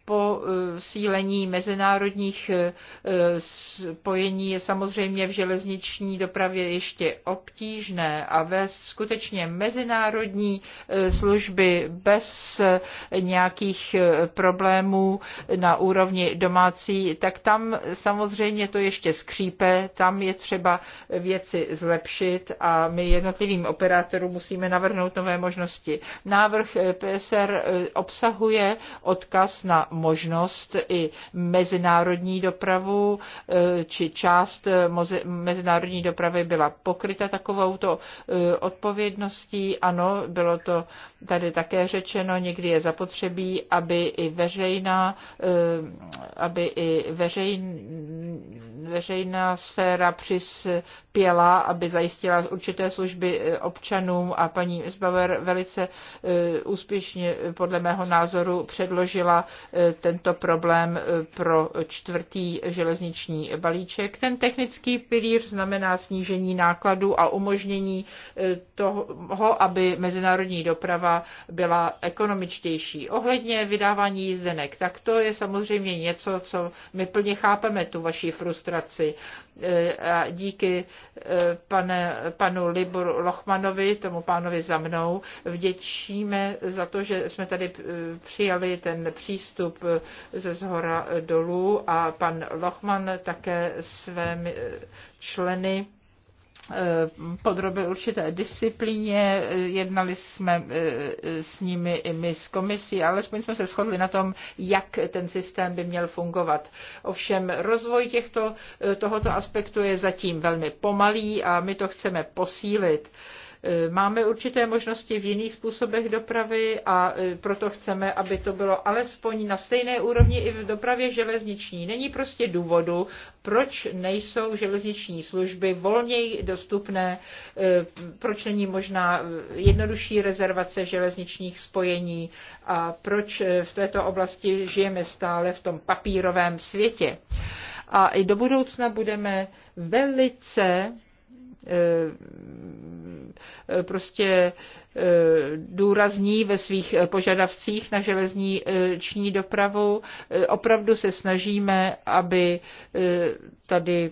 Speaker 3: posílení mezinárodních eh, spojení je samozřejmě v železniční dopravě ještě obtížné a vést skutečně mezinárodní eh, služby bez eh, nějakých problémů na úrovni domácí, tak tam samozřejmě to ještě skřípe, tam je třeba věci zlepšit a my jednotlivým operátorům musíme navrhnout nové možnosti. Návrh PSR obsahuje odkaz na možnost i mezinárodní dopravu, eh, či část eh, mezinárodní dopravy byla pokryta takovouto eh, odpovědností. Ano, bylo to tady také řečeno, někdy je zapotřebí, aby i veřejná, aby i veřejn, veřejná sféra přispěla, aby zajistila určité služby občanům a paní Zbauer velice úspěšně podle mého názoru předložila tento problém eh, pro čtvrtý železniční balíček. Ten technický pilíř znamená snížení nákladů a umožnění eh, toho, aby mezinárodní doprava byla ekonomičtější. Ohledně vydávání jízdenek, tak to je samozřejmě něco, co my plně chápeme, tu vaší frustraci. Eh, a díky pane, panu Liboru Lochmanovi, tomu pánovi za mnou, vděčíme za to, že jsme tady přijali ten přístup postup eh, ze zhora eh, dolů a pan Lochman také své eh, členy podrobil určité disciplíně, jednali jsme s nimi i my s komisí, alespoň jsme se shodli na tom, jak ten systém by měl fungovat. Ovšem rozvoj těchto, tohoto aspektu je zatím velmi pomalý a my to chceme posílit. Eh, máme určité možnosti v jiných způsobech dopravy a eh, proto chceme, aby to bylo alespoň na stejné úrovni i v dopravě železniční. Není prostě důvodu, proč nejsou železniční služby volněji dostupné, eh, proč není možná jednodušší rezervace železničních spojení a proč v této oblasti žijeme stále v tom papírovém světě. A i do budoucna budeme velice Eh, prostě eh, důrazní ve svých požadavcích na železniční eh, dopravu. Opravdu se snažíme, aby tady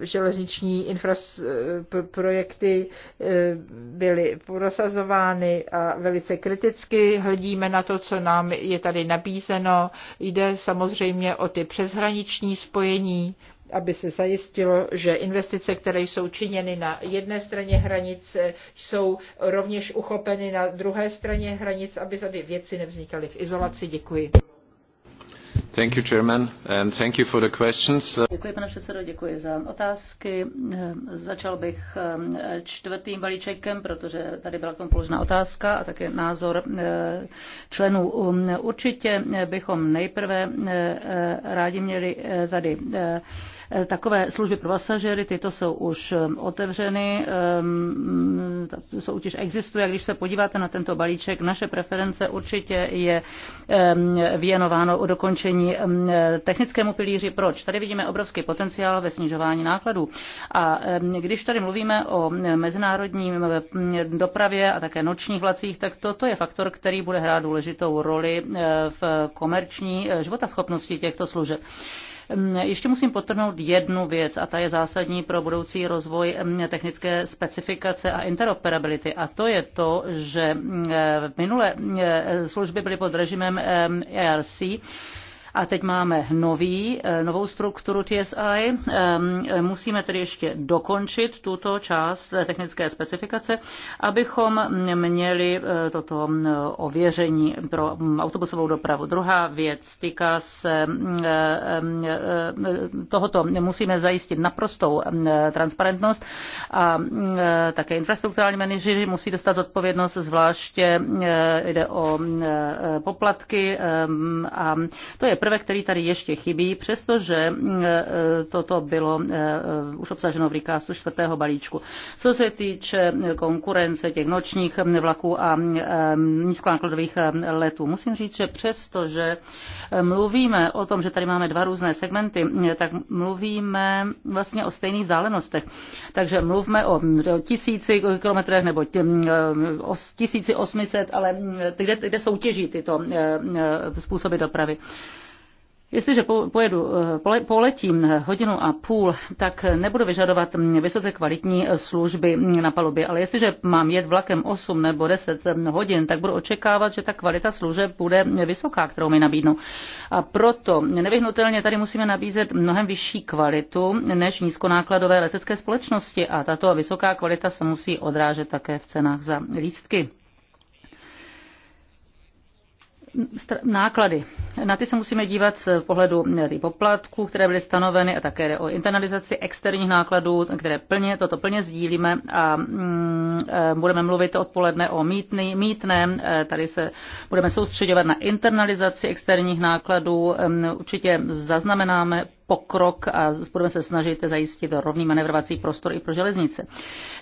Speaker 3: železniční projekty byly prosazovány a velice kriticky hledíme na to, co nám je tady nabízeno. Jde samozřejmě o ty přeshraniční spojení, aby se zajistilo, že investice, které jsou činěny na jedné straně hranic, jsou rovněž uchopeny na druhé straně hranic, aby tady věci nevznikaly v izolaci. Děkuji.
Speaker 1: Thank you, Chairman, and thank you for the questions. Děkuji, pane předsedo, děkuji za otázky. Začal bych ehm, čtvrtým balíčekem, protože tady byla k tomu položena otázka a také názor eh, členů. Um, určitě bychom nejprve eh, eh, rádi měli tady Eh, takové služby pro pasažery, tyto jsou už eh, otevřeny, ehm, mm, soutěž existuje. Když se podíváte na tento balíček, naše preference určitě je ehm, věnováno o dokončení ehm, technickému pilíři. Proč? Tady vidíme obrovský potenciál ve snižování nákladů. A když tady mluvíme o mezinárodní dopravě a také nočních vlacích, tak to, to je faktor, který bude hrát důležitou roli eh, v komerční životaschopnosti těchto služeb. Ehm, ještě musím potrhnout jednu věc a ta je zásadní pro budoucí rozvoj ehm, technické specifikace a interoperability a to je to, že ehm, minulé služby byly pod režimem ERC a teď máme nový, eh, novou strukturu TSI. Eh, musíme tedy ještě dokončit tuto část technické specifikace, abychom měli eh, toto mm, ověření pro mm, autobusovou dopravu. Druhá věc týká se tohoto. Musíme zajistit naprostou mm, transparentnost a také infrastrukturální manažeři musí dostat odpovědnost, zvláště jde o poplatky a to je prvek, který tady ještě chybí, přestože mm, e, toto bylo e, e, už obsaženo v rikástu čtvrtého balíčku. Co se týče konkurence těch nočních mm, vlaků a mm, nízkonákladových letů, musím říct, že přestože mluvíme o tom, že tady máme dva různé segmenty, tak mluvíme vlastně o stejných vzdálenostech. Takže mluvme o tisíci kilometrech nebo tisíci osmiset, ale kde, kde soutěží tyto způsoby dopravy. Jestliže pojedu, eh, poletím hodinu a půl, tak nebudu vyžadovat mm, vysoce kvalitní eh, služby mm, na palubě, ale jestliže mám jet vlakem 8 nebo 10 mm, hodin, tak budu očekávat, že ta kvalita služeb bude vysoká, kterou mi nabídnou. A proto nevyhnutelně tady musíme nabízet mnohem vyšší kvalitu než nízkonákladové letecké společnosti a tato vysoká kvalita se musí odrážet také v cenách za lístky náklady. Na ty se musíme dívat z pohledu těch eh, poplatků, které byly stanoveny a také o internalizaci externích nákladů, které plně, toto plně sdílíme a mm, eh, budeme mluvit odpoledne o mítný, mítném. Eh, tady se budeme soustředovat na internalizaci externích nákladů. Určitě zaznamenáme pokrok a budeme se snažit zajistit rovný manevrovací prostor i pro železnice.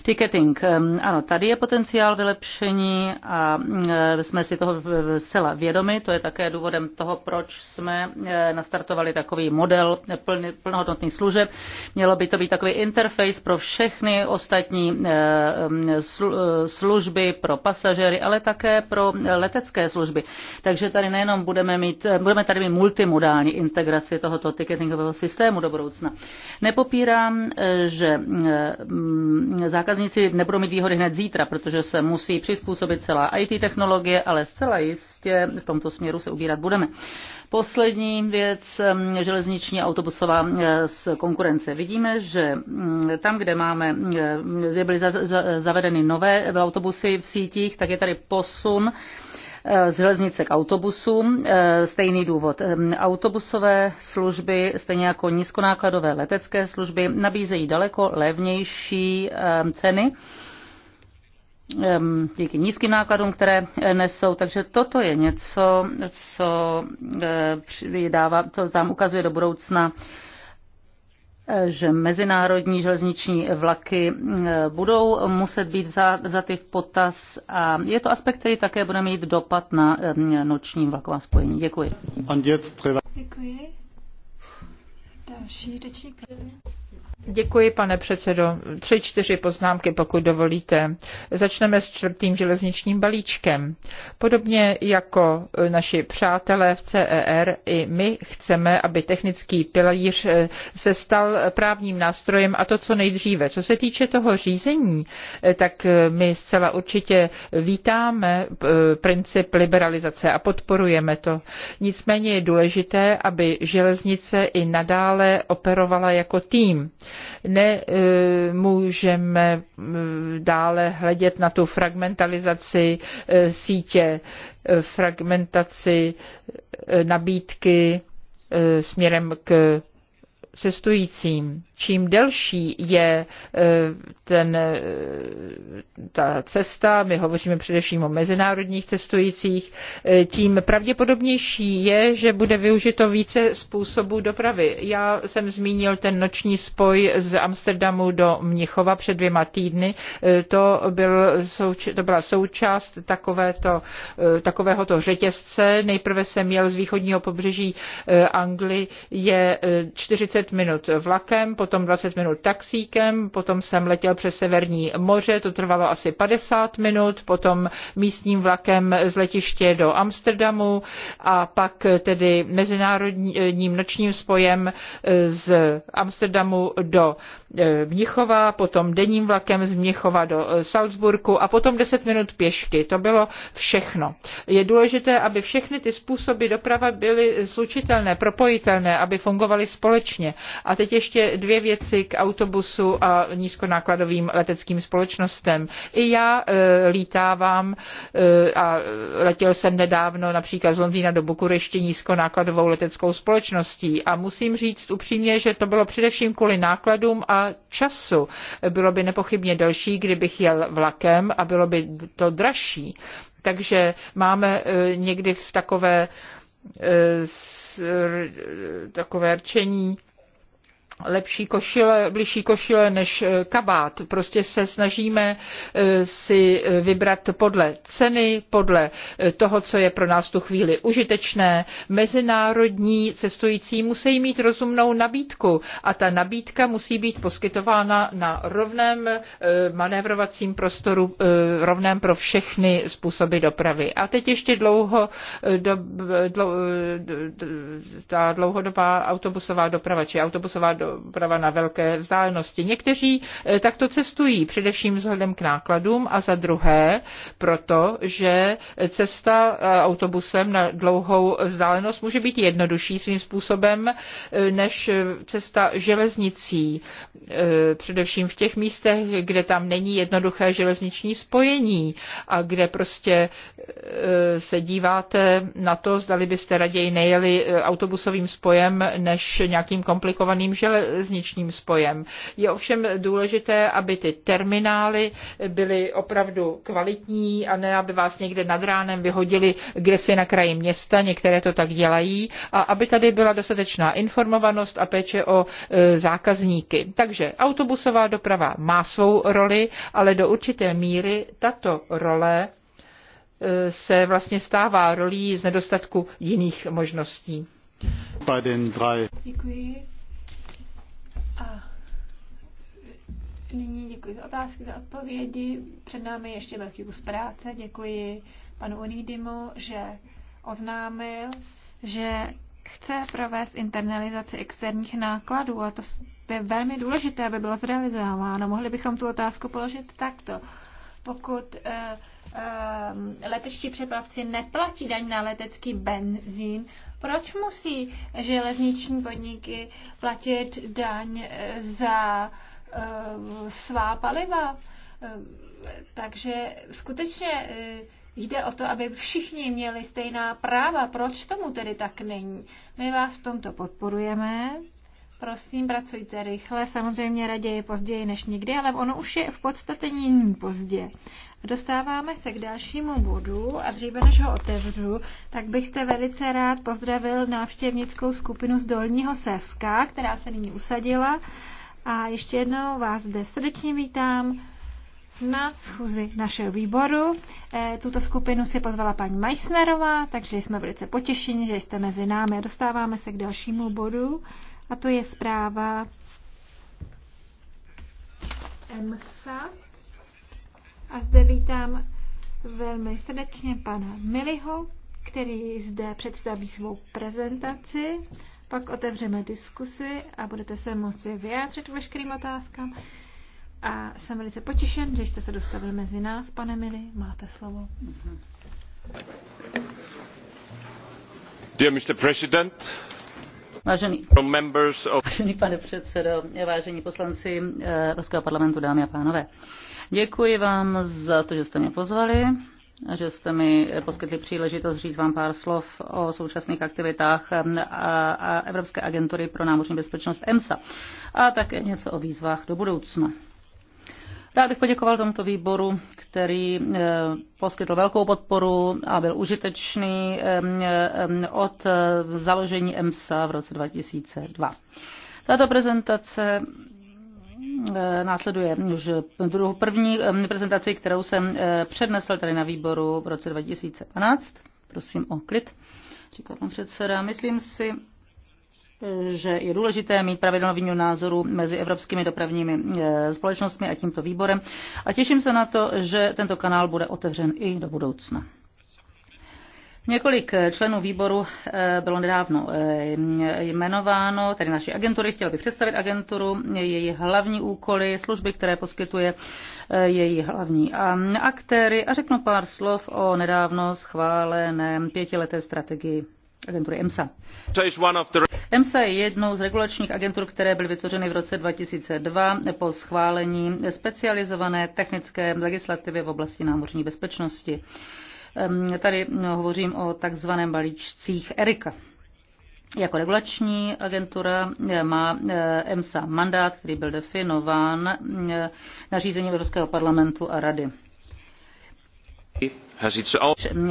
Speaker 1: Ticketing. Ano, tady je potenciál vylepšení a jsme si toho zcela vědomi. To je také důvodem toho, proč jsme eh, nastartovali takový model plnohodnotných služeb. Mělo by to být takový interface pro všechny ostatní eh, eh, služby, pro pasažery, ale také pro letecké služby. Takže tady nejenom budeme mít, budeme tady mít multimodální integraci tohoto ticketingového systému do budoucna. Nepopírám, eh, že eh, mm, zákazníci nebudou mít výhody hned zítra, protože se musí přizpůsobit celá IT technologie, ale zcela jistě v tomto směru se ubírat budeme. Poslední věc, mm, železniční autobusová eh, konkurence. Vidíme, že mm, tam, kde máme, kde byly zavedeny nové autobusy v sítích, tak je tady posun Eh, z železnice k autobusům. Eh, stejný důvod. Ehm, autobusové služby, stejně jako nízkonákladové letecké služby, nabízejí daleko levnější ehm, ceny ehm, díky nízkým nákladům, které eh, nesou. Takže toto je něco, co, dává, co tam ukazuje do budoucna že mezinárodní železniční vlaky eh, budou muset být ty v potaz a je to aspekt, který také bude mít dopad na eh, noční vlaková spojení. Děkuji.
Speaker 2: Děkuji. Další řečník.
Speaker 3: Děkuji, pane předsedo. Tři, čtyři poznámky, pokud dovolíte. Začneme s čtvrtým železničním balíčkem. Podobně jako naši přátelé v CER, i my chceme, aby technický pilíř eh, se stal právním nástrojem a to, co nejdříve. Co se týče toho řízení, eh, tak eh, my zcela určitě vítáme princip liberalizace a podporujeme to. Nicméně je důležité, aby železnice i nadále operovala jako tým Nemůžeme eh, dále hledět na tu fragmentalizaci eh, sítě, eh, fragmentaci nabídky směrem k cestujícím. Čím delší je e, ten, e, ta cesta, my hovoříme především o mezinárodních cestujících, e, tím pravděpodobnější je, že bude využito více způsobů dopravy. Já jsem zmínil ten noční spoj z Amsterdamu do Mnichova před dvěma týdny. To, byl, to byla součást takovéto, takovéhoto řetězce. Nejprve jsem jel z východního pobřeží Anglie je 40 20 minut vlakem, potom 20 minut taxíkem, potom jsem letěl přes Severní moře, to trvalo asi 50 minut, potom místním vlakem z letiště do Amsterdamu a pak tedy mezinárodním nočním spojem z Amsterdamu do E, Mnichova, potom denním vlakem z Mnichova do e, Salzburku a potom 10 minut pěšky. To bylo všechno. Je důležité, aby všechny ty způsoby doprava byly slučitelné, propojitelné, aby fungovaly společně. A teď ještě dvě věci k autobusu a nízkonákladovým leteckým společnostem. I já e, lítávám e, a letěl jsem nedávno například z Londýna do Bukurešti nízkonákladovou leteckou společností a musím říct upřímně, že to bylo především kvůli nákladům a a času. Bylo by nepochybně delší, kdybych jel vlakem a bylo by to dražší. Takže máme e, někdy v takové e, takové rčení lepší košile, blížší košile než eh, kabát. Prostě se snažíme eh, si eh, vybrat podle ceny, podle toho, co je pro nás tu chvíli užitečné. Mezinárodní cestující musí mít rozumnou nabídku a ta nabídka musí být poskytována na rovném manévrovacím prostoru, rovném pro všechny způsoby dopravy. A teď ještě dlouho, do, dlou, ta dlouhodobá autobusová doprava, či autobusová do, doprava na velké vzdálenosti. Někteří eh, takto cestují, především vzhledem k nákladům a za druhé proto, že cesta eh, autobusem na dlouhou vzdálenost může být jednodušší svým způsobem eh, než cesta železnicí, především v těch místech, kde tam není jednoduché železniční spojení a kde prostě se díváte na to, zdali byste raději nejeli autobusovým spojem než nějakým komplikovaným železnicím železničním spojem. Je ovšem důležité, aby ty terminály byly opravdu kvalitní a ne, aby vás někde nad ránem vyhodili kde si na kraji města, některé to tak dělají, a aby tady byla dostatečná informovanost a péče o e, zákazníky. Takže autobusová doprava má svou roli, ale do určité míry tato role e, se vlastně stává rolí z nedostatku jiných možností.
Speaker 2: Děkuji. Nyní děkuji za otázky, za odpovědi. Před námi ještě velký kus práce. Děkuji panu Onidimu, že oznámil, že chce provést internalizaci externích nákladů a to je velmi důležité, aby bylo zrealizováno. Mohli bychom tu otázku položit takto. Pokud uh, eh, uh, eh, letečtí přepravci neplatí daň na letecký benzín, proč musí železniční podniky platit daň eh, za uh, Eh, svá paliva. Eh, takže skutečně eh, jde o to, aby všichni měli stejná práva. Proč tomu tedy tak není? My vás v tomto podporujeme. Prosím, pracujte rychle, samozřejmě raději později než nikdy, ale ono už je v podstatě nyní pozdě. Dostáváme se k dalšímu bodu a dříve než ho otevřu, tak bych se velice rád pozdravil návštěvnickou skupinu z Dolního Seska, která se nyní usadila a ještě jednou vás zde srdečně vítám na schůzi našeho výboru. E, tuto skupinu si pozvala paní Majsnerová, takže jsme velice potěšeni, že jste mezi námi. Dostáváme se k dalšímu bodu a to je zpráva MSA. A zde vítám velmi srdečně pana Miliho, který zde představí svou prezentaci pak otevřeme diskusy a budete se moci vyjádřit veškerým otázkám. A jsem velice potěšen, že jste se dostavil mezi nás. Pane Mili,
Speaker 1: máte slovo. Dear Mr.
Speaker 2: President, Vážený, vážený
Speaker 1: pane předsedo, vážení poslanci eh, Evropského parlamentu, dámy a pánové, děkuji vám za to, že jste mě pozvali že jste mi poskytli příležitost říct vám pár slov o současných aktivitách a, Evropské agentury pro námořní bezpečnost EMSA a také něco o výzvách do budoucna. Rád bych poděkoval tomuto výboru, který eh, poskytl velkou podporu a byl užitečný eh, eh, od založení EMSA v roce 2002. Tato prezentace Eh, následuje už druhou první eh, prezentaci, kterou jsem eh, přednesl tady na výboru v roce 2012. Prosím o klid, říká pan předseda. Myslím si, že je důležité mít pravidelnou výměnu názoru mezi evropskými dopravními společnostmi a tímto výborem a těším se na to, že tento kanál bude otevřen i do budoucna. Několik eh, členů výboru eh, bylo nedávno eh, jmenováno, tedy naší agentury. Chtěl bych představit agenturu, její hlavní úkoly, služby, které poskytuje její hlavní ehm, aktéry a řeknu pár slov o nedávno schválené pětileté strategii agentury EMSA. EMSA je jednou z regulačních agentur, které byly vytvořeny v roce 2002 po schválení specializované technické legislativy v oblasti námořní bezpečnosti. Ehm, tady no, hovořím o takzvaném balíčcích Erika. Jako regulační agentura eh, má eh, EMSA mandát, který byl definován eh, řízení Evropského parlamentu a rady.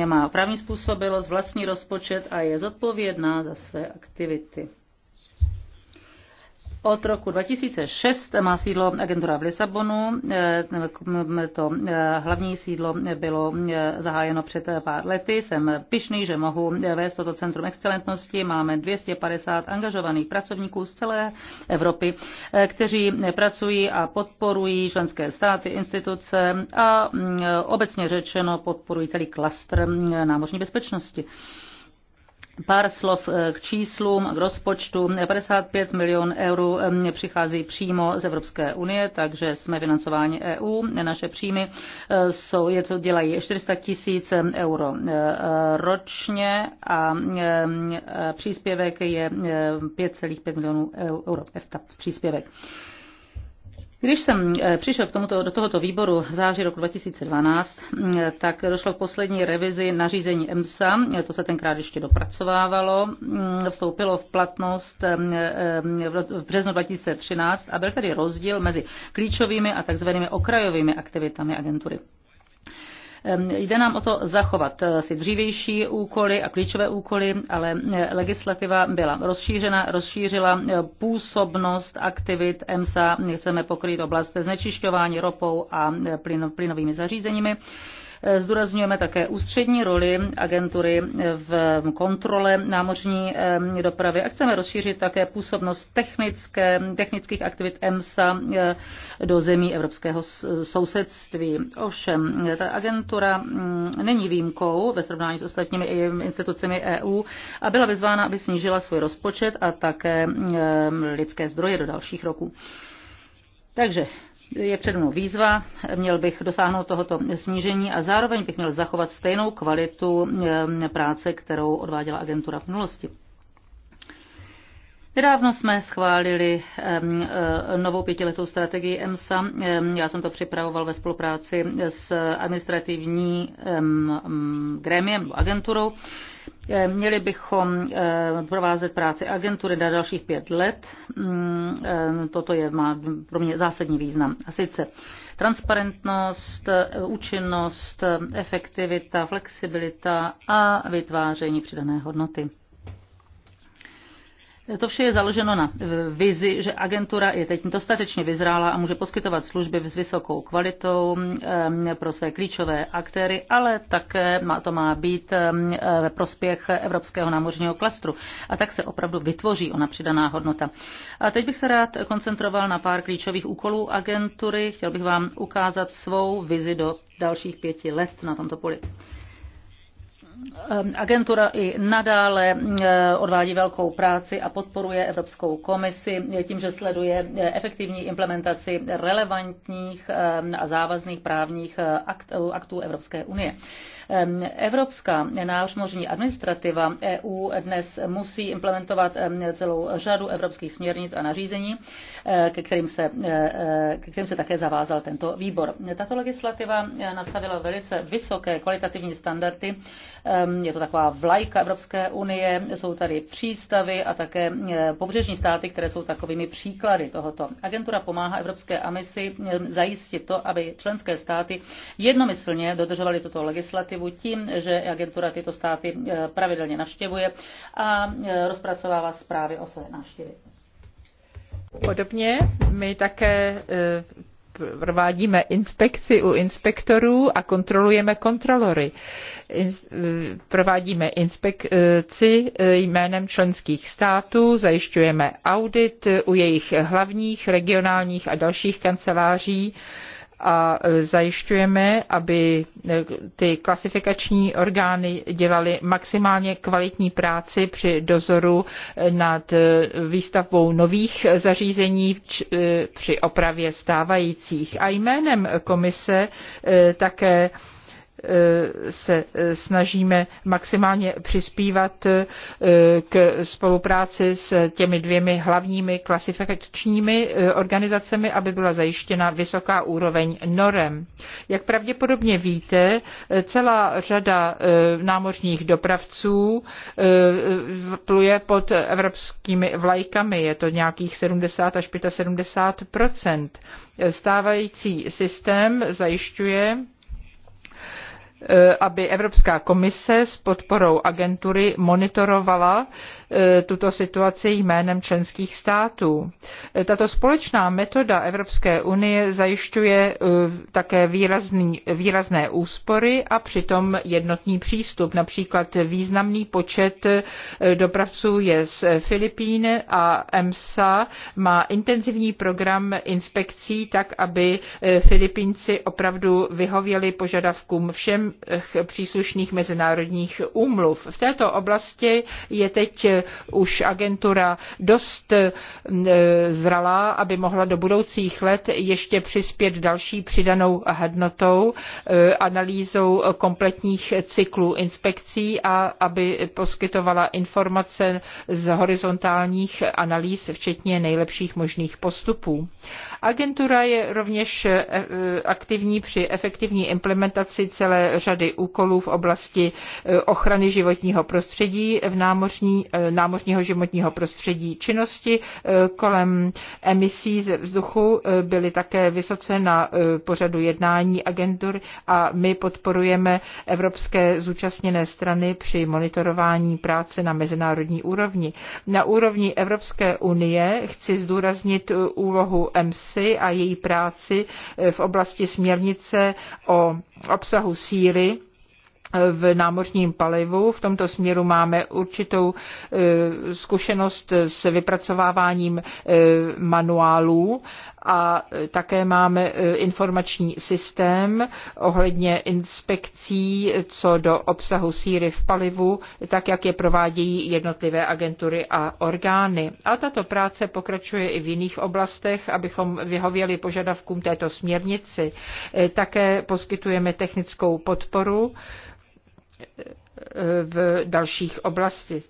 Speaker 1: Má právní způsobilost, vlastní rozpočet a je zodpovědná za své aktivity. Od roku 2006 má sídlo agentura v Lisabonu. Eh, to eh, hlavní sídlo bylo eh, zahájeno před pár lety. Jsem pišný, že mohu vést toto centrum excelentnosti. Máme 250 angažovaných pracovníků z celé Evropy, kteří pracují a podporují členské státy, instituce a mm, obecně řečeno podporují celý klastr námořní bezpečnosti. Pár slov eh, k číslům, k rozpočtu. 55 milion eur přichází přímo z Evropské unie, takže jsme financováni EU. Naše příjmy eh, jsou, je to dělají 400 tisíc euro eh, ročně a příspěvek je 5,5 milionů euro. EFTA příspěvek. Když jsem eh, přišel k tomuto, do tohoto výboru v září roku 2012, mm, eh, tak došlo k poslední revizi nařízení EMSA, eh, to se tenkrát ještě dopracovávalo, mm, vstoupilo v platnost v březnu 2013 a byl tedy rozdíl mezi klíčovými a takzvanými okrajovými aktivitami agentury. Jde nám o to zachovat eh, si dřívější úkoly a klíčové úkoly, ale eh, legislativa byla rozšířena, rozšířila eh, působnost aktivit EMSA. Chceme pokryt oblast znečišťování ropou a plynovými zařízeními. Zdůrazňujeme také ústřední roli agentury v kontrole námořní dopravy a chceme rozšířit také působnost technické, technických aktivit EMSA eh, do zemí evropského sousedství. Ovšem, ta agentura mm, není výjimkou ve srovnání s ostatními institucemi EU a byla vyzvána, aby snížila svůj rozpočet a také lidské zdroje do dalších roků. Takže je před mnou výzva, měl bych dosáhnout tohoto snížení a zároveň bych měl zachovat stejnou kvalitu eh, práce, kterou odváděla agentura v minulosti. Nedávno jsme schválili e, novou pětiletou strategii EMSA. Já jsem to připravoval ve spolupráci s administrativní grémiem, agenturou. E, měli bychom e, provázet práci agentury na dalších pět let. Mm, toto je, má pro mě zásadní význam. A sice transparentnost, účinnost, efektivita, flexibilita a vytváření přidané hodnoty. To vše je založeno na vizi, že agentura je teď dostatečně vyzrála a může poskytovat služby s vysokou kvalitou pro své klíčové aktéry, ale také to má být ve prospěch Evropského námořního klastru. A tak se opravdu vytvoří ona přidaná hodnota. A teď bych se rád koncentroval na pár klíčových úkolů agentury. Chtěl bych vám ukázat svou vizi do dalších pěti let na tomto poli. Ehm, agentura i nadále eh, odvádí velkou práci a podporuje Evropskou komisi tím, že sleduje eh, efektivní implementaci relevantních ehm, a závazných právních eh, aktů Evropské unie. Evropská námořní administrativa EU dnes musí implementovat celou řadu evropských směrnic a nařízení, eh, ke kterým se, eh, eh, ke kterým se také zavázal tento výbor. Tato legislativa nastavila velice vysoké kvalitativní standardy. Je to taková vlajka Evropské unie, jsou tady přístavy a také pobřežní státy, které jsou takovými příklady tohoto. Agentura pomáhá Evropské amisi zajistit to, aby členské státy jednomyslně dodržovaly tuto legislativu legislativu tím, že agentura tyto státy eh, pravidelně navštěvuje a eh, rozpracovává zprávy o své návštěvě.
Speaker 3: Podobně my také eh, provádíme inspekci u inspektorů a kontrolujeme kontrolory. Provádíme inspekci jménem členských států, zajišťujeme audit u jejich hlavních regionálních a dalších kanceláří a e, zajišťujeme, aby e, ty klasifikační orgány dělaly maximálně kvalitní práci při dozoru e, nad výstavbou nových zařízení při opravě stávajících. A jménem komise také Eh, se eh, snažíme maximálně přispívat eh, k spolupráci s těmi dvěmi hlavními klasifikačními organizacemi, aby byla zajištěna vysoká úroveň norem. Jak pravděpodobně víte, celá řada námořních dopravců pluje pod evropskými vlajkami. Je to nějakých 70 až 75 Stávající systém zajišťuje Eh, aby Evropská komise s podporou agentury monitorovala eh, tuto situaci jménem členských států. Eh, tato společná metoda Evropské unie zajišťuje také výrazný, výrazné úspory a přitom jednotný přístup. Například významný počet dopravců je z Filipín a EMSA má intenzivní program inspekcí tak, aby Filipínci opravdu vyhověli požadavkům všem příslušných mezinárodních úmluv. V této oblasti je teď už agentura dost eh, zralá, aby mohla do budoucích let ještě přispět další přidanou hodnotou, eh, analýzou kompletních cyklů inspekcí a aby poskytovala informace z horizontálních analýz, včetně nejlepších možných postupů. Agentura je rovněž eh, aktivní při efektivní implementaci celé řady úkolů v oblasti eh, ochrany životního prostředí, v námořní, eh, námořního životního prostředí činnosti eh, kolem emisí ze vzduchu byly také vysoce na pořadu jednání agentur a my podporujeme evropské zúčastněné strany při monitorování práce na mezinárodní úrovni. Na úrovni Evropské unie chci zdůraznit úlohu EMSI a její práci v oblasti směrnice o obsahu síly rozdíly eh, v námořním palivu. V tomto směru máme určitou eh, zkušenost s vypracováváním eh, manuálů a e, také máme e, informační systém ohledně inspekcí e, co do obsahu síry v palivu, tak jak je provádějí jednotlivé agentury a orgány. A tato práce pokračuje i v jiných oblastech, abychom vyhověli požadavkům této směrnici. Také poskytujeme technickou podporu v dalších oblastech.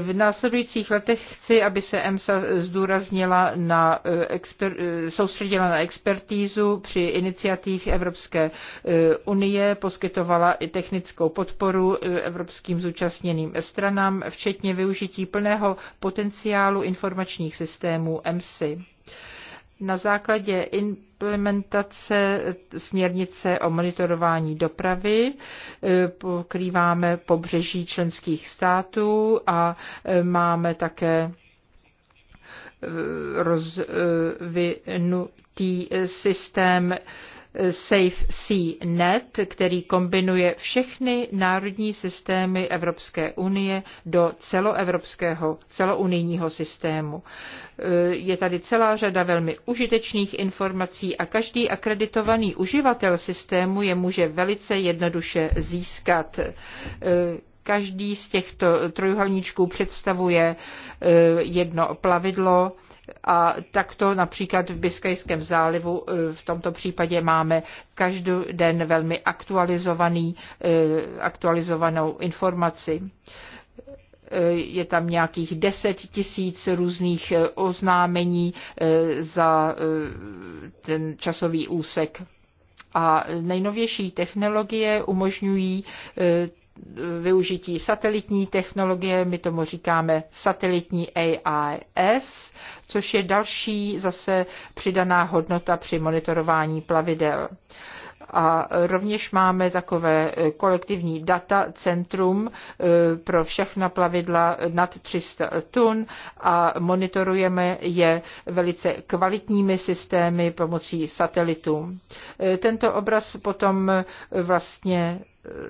Speaker 3: V následujících letech chci, aby se EMSA zdůraznila na eh, exper, eh, soustředila na expertízu při iniciativ Evropské eh, unie, poskytovala i technickou podporu evropským zúčastněným stranám, včetně využití plného potenciálu informačních systémů EMSI na základě implementace směrnice o monitorování dopravy eh, pokrýváme pobřeží členských států a eh, máme také eh, rozvinutý systém Safe Sea Net, který kombinuje všechny národní systémy Evropské unie do celoevropského, celounijního systému. Eh, je tady celá řada velmi užitečných informací a každý akreditovaný uživatel systému je může velice jednoduše získat eh, Každý z těchto trojuhelníčků představuje e, jedno plavidlo a takto například v Biskajském zálivu e, v tomto případě máme každý den velmi aktualizovaný, e, aktualizovanou informaci je tam nějakých 10 tisíc různých oznámení za ten časový úsek. A nejnovější technologie umožňují využití satelitní technologie, my tomu říkáme satelitní AIS, což je další zase přidaná hodnota při monitorování plavidel. A rovněž máme takové eh, kolektivní data centrum eh, pro všechna plavidla nad 300 tun a monitorujeme je velice kvalitními systémy pomocí satelitů. Eh, tento obraz potom vlastně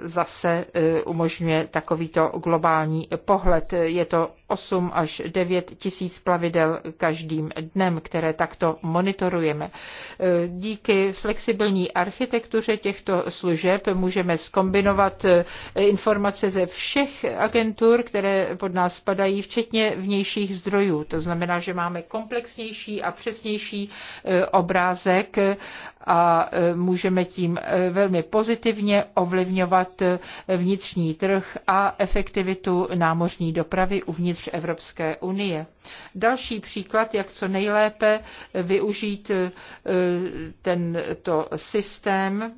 Speaker 3: zase eh, umožňuje takovýto globální pohled. Je to 8 až 9 tisíc plavidel každým dnem, které takto monitorujeme. Díky flexibilní architektuře těchto služeb můžeme skombinovat informace ze všech agentur, které pod nás spadají, včetně vnějších zdrojů. To znamená, že máme komplexnější a přesnější e, obrázek a e, můžeme tím e, velmi pozitivně ovlivňovat vnitřní trh a efektivitu námořní dopravy uvnitř uvnitř Evropské unie. Další příklad, jak co nejlépe využít eh, tento systém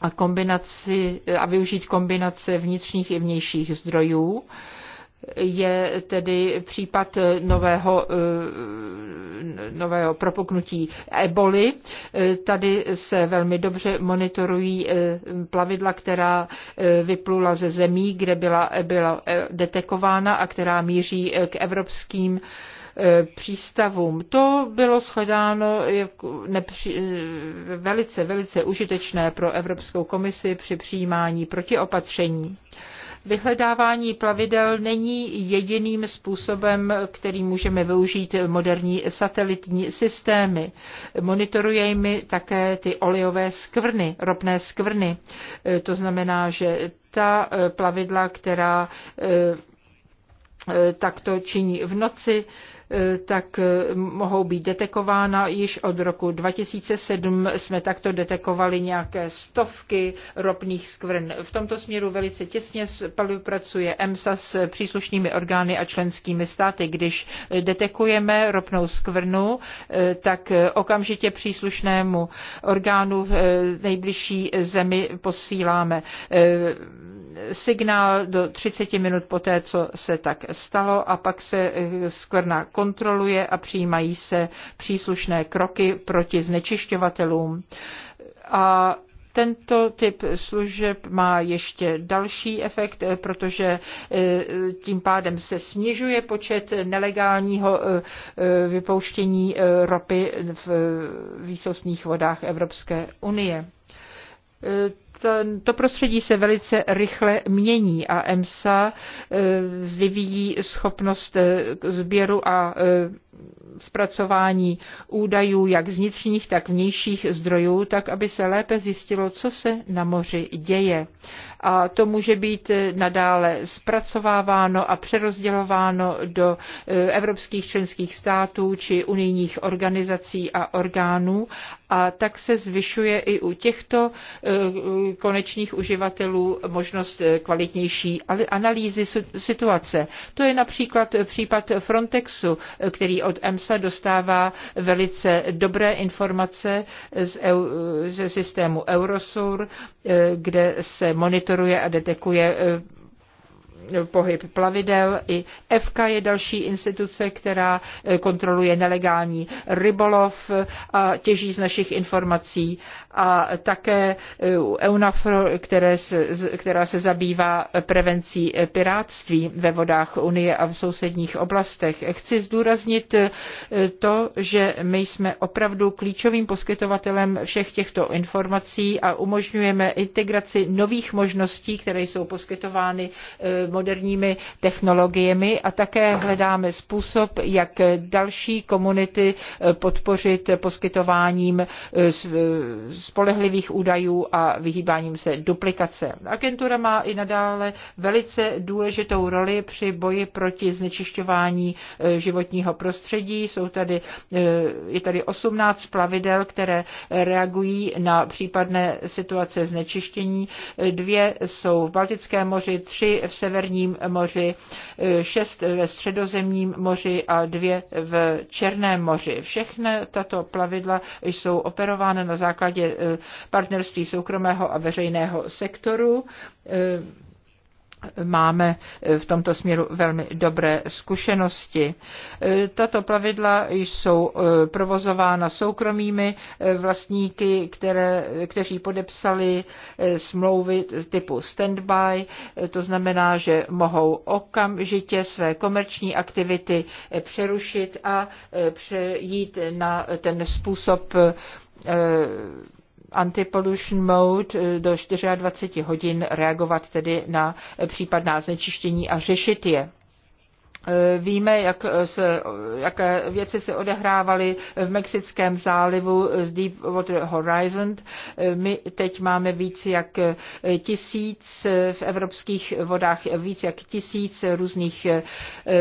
Speaker 3: a, kombinaci, a využít kombinace vnitřních i vnějších zdrojů je tedy případ nového, eh, nového propuknutí eboli. Eh, tady se velmi dobře monitorují eh, plavidla, která vyplula ze zemí, kde byla, byla detekována a která míří k evropským přístavům. To bylo shledáno jako nepři, velice, velice užitečné pro Evropskou komisi při přijímání protiopatření. Vyhledávání plavidel není jediným způsobem, který můžeme využít moderní satelitní systémy. Monitorujeme také ty olejové skvrny, ropné skvrny. E, to znamená, že ta e, plavidla, která e, takto činí v noci, Eh, tak eh, mohou být detekována. Již od roku 2007 jsme takto detekovali nějaké stovky ropných skvrn. V tomto směru velice těsně spolupracuje EMSA s příslušnými orgány a členskými státy. Když eh, detekujeme ropnou skvrnu, tak okamžitě příslušnému orgánu v nejbližší zemi posíláme signál do 30 minut poté, co se tak stalo a pak se skvrna kontroluje a přijímají se příslušné kroky proti znečišťovatelům. A tento typ služeb má ještě další efekt, eh, protože eh, tím pádem se snižuje počet nelegálního eh, vypouštění ropy v výsostných vodách Evropské unie. Eh, to prostředí se velice rychle mění a EMSA eh, vyvíjí schopnost eh, sběru a zpracování údajů jak z vnitřních, tak vnějších zdrojů, tak aby se lépe zjistilo, co se na moři děje a to může být nadále zpracováváno a přerozdělováno do e, evropských členských států či unijních organizací a orgánů a tak se zvyšuje i u těchto e, konečných uživatelů možnost e, kvalitnější analýzy situace. To je například případ Frontexu, který od EMSA dostává velice dobré informace ze systému Eurosur, kde se monitoruje monitoruje a detekuje eh, pohyb plavidel. I EFKA je další instituce, která eh, kontroluje nelegální rybolov eh, a těží z našich informací a také eh, EUNAFR, které se, která se zabývá prevencí pirátství ve vodách Unie a v sousedních oblastech. Chci zdůraznit to, že my jsme opravdu klíčovým poskytovatelem všech těchto informací a umožňujeme integraci nových možností, které jsou poskytovány moderními technologiemi a také hledáme způsob, jak další komunity eh, podpořit poskytováním eh, eh, spolehlivých údajů a vyhýbáním se duplikace. Agentura má i nadále velice důležitou roli při boji proti znečišťování životního prostředí. Jsou tady, je tady 18 plavidel, které reagují na případné situace znečištění. Dvě jsou v Baltickém moři, tři v severní Severním moři, eh, šest ve Středozemním moři a dvě v Černém moři. Všechny tato plavidla jsou operována na základě eh, partnerství soukromého a veřejného sektoru. Eh, máme v tomto směru velmi dobré zkušenosti. Tato pravidla jsou eh, provozována soukromými eh, vlastníky, které, kteří podepsali eh, smlouvy typu standby, to znamená, že mohou okamžitě své komerční aktivity přerušit a přejít na ten způsob anti-pollution mode eh, do 24 hodin reagovat tedy na eh, případná znečištění a řešit je. Eh, víme, jak se, jaké věci se odehrávaly v Mexickém zálivu z Deepwater Horizon. My teď máme víc jak tisíc v evropských vodách, víc jak tisíc různých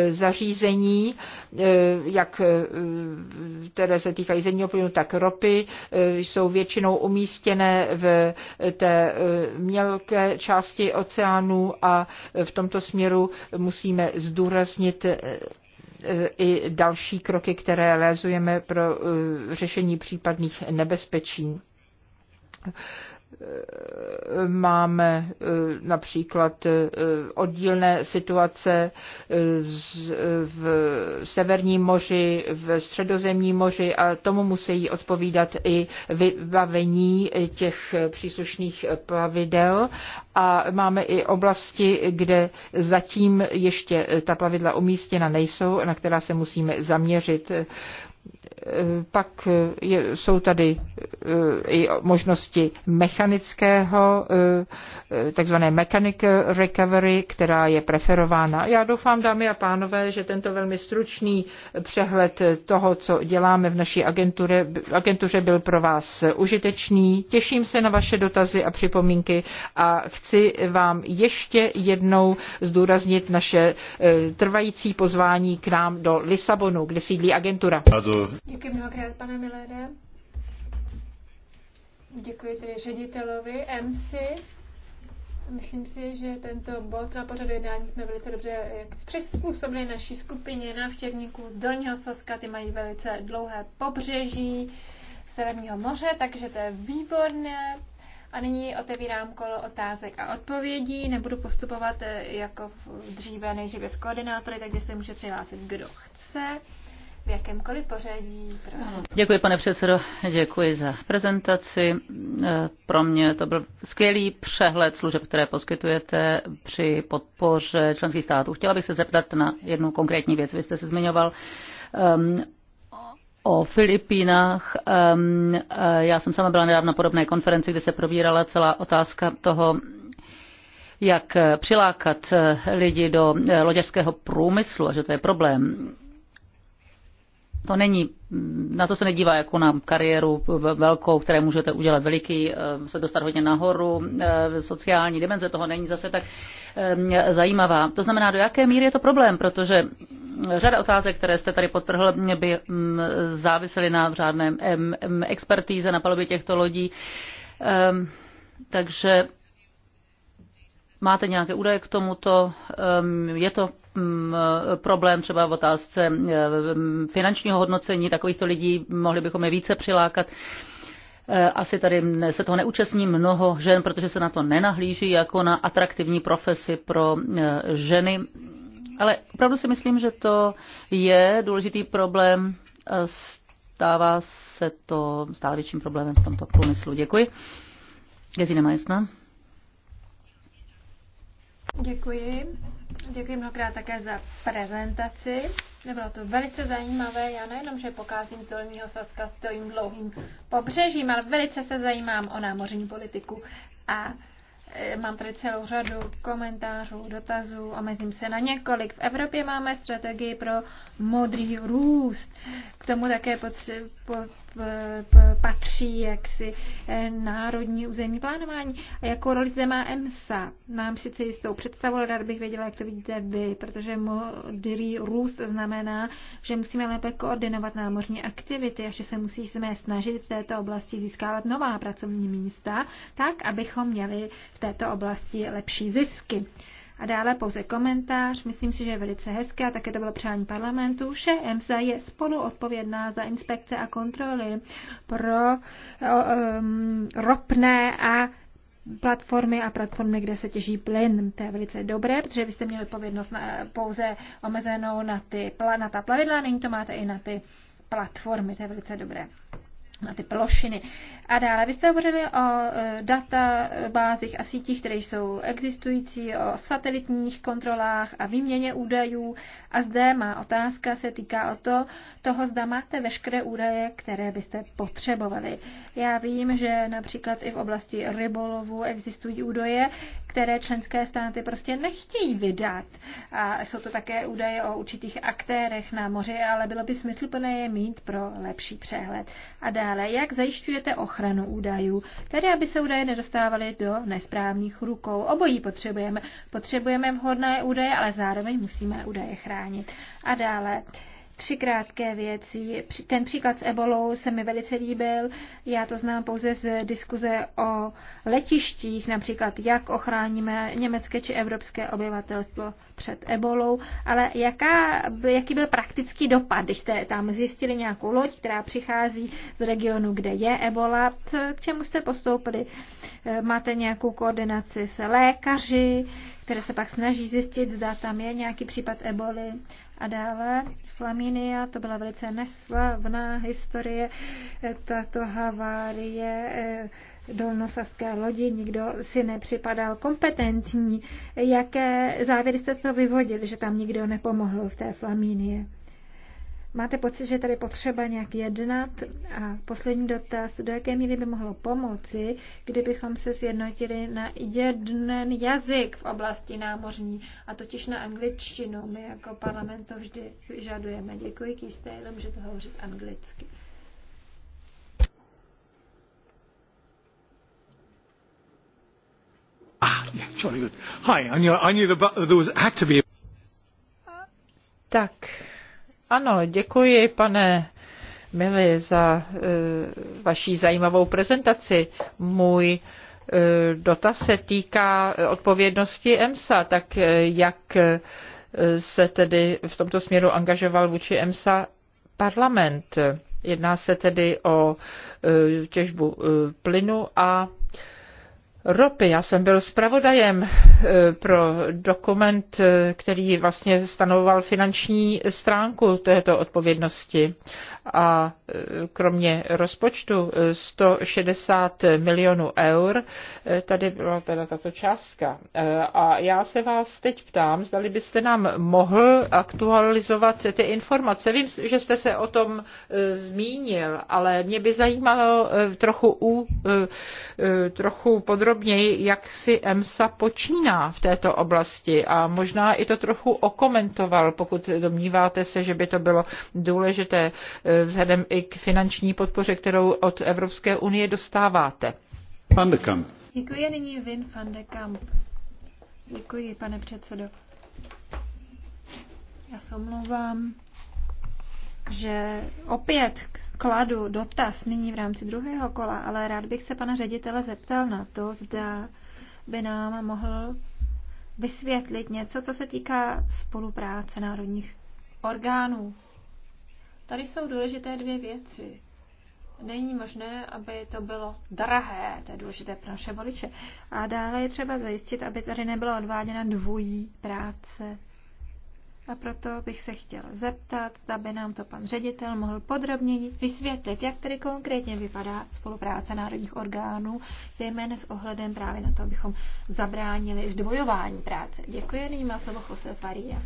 Speaker 3: zařízení, jak které se týkají zemního plynu, tak ropy, eh, jsou většinou umístěné v eh, té eh, mělké části oceánu a v tomto směru musíme zdůraznit i další kroky, které realizujeme pro řešení případných nebezpečí máme e, například e, oddílné situace e, v Severním moři, v Středozemním moři a tomu musí odpovídat i vybavení těch příslušných plavidel a máme i oblasti, kde zatím ještě ta plavidla umístěna nejsou, na která se musíme zaměřit. Pak je, jsou tady eh, i možnosti mechanického, eh, takzvané mechanical recovery, která je preferována. Já doufám, dámy a pánové, že tento velmi stručný přehled toho, co děláme v naší agentuře, agentuře byl pro vás užitečný. Těším se na vaše dotazy a připomínky a chci vám ještě jednou zdůraznit naše eh, trvající pozvání k nám do Lisabonu, kde sídlí agentura.
Speaker 2: Děkuji mnohokrát, pane Milére. Děkuji tedy ředitelovi MC. Myslím si, že tento bod na pořadu jednání jsme velice dobře přizpůsobili naší skupině návštěvníků z Dolního Soska. Ty mají velice dlouhé pobřeží Severního moře, takže to je výborné. A nyní otevírám kolo otázek a odpovědí. Nebudu postupovat eh, jako dříve nejdříve s koordinátory, takže se může přihlásit kdo chce v jakémkoliv pořadí. Prosím.
Speaker 1: Děkuji, pane předsedo, děkuji za prezentaci. E, pro mě to byl skvělý přehled služeb, které poskytujete při podpoře členských států. Chtěla bych se zeptat na jednu konkrétní věc. Vy jste se zmiňoval um, o Filipínách. Um, já jsem sama byla nedávno na podobné konferenci, kde se probírala celá otázka toho, jak přilákat e, lidi do loďařského průmyslu, a že to je problém to není, na to se nedívá jako na kariéru velkou, které můžete udělat veliký, eh, se dostat hodně nahoru, eh, sociální dimenze toho není zase tak eh, zajímavá. To znamená, do jaké míry je to problém, protože řada otázek, které jste tady podtrhl, by mm, závisely na řádné expertíze na palubě těchto lodí. Takže máte nějaké údaje k tomuto? Je to Mm, problém třeba v otázce eh, mm, finančního hodnocení takovýchto lidí, mohli bychom je více přilákat. Eh, asi tady se toho neúčastní mnoho žen, protože se na to nenahlíží jako na atraktivní profesi pro eh, ženy. Ale opravdu si myslím, že to je důležitý problém. Stává se to stále větším problémem v tomto průmyslu. Děkuji. Gezina Meissner.
Speaker 2: Děkuji. Děkuji mnohokrát také za prezentaci. Bylo to velice zajímavé. Já nejenom, že pokázím z Dolního Saska, tím dlouhým pobřežím, ale velice se zajímám o námořní politiku. A e, Mám tady celou řadu komentářů, dotazů, omezím se na několik. V Evropě máme strategii pro modrý růst. K tomu také potře- po, po, po, patří jaksi eh, národní územní plánování. A jakou roli zde má EMSA? Nám sice jistou představu, ale rád bych věděla, jak to vidíte vy, protože modrý růst znamená, že musíme lépe koordinovat námořní aktivity a že se musíme snažit v této oblasti získávat nová pracovní místa, tak, abychom měli v této oblasti lepší zisky. A dále pouze komentář, myslím si, že je velice hezké a také to bylo přání parlamentu, že EMSA je spoluodpovědná za inspekce a kontroly pro um, ropné a platformy a platformy, kde se těží plyn. To je velice dobré, protože vy jste měli odpovědnost na, pouze omezenou na, ty, na ta plavidla, nyní to máte i na ty platformy, to je velice dobré na ty plošiny. A dále, vy jste hovořili o e, databázích a sítích, které jsou existující, o satelitních kontrolách a výměně údajů. A zde má otázka se týká o to, toho, zda máte veškeré údaje, které byste potřebovali. Já vím, že například i v oblasti rybolovu existují údaje, které členské státy prostě nechtějí vydat. A jsou to také údaje o určitých aktérech na moři, ale bylo by smysluplné je mít pro lepší přehled. A dále, jak zajišťujete ochranu údajů, které aby se údaje nedostávaly do nesprávných rukou. Obojí potřebujeme. Potřebujeme vhodné údaje, ale zároveň musíme údaje chránit. A dále, tři krátké věci. Ten příklad s ebolou se mi velice líbil. Já to znám pouze z diskuze o letištích, například jak ochráníme německé či evropské obyvatelstvo před ebolou, ale jaká, jaký byl praktický dopad, když jste tam zjistili nějakou loď, která přichází z regionu, kde je ebola, k čemu jste postoupili? Eh, máte nějakou koordinaci s lékaři, které se pak snaží zjistit, zda tam je nějaký případ eboli a dále. Flaminia, to byla velice neslavná historie, tato havárie eh, dolnosaské lodi, nikdo si nepřipadal kompetentní. Jaké závěry jste to vyvodili, že tam nikdo nepomohl v té Flaminie? Máte pocit, že tady potřeba nějak jednat? A poslední dotaz, do jaké míry by mohlo pomoci, kdybychom se sjednotili na jeden jazyk v oblasti námořní, a totiž na angličtinu. My jako parlament to vždy vyžadujeme. Děkuji že to hovořit anglicky.
Speaker 1: Ah, yeah,
Speaker 2: Hi, I knew, I knew the, there was, had to be...
Speaker 3: Tak, ano, děkuji, pane Mili, za e, vaší zajímavou prezentaci. Můj e, dotaz se týká e, odpovědnosti EMSA, tak e, jak se tedy v tomto směru angažoval vůči EMSA parlament. Jedná se tedy o těžbu plynu a ropy. Já jsem byl zpravodajem eh, pro dokument, eh, který vlastně stanovoval finanční stránku této odpovědnosti. A eh, kromě rozpočtu 160 milionů eur, tady byla teda tato částka. A já se vás teď ptám, zdali byste nám mohl aktualizovat ty informace. Vím, že jste se o tom zmínil, ale mě by zajímalo trochu, u, trochu podrobně podrobněji, jak si EMSA počíná v této oblasti a možná i to trochu okomentoval, pokud domníváte se, že by to bylo důležité eh, vzhledem i k finanční podpoře, kterou od Evropské unie dostáváte. Van de Kamp.
Speaker 2: Děkuji, nyní Vin van de Kamp. Děkuji, pane předsedo. Já se omlouvám, že opět kladu dotaz nyní v rámci druhého kola, ale rád bych se pana ředitele zeptal na to, zda by nám mohl vysvětlit něco, co se týká spolupráce národních orgánů. Tady jsou důležité dvě věci. Není možné, aby to bylo drahé, to je důležité pro naše voliče. A dále je třeba zajistit, aby tady nebyla odváděna dvojí práce. A proto bych se chtěl zeptat, zda by nám to pan ředitel mohl podrobněji vysvětlit, jak tedy konkrétně vypadá spolupráce národních orgánů, zejména s ohledem právě na to, abychom zabránili zdvojování práce. Děkuji, nyní má slovo Jose Faria.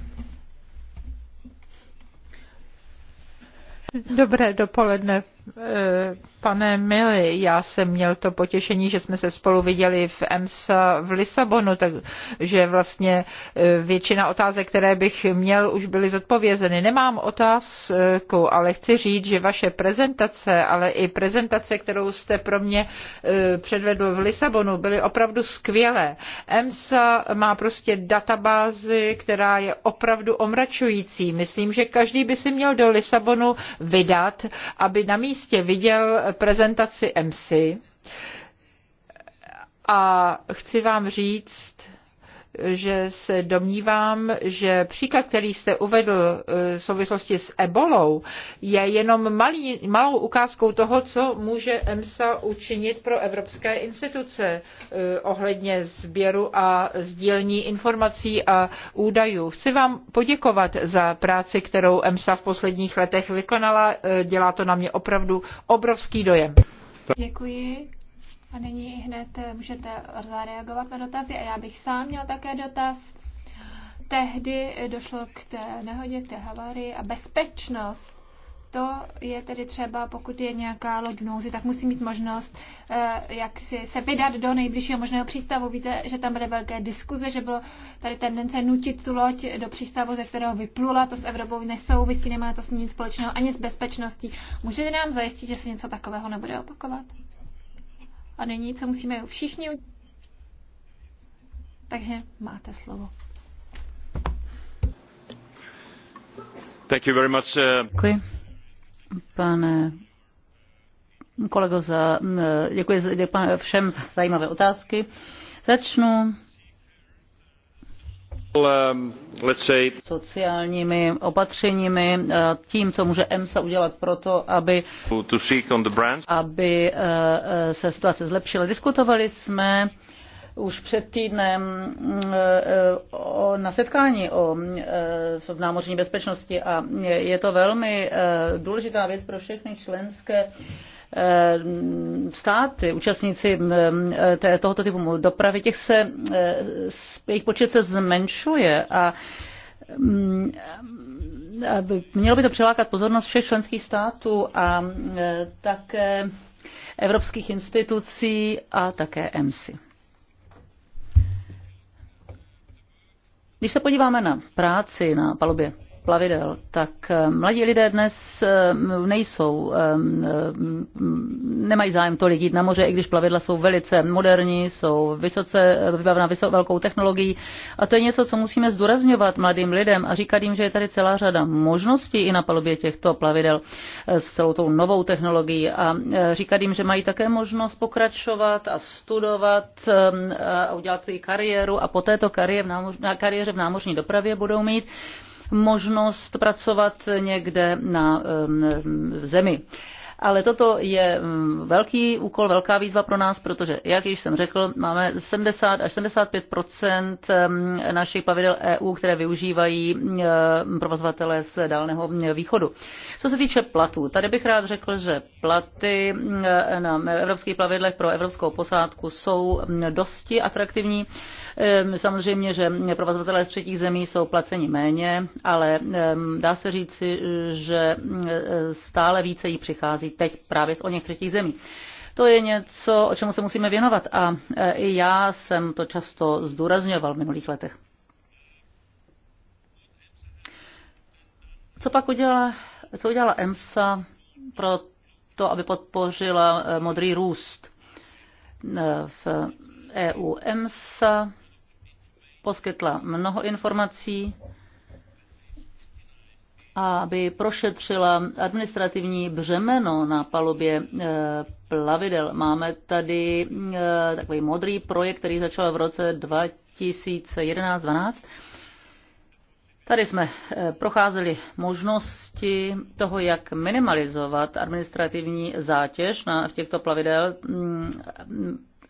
Speaker 3: Dobré dopoledne, Eh, pane Mili, já jsem měl to potěšení, že jsme se spolu viděli v EMSA v Lisabonu, takže vlastně eh, většina otázek, které bych měl, už byly zodpovězeny. Nemám otázku, ale chci říct, že vaše prezentace, ale i prezentace, kterou jste pro mě eh, předvedl v Lisabonu, byly opravdu skvělé. EMSA má prostě databázi, která je opravdu omračující. Myslím, že každý by si měl do Lisabonu vydat, aby na místě jistě viděl prezentaci MC a chci vám říct, že se domnívám, že příklad, který jste uvedl eh, v souvislosti s ebolou, je jenom malý, malou ukázkou toho, co může EMSA učinit pro evropské instituce eh, ohledně sběru a sdílení informací a údajů. Chci vám poděkovat za práci, kterou EMSA v posledních letech vykonala. Eh, dělá to na mě opravdu obrovský dojem. Děkuji.
Speaker 2: A nyní hned můžete zareagovat na dotazy. A já bych sám měl také dotaz. Tehdy došlo k té nehodě, k té havárii a bezpečnost. To je tedy třeba, pokud je nějaká loď v nouzi, tak musí mít možnost, eh, jak si se vydat do nejbližšího možného přístavu. Víte, že tam byly velké diskuze, že bylo tady tendence nutit tu loď do přístavu, ze kterého vyplula. To s Evropou nesouvisí, nemá to s ním nic společného ani s bezpečností. Můžete nám zajistit, že se něco takového nebude opakovat? A nyní, co musíme všichni Takže
Speaker 1: máte slovo. Thank you very much. Uh, děkuji, pane kolego, za, eh, děkuji všem za zajímavé otázky. Začnu sociálními opatřeními, eh, tím, co může EMSA udělat pro to, aby, aby eh, eh, se situace zlepšila. Diskutovali jsme už před týdnem mm, na setkání o mm, v námořní bezpečnosti a je to velmi důležitá věc pro všechny členské Eh, státy, účastníci eh, tohoto typu dopravy, těch se, eh, jejich počet se zmenšuje a mm, mělo by to přilákat pozornost všech členských států a také evropských institucí a také EMSI. Když se podíváme na práci na palubě plavidel, tak eh, mladí lidé dnes eh, nejsou, eh, nemají zájem tolik jít na moře, i když plavidla jsou velice moderní, jsou vysoce vybavená velkou technologií. A to je něco, co musíme zdůrazňovat mladým lidem a říkat jim, že je tady celá řada možností i na palubě těchto plavidel s celou tou novou technologií a říkat jim, že mají také možnost pokračovat a studovat a udělat si kariéru a po této kariéře v námořní dopravě budou mít možnost pracovat někde na zemi. Ale toto je velký úkol, velká výzva pro nás, protože, jak již jsem řekl, máme 70 až 75 našich plavidel EU, které využívají provozovatele z Dálného východu. Co se týče platů, tady bych rád řekl, že platy na evropských plavidlech pro evropskou posádku jsou dosti atraktivní. Ehm, samozřejmě, že provozovatelé z třetích zemí jsou placeni méně, ale ehm, dá se říci, že e, stále více jich přichází teď právě z o něch třetích zemí. To je něco, o čemu se musíme věnovat a e, i já jsem to často zdůrazňoval v minulých letech. Co pak udělala, co udělala EMSA pro to, aby podpořila e, modrý růst v EU? EMSA poskytla mnoho informací, aby prošetřila administrativní břemeno na palubě eh, plavidel. Máme tady eh, takový modrý projekt, který začal v roce 2011 2012 Tady jsme eh, procházeli možnosti toho, jak minimalizovat administrativní zátěž na, v těchto plavidel mm,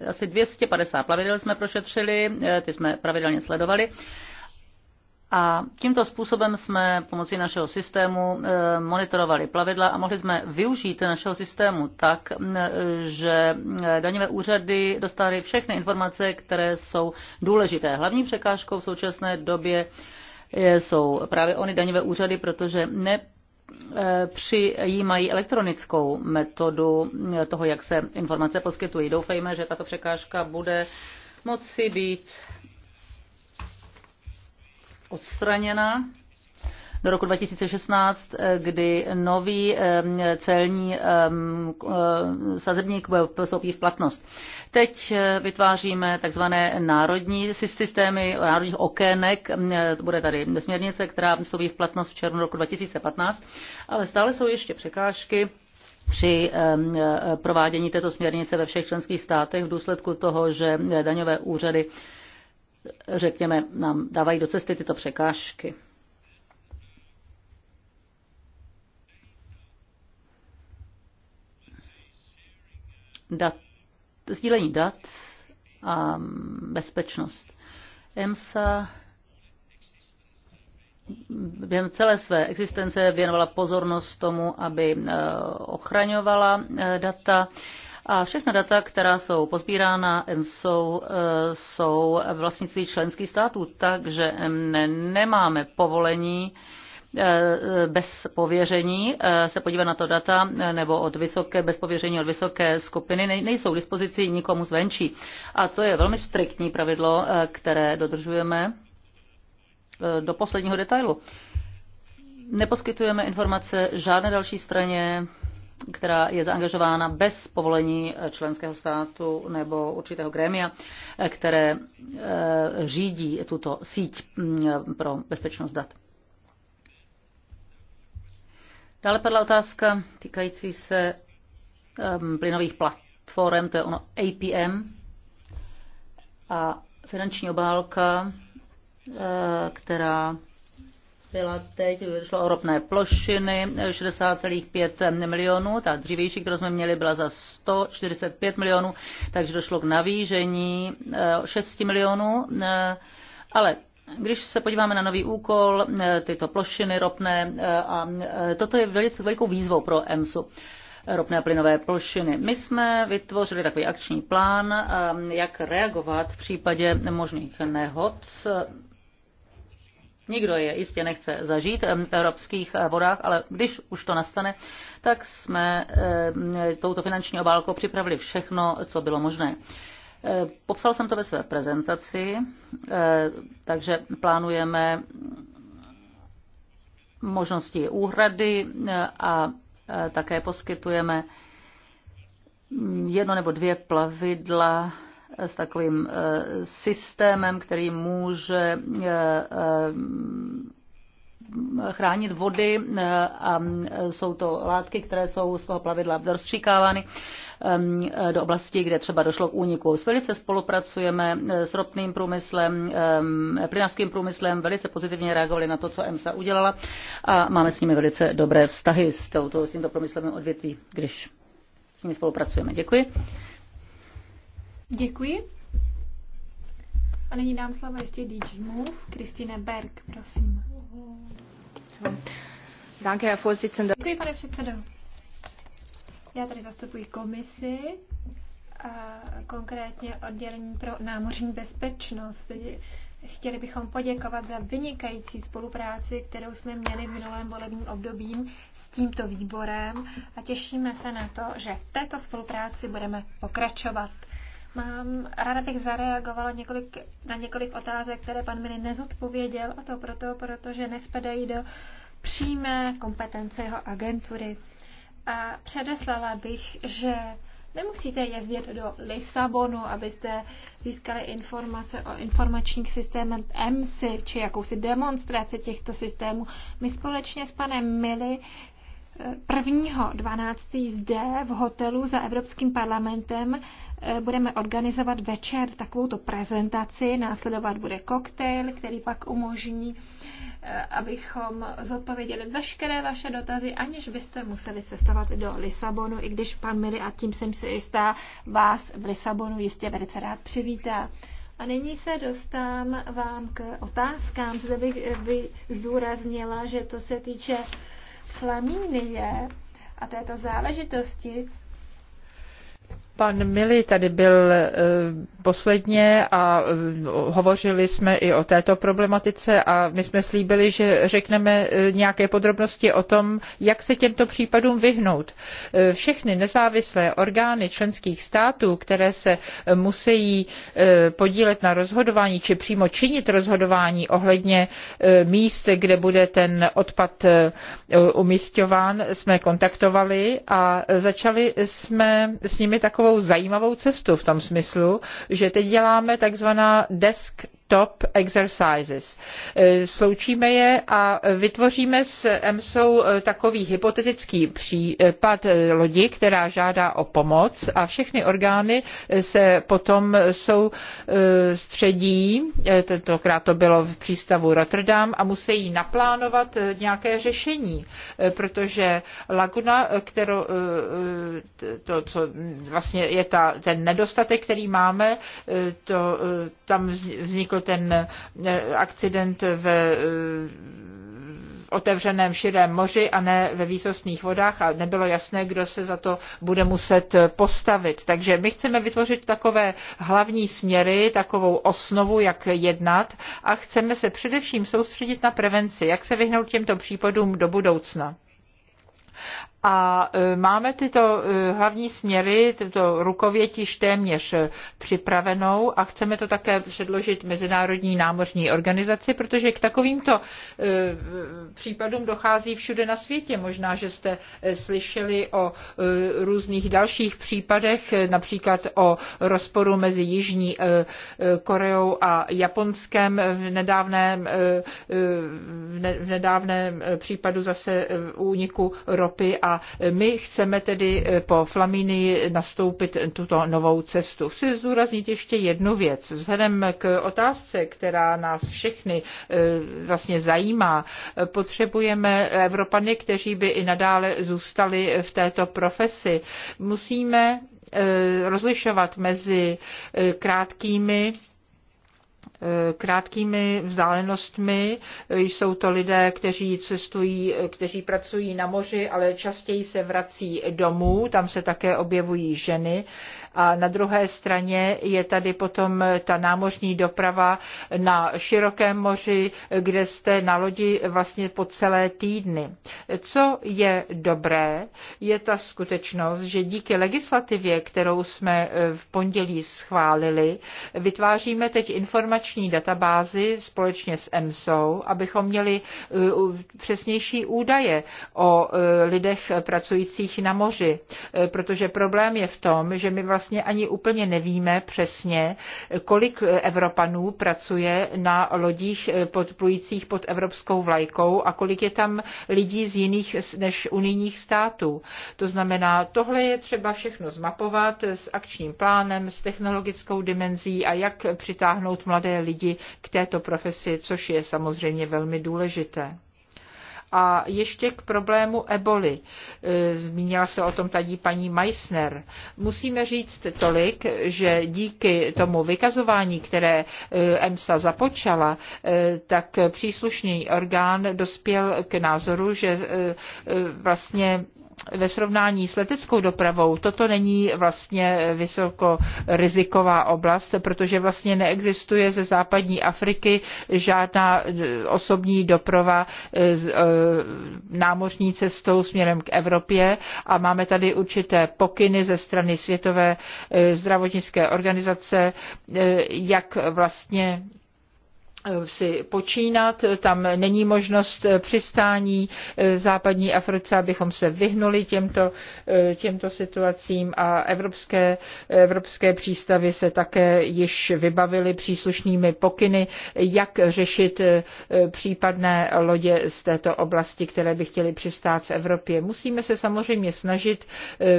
Speaker 1: asi 250 plavidel jsme prošetřili, eh, ty jsme pravidelně sledovali. A tímto způsobem jsme pomocí našeho systému eh, monitorovali plavidla a mohli jsme využít našeho systému tak, mm, že eh, daňové úřady dostaly všechny informace, které jsou důležité. Hlavní překážkou v současné době jsou právě ony daňové úřady, protože ne Eh, přijímají elektronickou metodu toho, jak se informace poskytují. Doufejme, že tato překážka bude moci být odstraněna do roku 2016, eh, kdy nový eh, celní eh, sazebník postoupí v platnost. Teď vytváříme takzvané národní systémy, národních okének, bude tady směrnice, která vstoupí v platnost v červnu roku 2015, ale stále jsou ještě překážky při ehm, provádění této směrnice ve všech členských státech v důsledku toho, že daňové úřady, řekněme, nám dávají do cesty tyto překážky. dat, sdílení dat a bezpečnost. EMSA během celé své existence věnovala pozornost tomu, aby eh, ochraňovala eh, data. A všechna data, která jsou pozbírána, jsou, eh, jsou vlastnictví členských států, takže nemáme povolení Eh, bez pověření eh, se podívat na to data eh, nebo od vysoké, bez pověření od vysoké skupiny nejsou k dispozici nikomu zvenčí. A to je velmi striktní pravidlo, které dodržujeme do posledního detailu. Neposkytujeme informace žádné další straně, která je zaangažována bez povolení členského státu nebo určitého grémia, které řídí tuto síť mm, pro bezpečnost dat. Dále padla otázka týkající se um, plynových platform, to je ono APM a finanční obálka, eh, která byla teď, šlo o ropné plošiny 60,5 milionů, ta dřívější, kterou jsme měli, byla za 145 milionů, takže došlo k navížení 6 eh, milionů, eh, ale když se podíváme na nový úkol, eh, tyto plošiny ropné, eh, a eh, toto je velice velikou výzvou pro EMSu ropné a plynové plošiny. My jsme vytvořili takový akční plán, jak reagovat v případě možných nehod. Nikdo je jistě nechce zažít v evropských vodách, ale když už to nastane, tak jsme touto finanční obálkou připravili všechno, co bylo možné. Eh, popsal jsem to ve své prezentaci, eh, takže plánujeme možnosti úhrady eh, a také poskytujeme jedno nebo dvě plavidla s takovým systémem, který může chránit vody a jsou to látky, které jsou z toho plavidla rozstříkávány do oblasti, kde třeba došlo k úniku. Velice spolupracujeme eh, s ropným průmyslem, plynářským průmyslem, velice pozitivně reagovali na to, co EMSA udělala a máme s nimi velice dobré vztahy s, touto, s tímto průmyslem odvětví, když s nimi spolupracujeme. Děkuji.
Speaker 2: Děkuji. A nyní dám slovo ještě DJ Move, Kristine Berg, prosím. Děkuji, pane předsedo. Já tady zastupuji komisi, a konkrétně oddělení pro námořní bezpečnost. Chtěli bychom poděkovat za vynikající spolupráci, kterou jsme měli v minulém volebním období s tímto výborem a těšíme se na to, že v této spolupráci budeme pokračovat. Mám, ráda bych zareagovala několik, na několik otázek, které pan Mini nezodpověděl, a to proto, protože nespadají do přímé kompetence jeho agentury a předeslala bych, že nemusíte jezdit do Lisabonu, abyste získali informace o informačních systémech EMSI či jakousi demonstraci těchto systémů. My společně s panem Mili 1.12. Eh, zde v hotelu za Evropským parlamentem Eh, budeme organizovat večer takovouto prezentaci, následovat bude koktejl, který pak umožní, eh, abychom zodpověděli veškeré vaše dotazy, aniž byste museli cestovat do Lisabonu, i když pan Mili, a tím jsem si jistá, vás v Lisabonu jistě velice rád přivítá. A nyní se dostám vám k otázkám. Zde bych by eh, zúraznila, že to se týče Flamínie a této záležitosti,
Speaker 3: Pan Mili tady byl e, posledně a e, hovořili jsme i o této problematice a my jsme slíbili, že řekneme e, nějaké podrobnosti o tom, jak se těmto případům vyhnout. Všechny nezávislé orgány členských států, které se musí podílet na rozhodování či přímo činit rozhodování ohledně míst, kde bude ten odpad umístěván, jsme kontaktovali a začali jsme s nimi takovou takovou zajímavou cestu v tom smyslu, že teď děláme takzvaná desk top exercises. E, sloučíme je a vytvoříme s EMSO e, takový hypotetický případ e, lodi, která žádá o pomoc a všechny orgány se potom jsou středí, tentokrát to bylo v přístavu Rotterdam a musí naplánovat nějaké řešení, protože laguna, kterou, to, co vlastně je ta, ten nedostatek, který máme, to, tam vznikl byl ten eh, akcident eh, v otevřeném širém moři a ne ve výsostných vodách a nebylo jasné, kdo se za to bude muset eh, postavit. Takže my chceme vytvořit takové hlavní směry, takovou osnovu, jak jednat a chceme se především soustředit na prevenci, jak se vyhnout těmto případům do budoucna. A e, máme tyto e, hlavní směry, tyto rukovětiž téměř e, připravenou a chceme to také předložit Mezinárodní námořní organizaci, protože k takovýmto případům dochází všude na světě. Možná, že jste slyšeli o různých dalších případech, například o rozporu mezi Jižní Koreou a Japonskem v nedávném, v nedávném případu zase úniku ropy a a my chceme tedy eh, po Flamínii nastoupit tuto novou cestu. Chci zdůraznit ještě jednu věc. Vzhledem k otázce, která nás všechny eh, vlastně zajímá, eh, potřebujeme Evropany, kteří by i nadále zůstali v této profesi. Musíme rozlišovat mezi krátkými Eh, krátkými vzdálenostmi. Jsou to lidé, kteří cestují, eh, kteří pracují na moři, ale častěji se vrací domů, tam se také objevují ženy. A na druhé straně je tady potom ta námořní doprava na širokém moři, kde jste na lodi vlastně po celé týdny. Co je dobré, je ta skutečnost, že díky legislativě, kterou jsme eh, v pondělí schválili, vytváříme teď informační informační databázi společně s EMSO, abychom měli eh, přesnější údaje o eh, lidech pracujících na moři, eh, protože problém je v tom, že my vlastně ani úplně nevíme přesně, kolik Evropanů pracuje na lodích podplujících pod evropskou vlajkou a kolik je tam lidí z jiných než unijních států. To znamená, tohle je třeba všechno zmapovat s akčním plánem, s technologickou dimenzí a jak přitáhnout mladé lidi k této profesi, což je samozřejmě velmi důležité. A ještě k problému eboli. E, zmínila se o tom tady paní Meissner. Musíme říct tolik, že díky tomu vykazování, které e, EMSA započala, e, tak příslušný orgán dospěl k názoru, že vlastně ve srovnání s leteckou dopravou toto není vlastně vysoko riziková oblast, protože vlastně neexistuje ze západní Afriky žádná eh, osobní doprava eh, eh, námořní cestou směrem k Evropě a máme tady určité pokyny ze strany Světové zdravotnické organizace, jak vlastně Eh, si počínat. Tam není možnost eh, přistání eh, západní Africe, abychom se vyhnuli těmto, těmto situacím a evropské, evropské přístavy se také již vybavily příslušnými pokyny, jak řešit případné lodě z této oblasti, které by chtěly přistát v Evropě. Musíme se samozřejmě snažit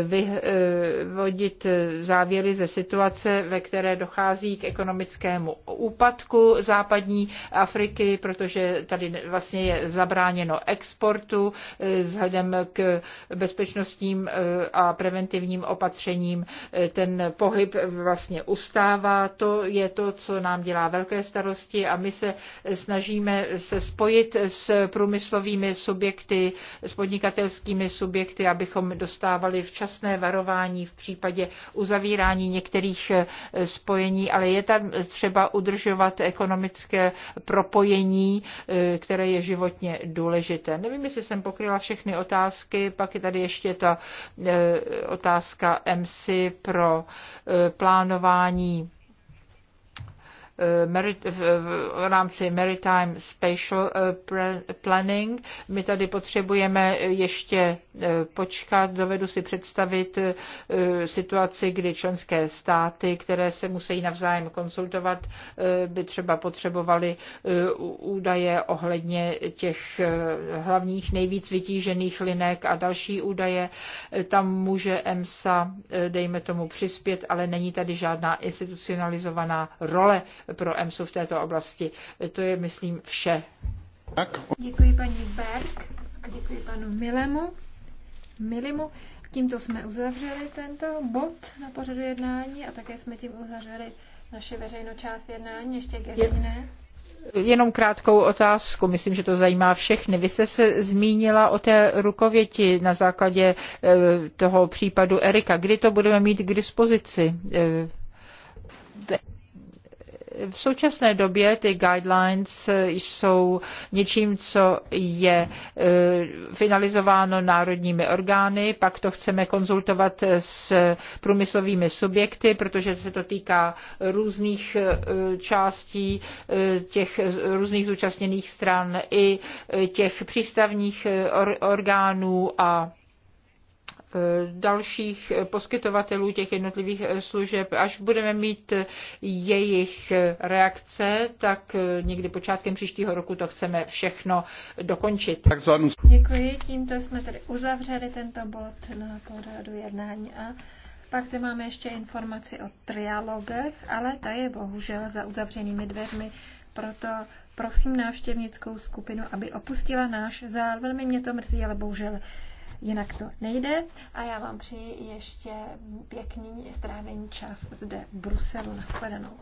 Speaker 3: vyvodit závěry ze situace, ve které dochází k ekonomickému úpadku západní západní Afriky, protože tady vlastně je zabráněno exportu eh, vzhledem k bezpečnostním eh, a preventivním opatřením. Eh, ten pohyb vlastně ustává. To je to, co nám dělá velké starosti a my se snažíme se spojit s průmyslovými subjekty, s podnikatelskými subjekty, abychom dostávali včasné varování v případě uzavírání některých spojení, ale je tam třeba udržovat ekonomické propojení, eh, které je životně důležité. Nevím, jestli jsem pokryla všechny otázky, pak je tady ještě ta eh, otázka MC pro eh, plánování Eh, v rámci Maritime Spatial eh, Planning. My tady potřebujeme ještě eh, počkat. Dovedu si představit situaci, kdy členské státy, které se musí navzájem konsultovat, by třeba potřebovaly údaje ohledně těch hlavních nejvíc vytížených linek a další údaje. Tam může EMSA, dejme tomu, přispět, ale není tady žádná institucionalizovaná role pro EMSu v této oblasti. To je, myslím, vše. Tak.
Speaker 2: Děkuji paní Berg a děkuji panu Milemu. Milimu. Tímto jsme uzavřeli tento bod na pořadu jednání a také jsme tím uzavřeli naše veřejnou část jednání. Ještě Gerine.
Speaker 3: Jenom krátkou otázku, myslím, že to zajímá všechny. Vy jste se zmínila o té rukověti na základě e, toho případu Erika. Kdy to budeme mít k dispozici? E, v současné době ty guidelines jsou něčím, co je e, finalizováno národními orgány, pak to chceme konzultovat s průmyslovými subjekty, protože se to týká různých e, částí e, těch různých zúčastněných stran i těch přístavních orgánů a Eh, dalších poskytovatelů těch jednotlivých eh, služeb. Až budeme mít eh, jejich reakce, tak někdy počátkem příštího roku to chceme všechno dokončit.
Speaker 2: Děkuji, tímto jsme tedy uzavřeli tento bod na pořadu jednání a pak zde máme ještě informaci o trialogech, ale ta je bohužel za uzavřenými dveřmi, proto prosím návštěvnickou skupinu, aby opustila náš zál. Velmi mě to mrzí, ale bohužel Jinak to nejde. A já vám přeji ještě pěkný strávení čas zde v Bruselu. Nashledanou.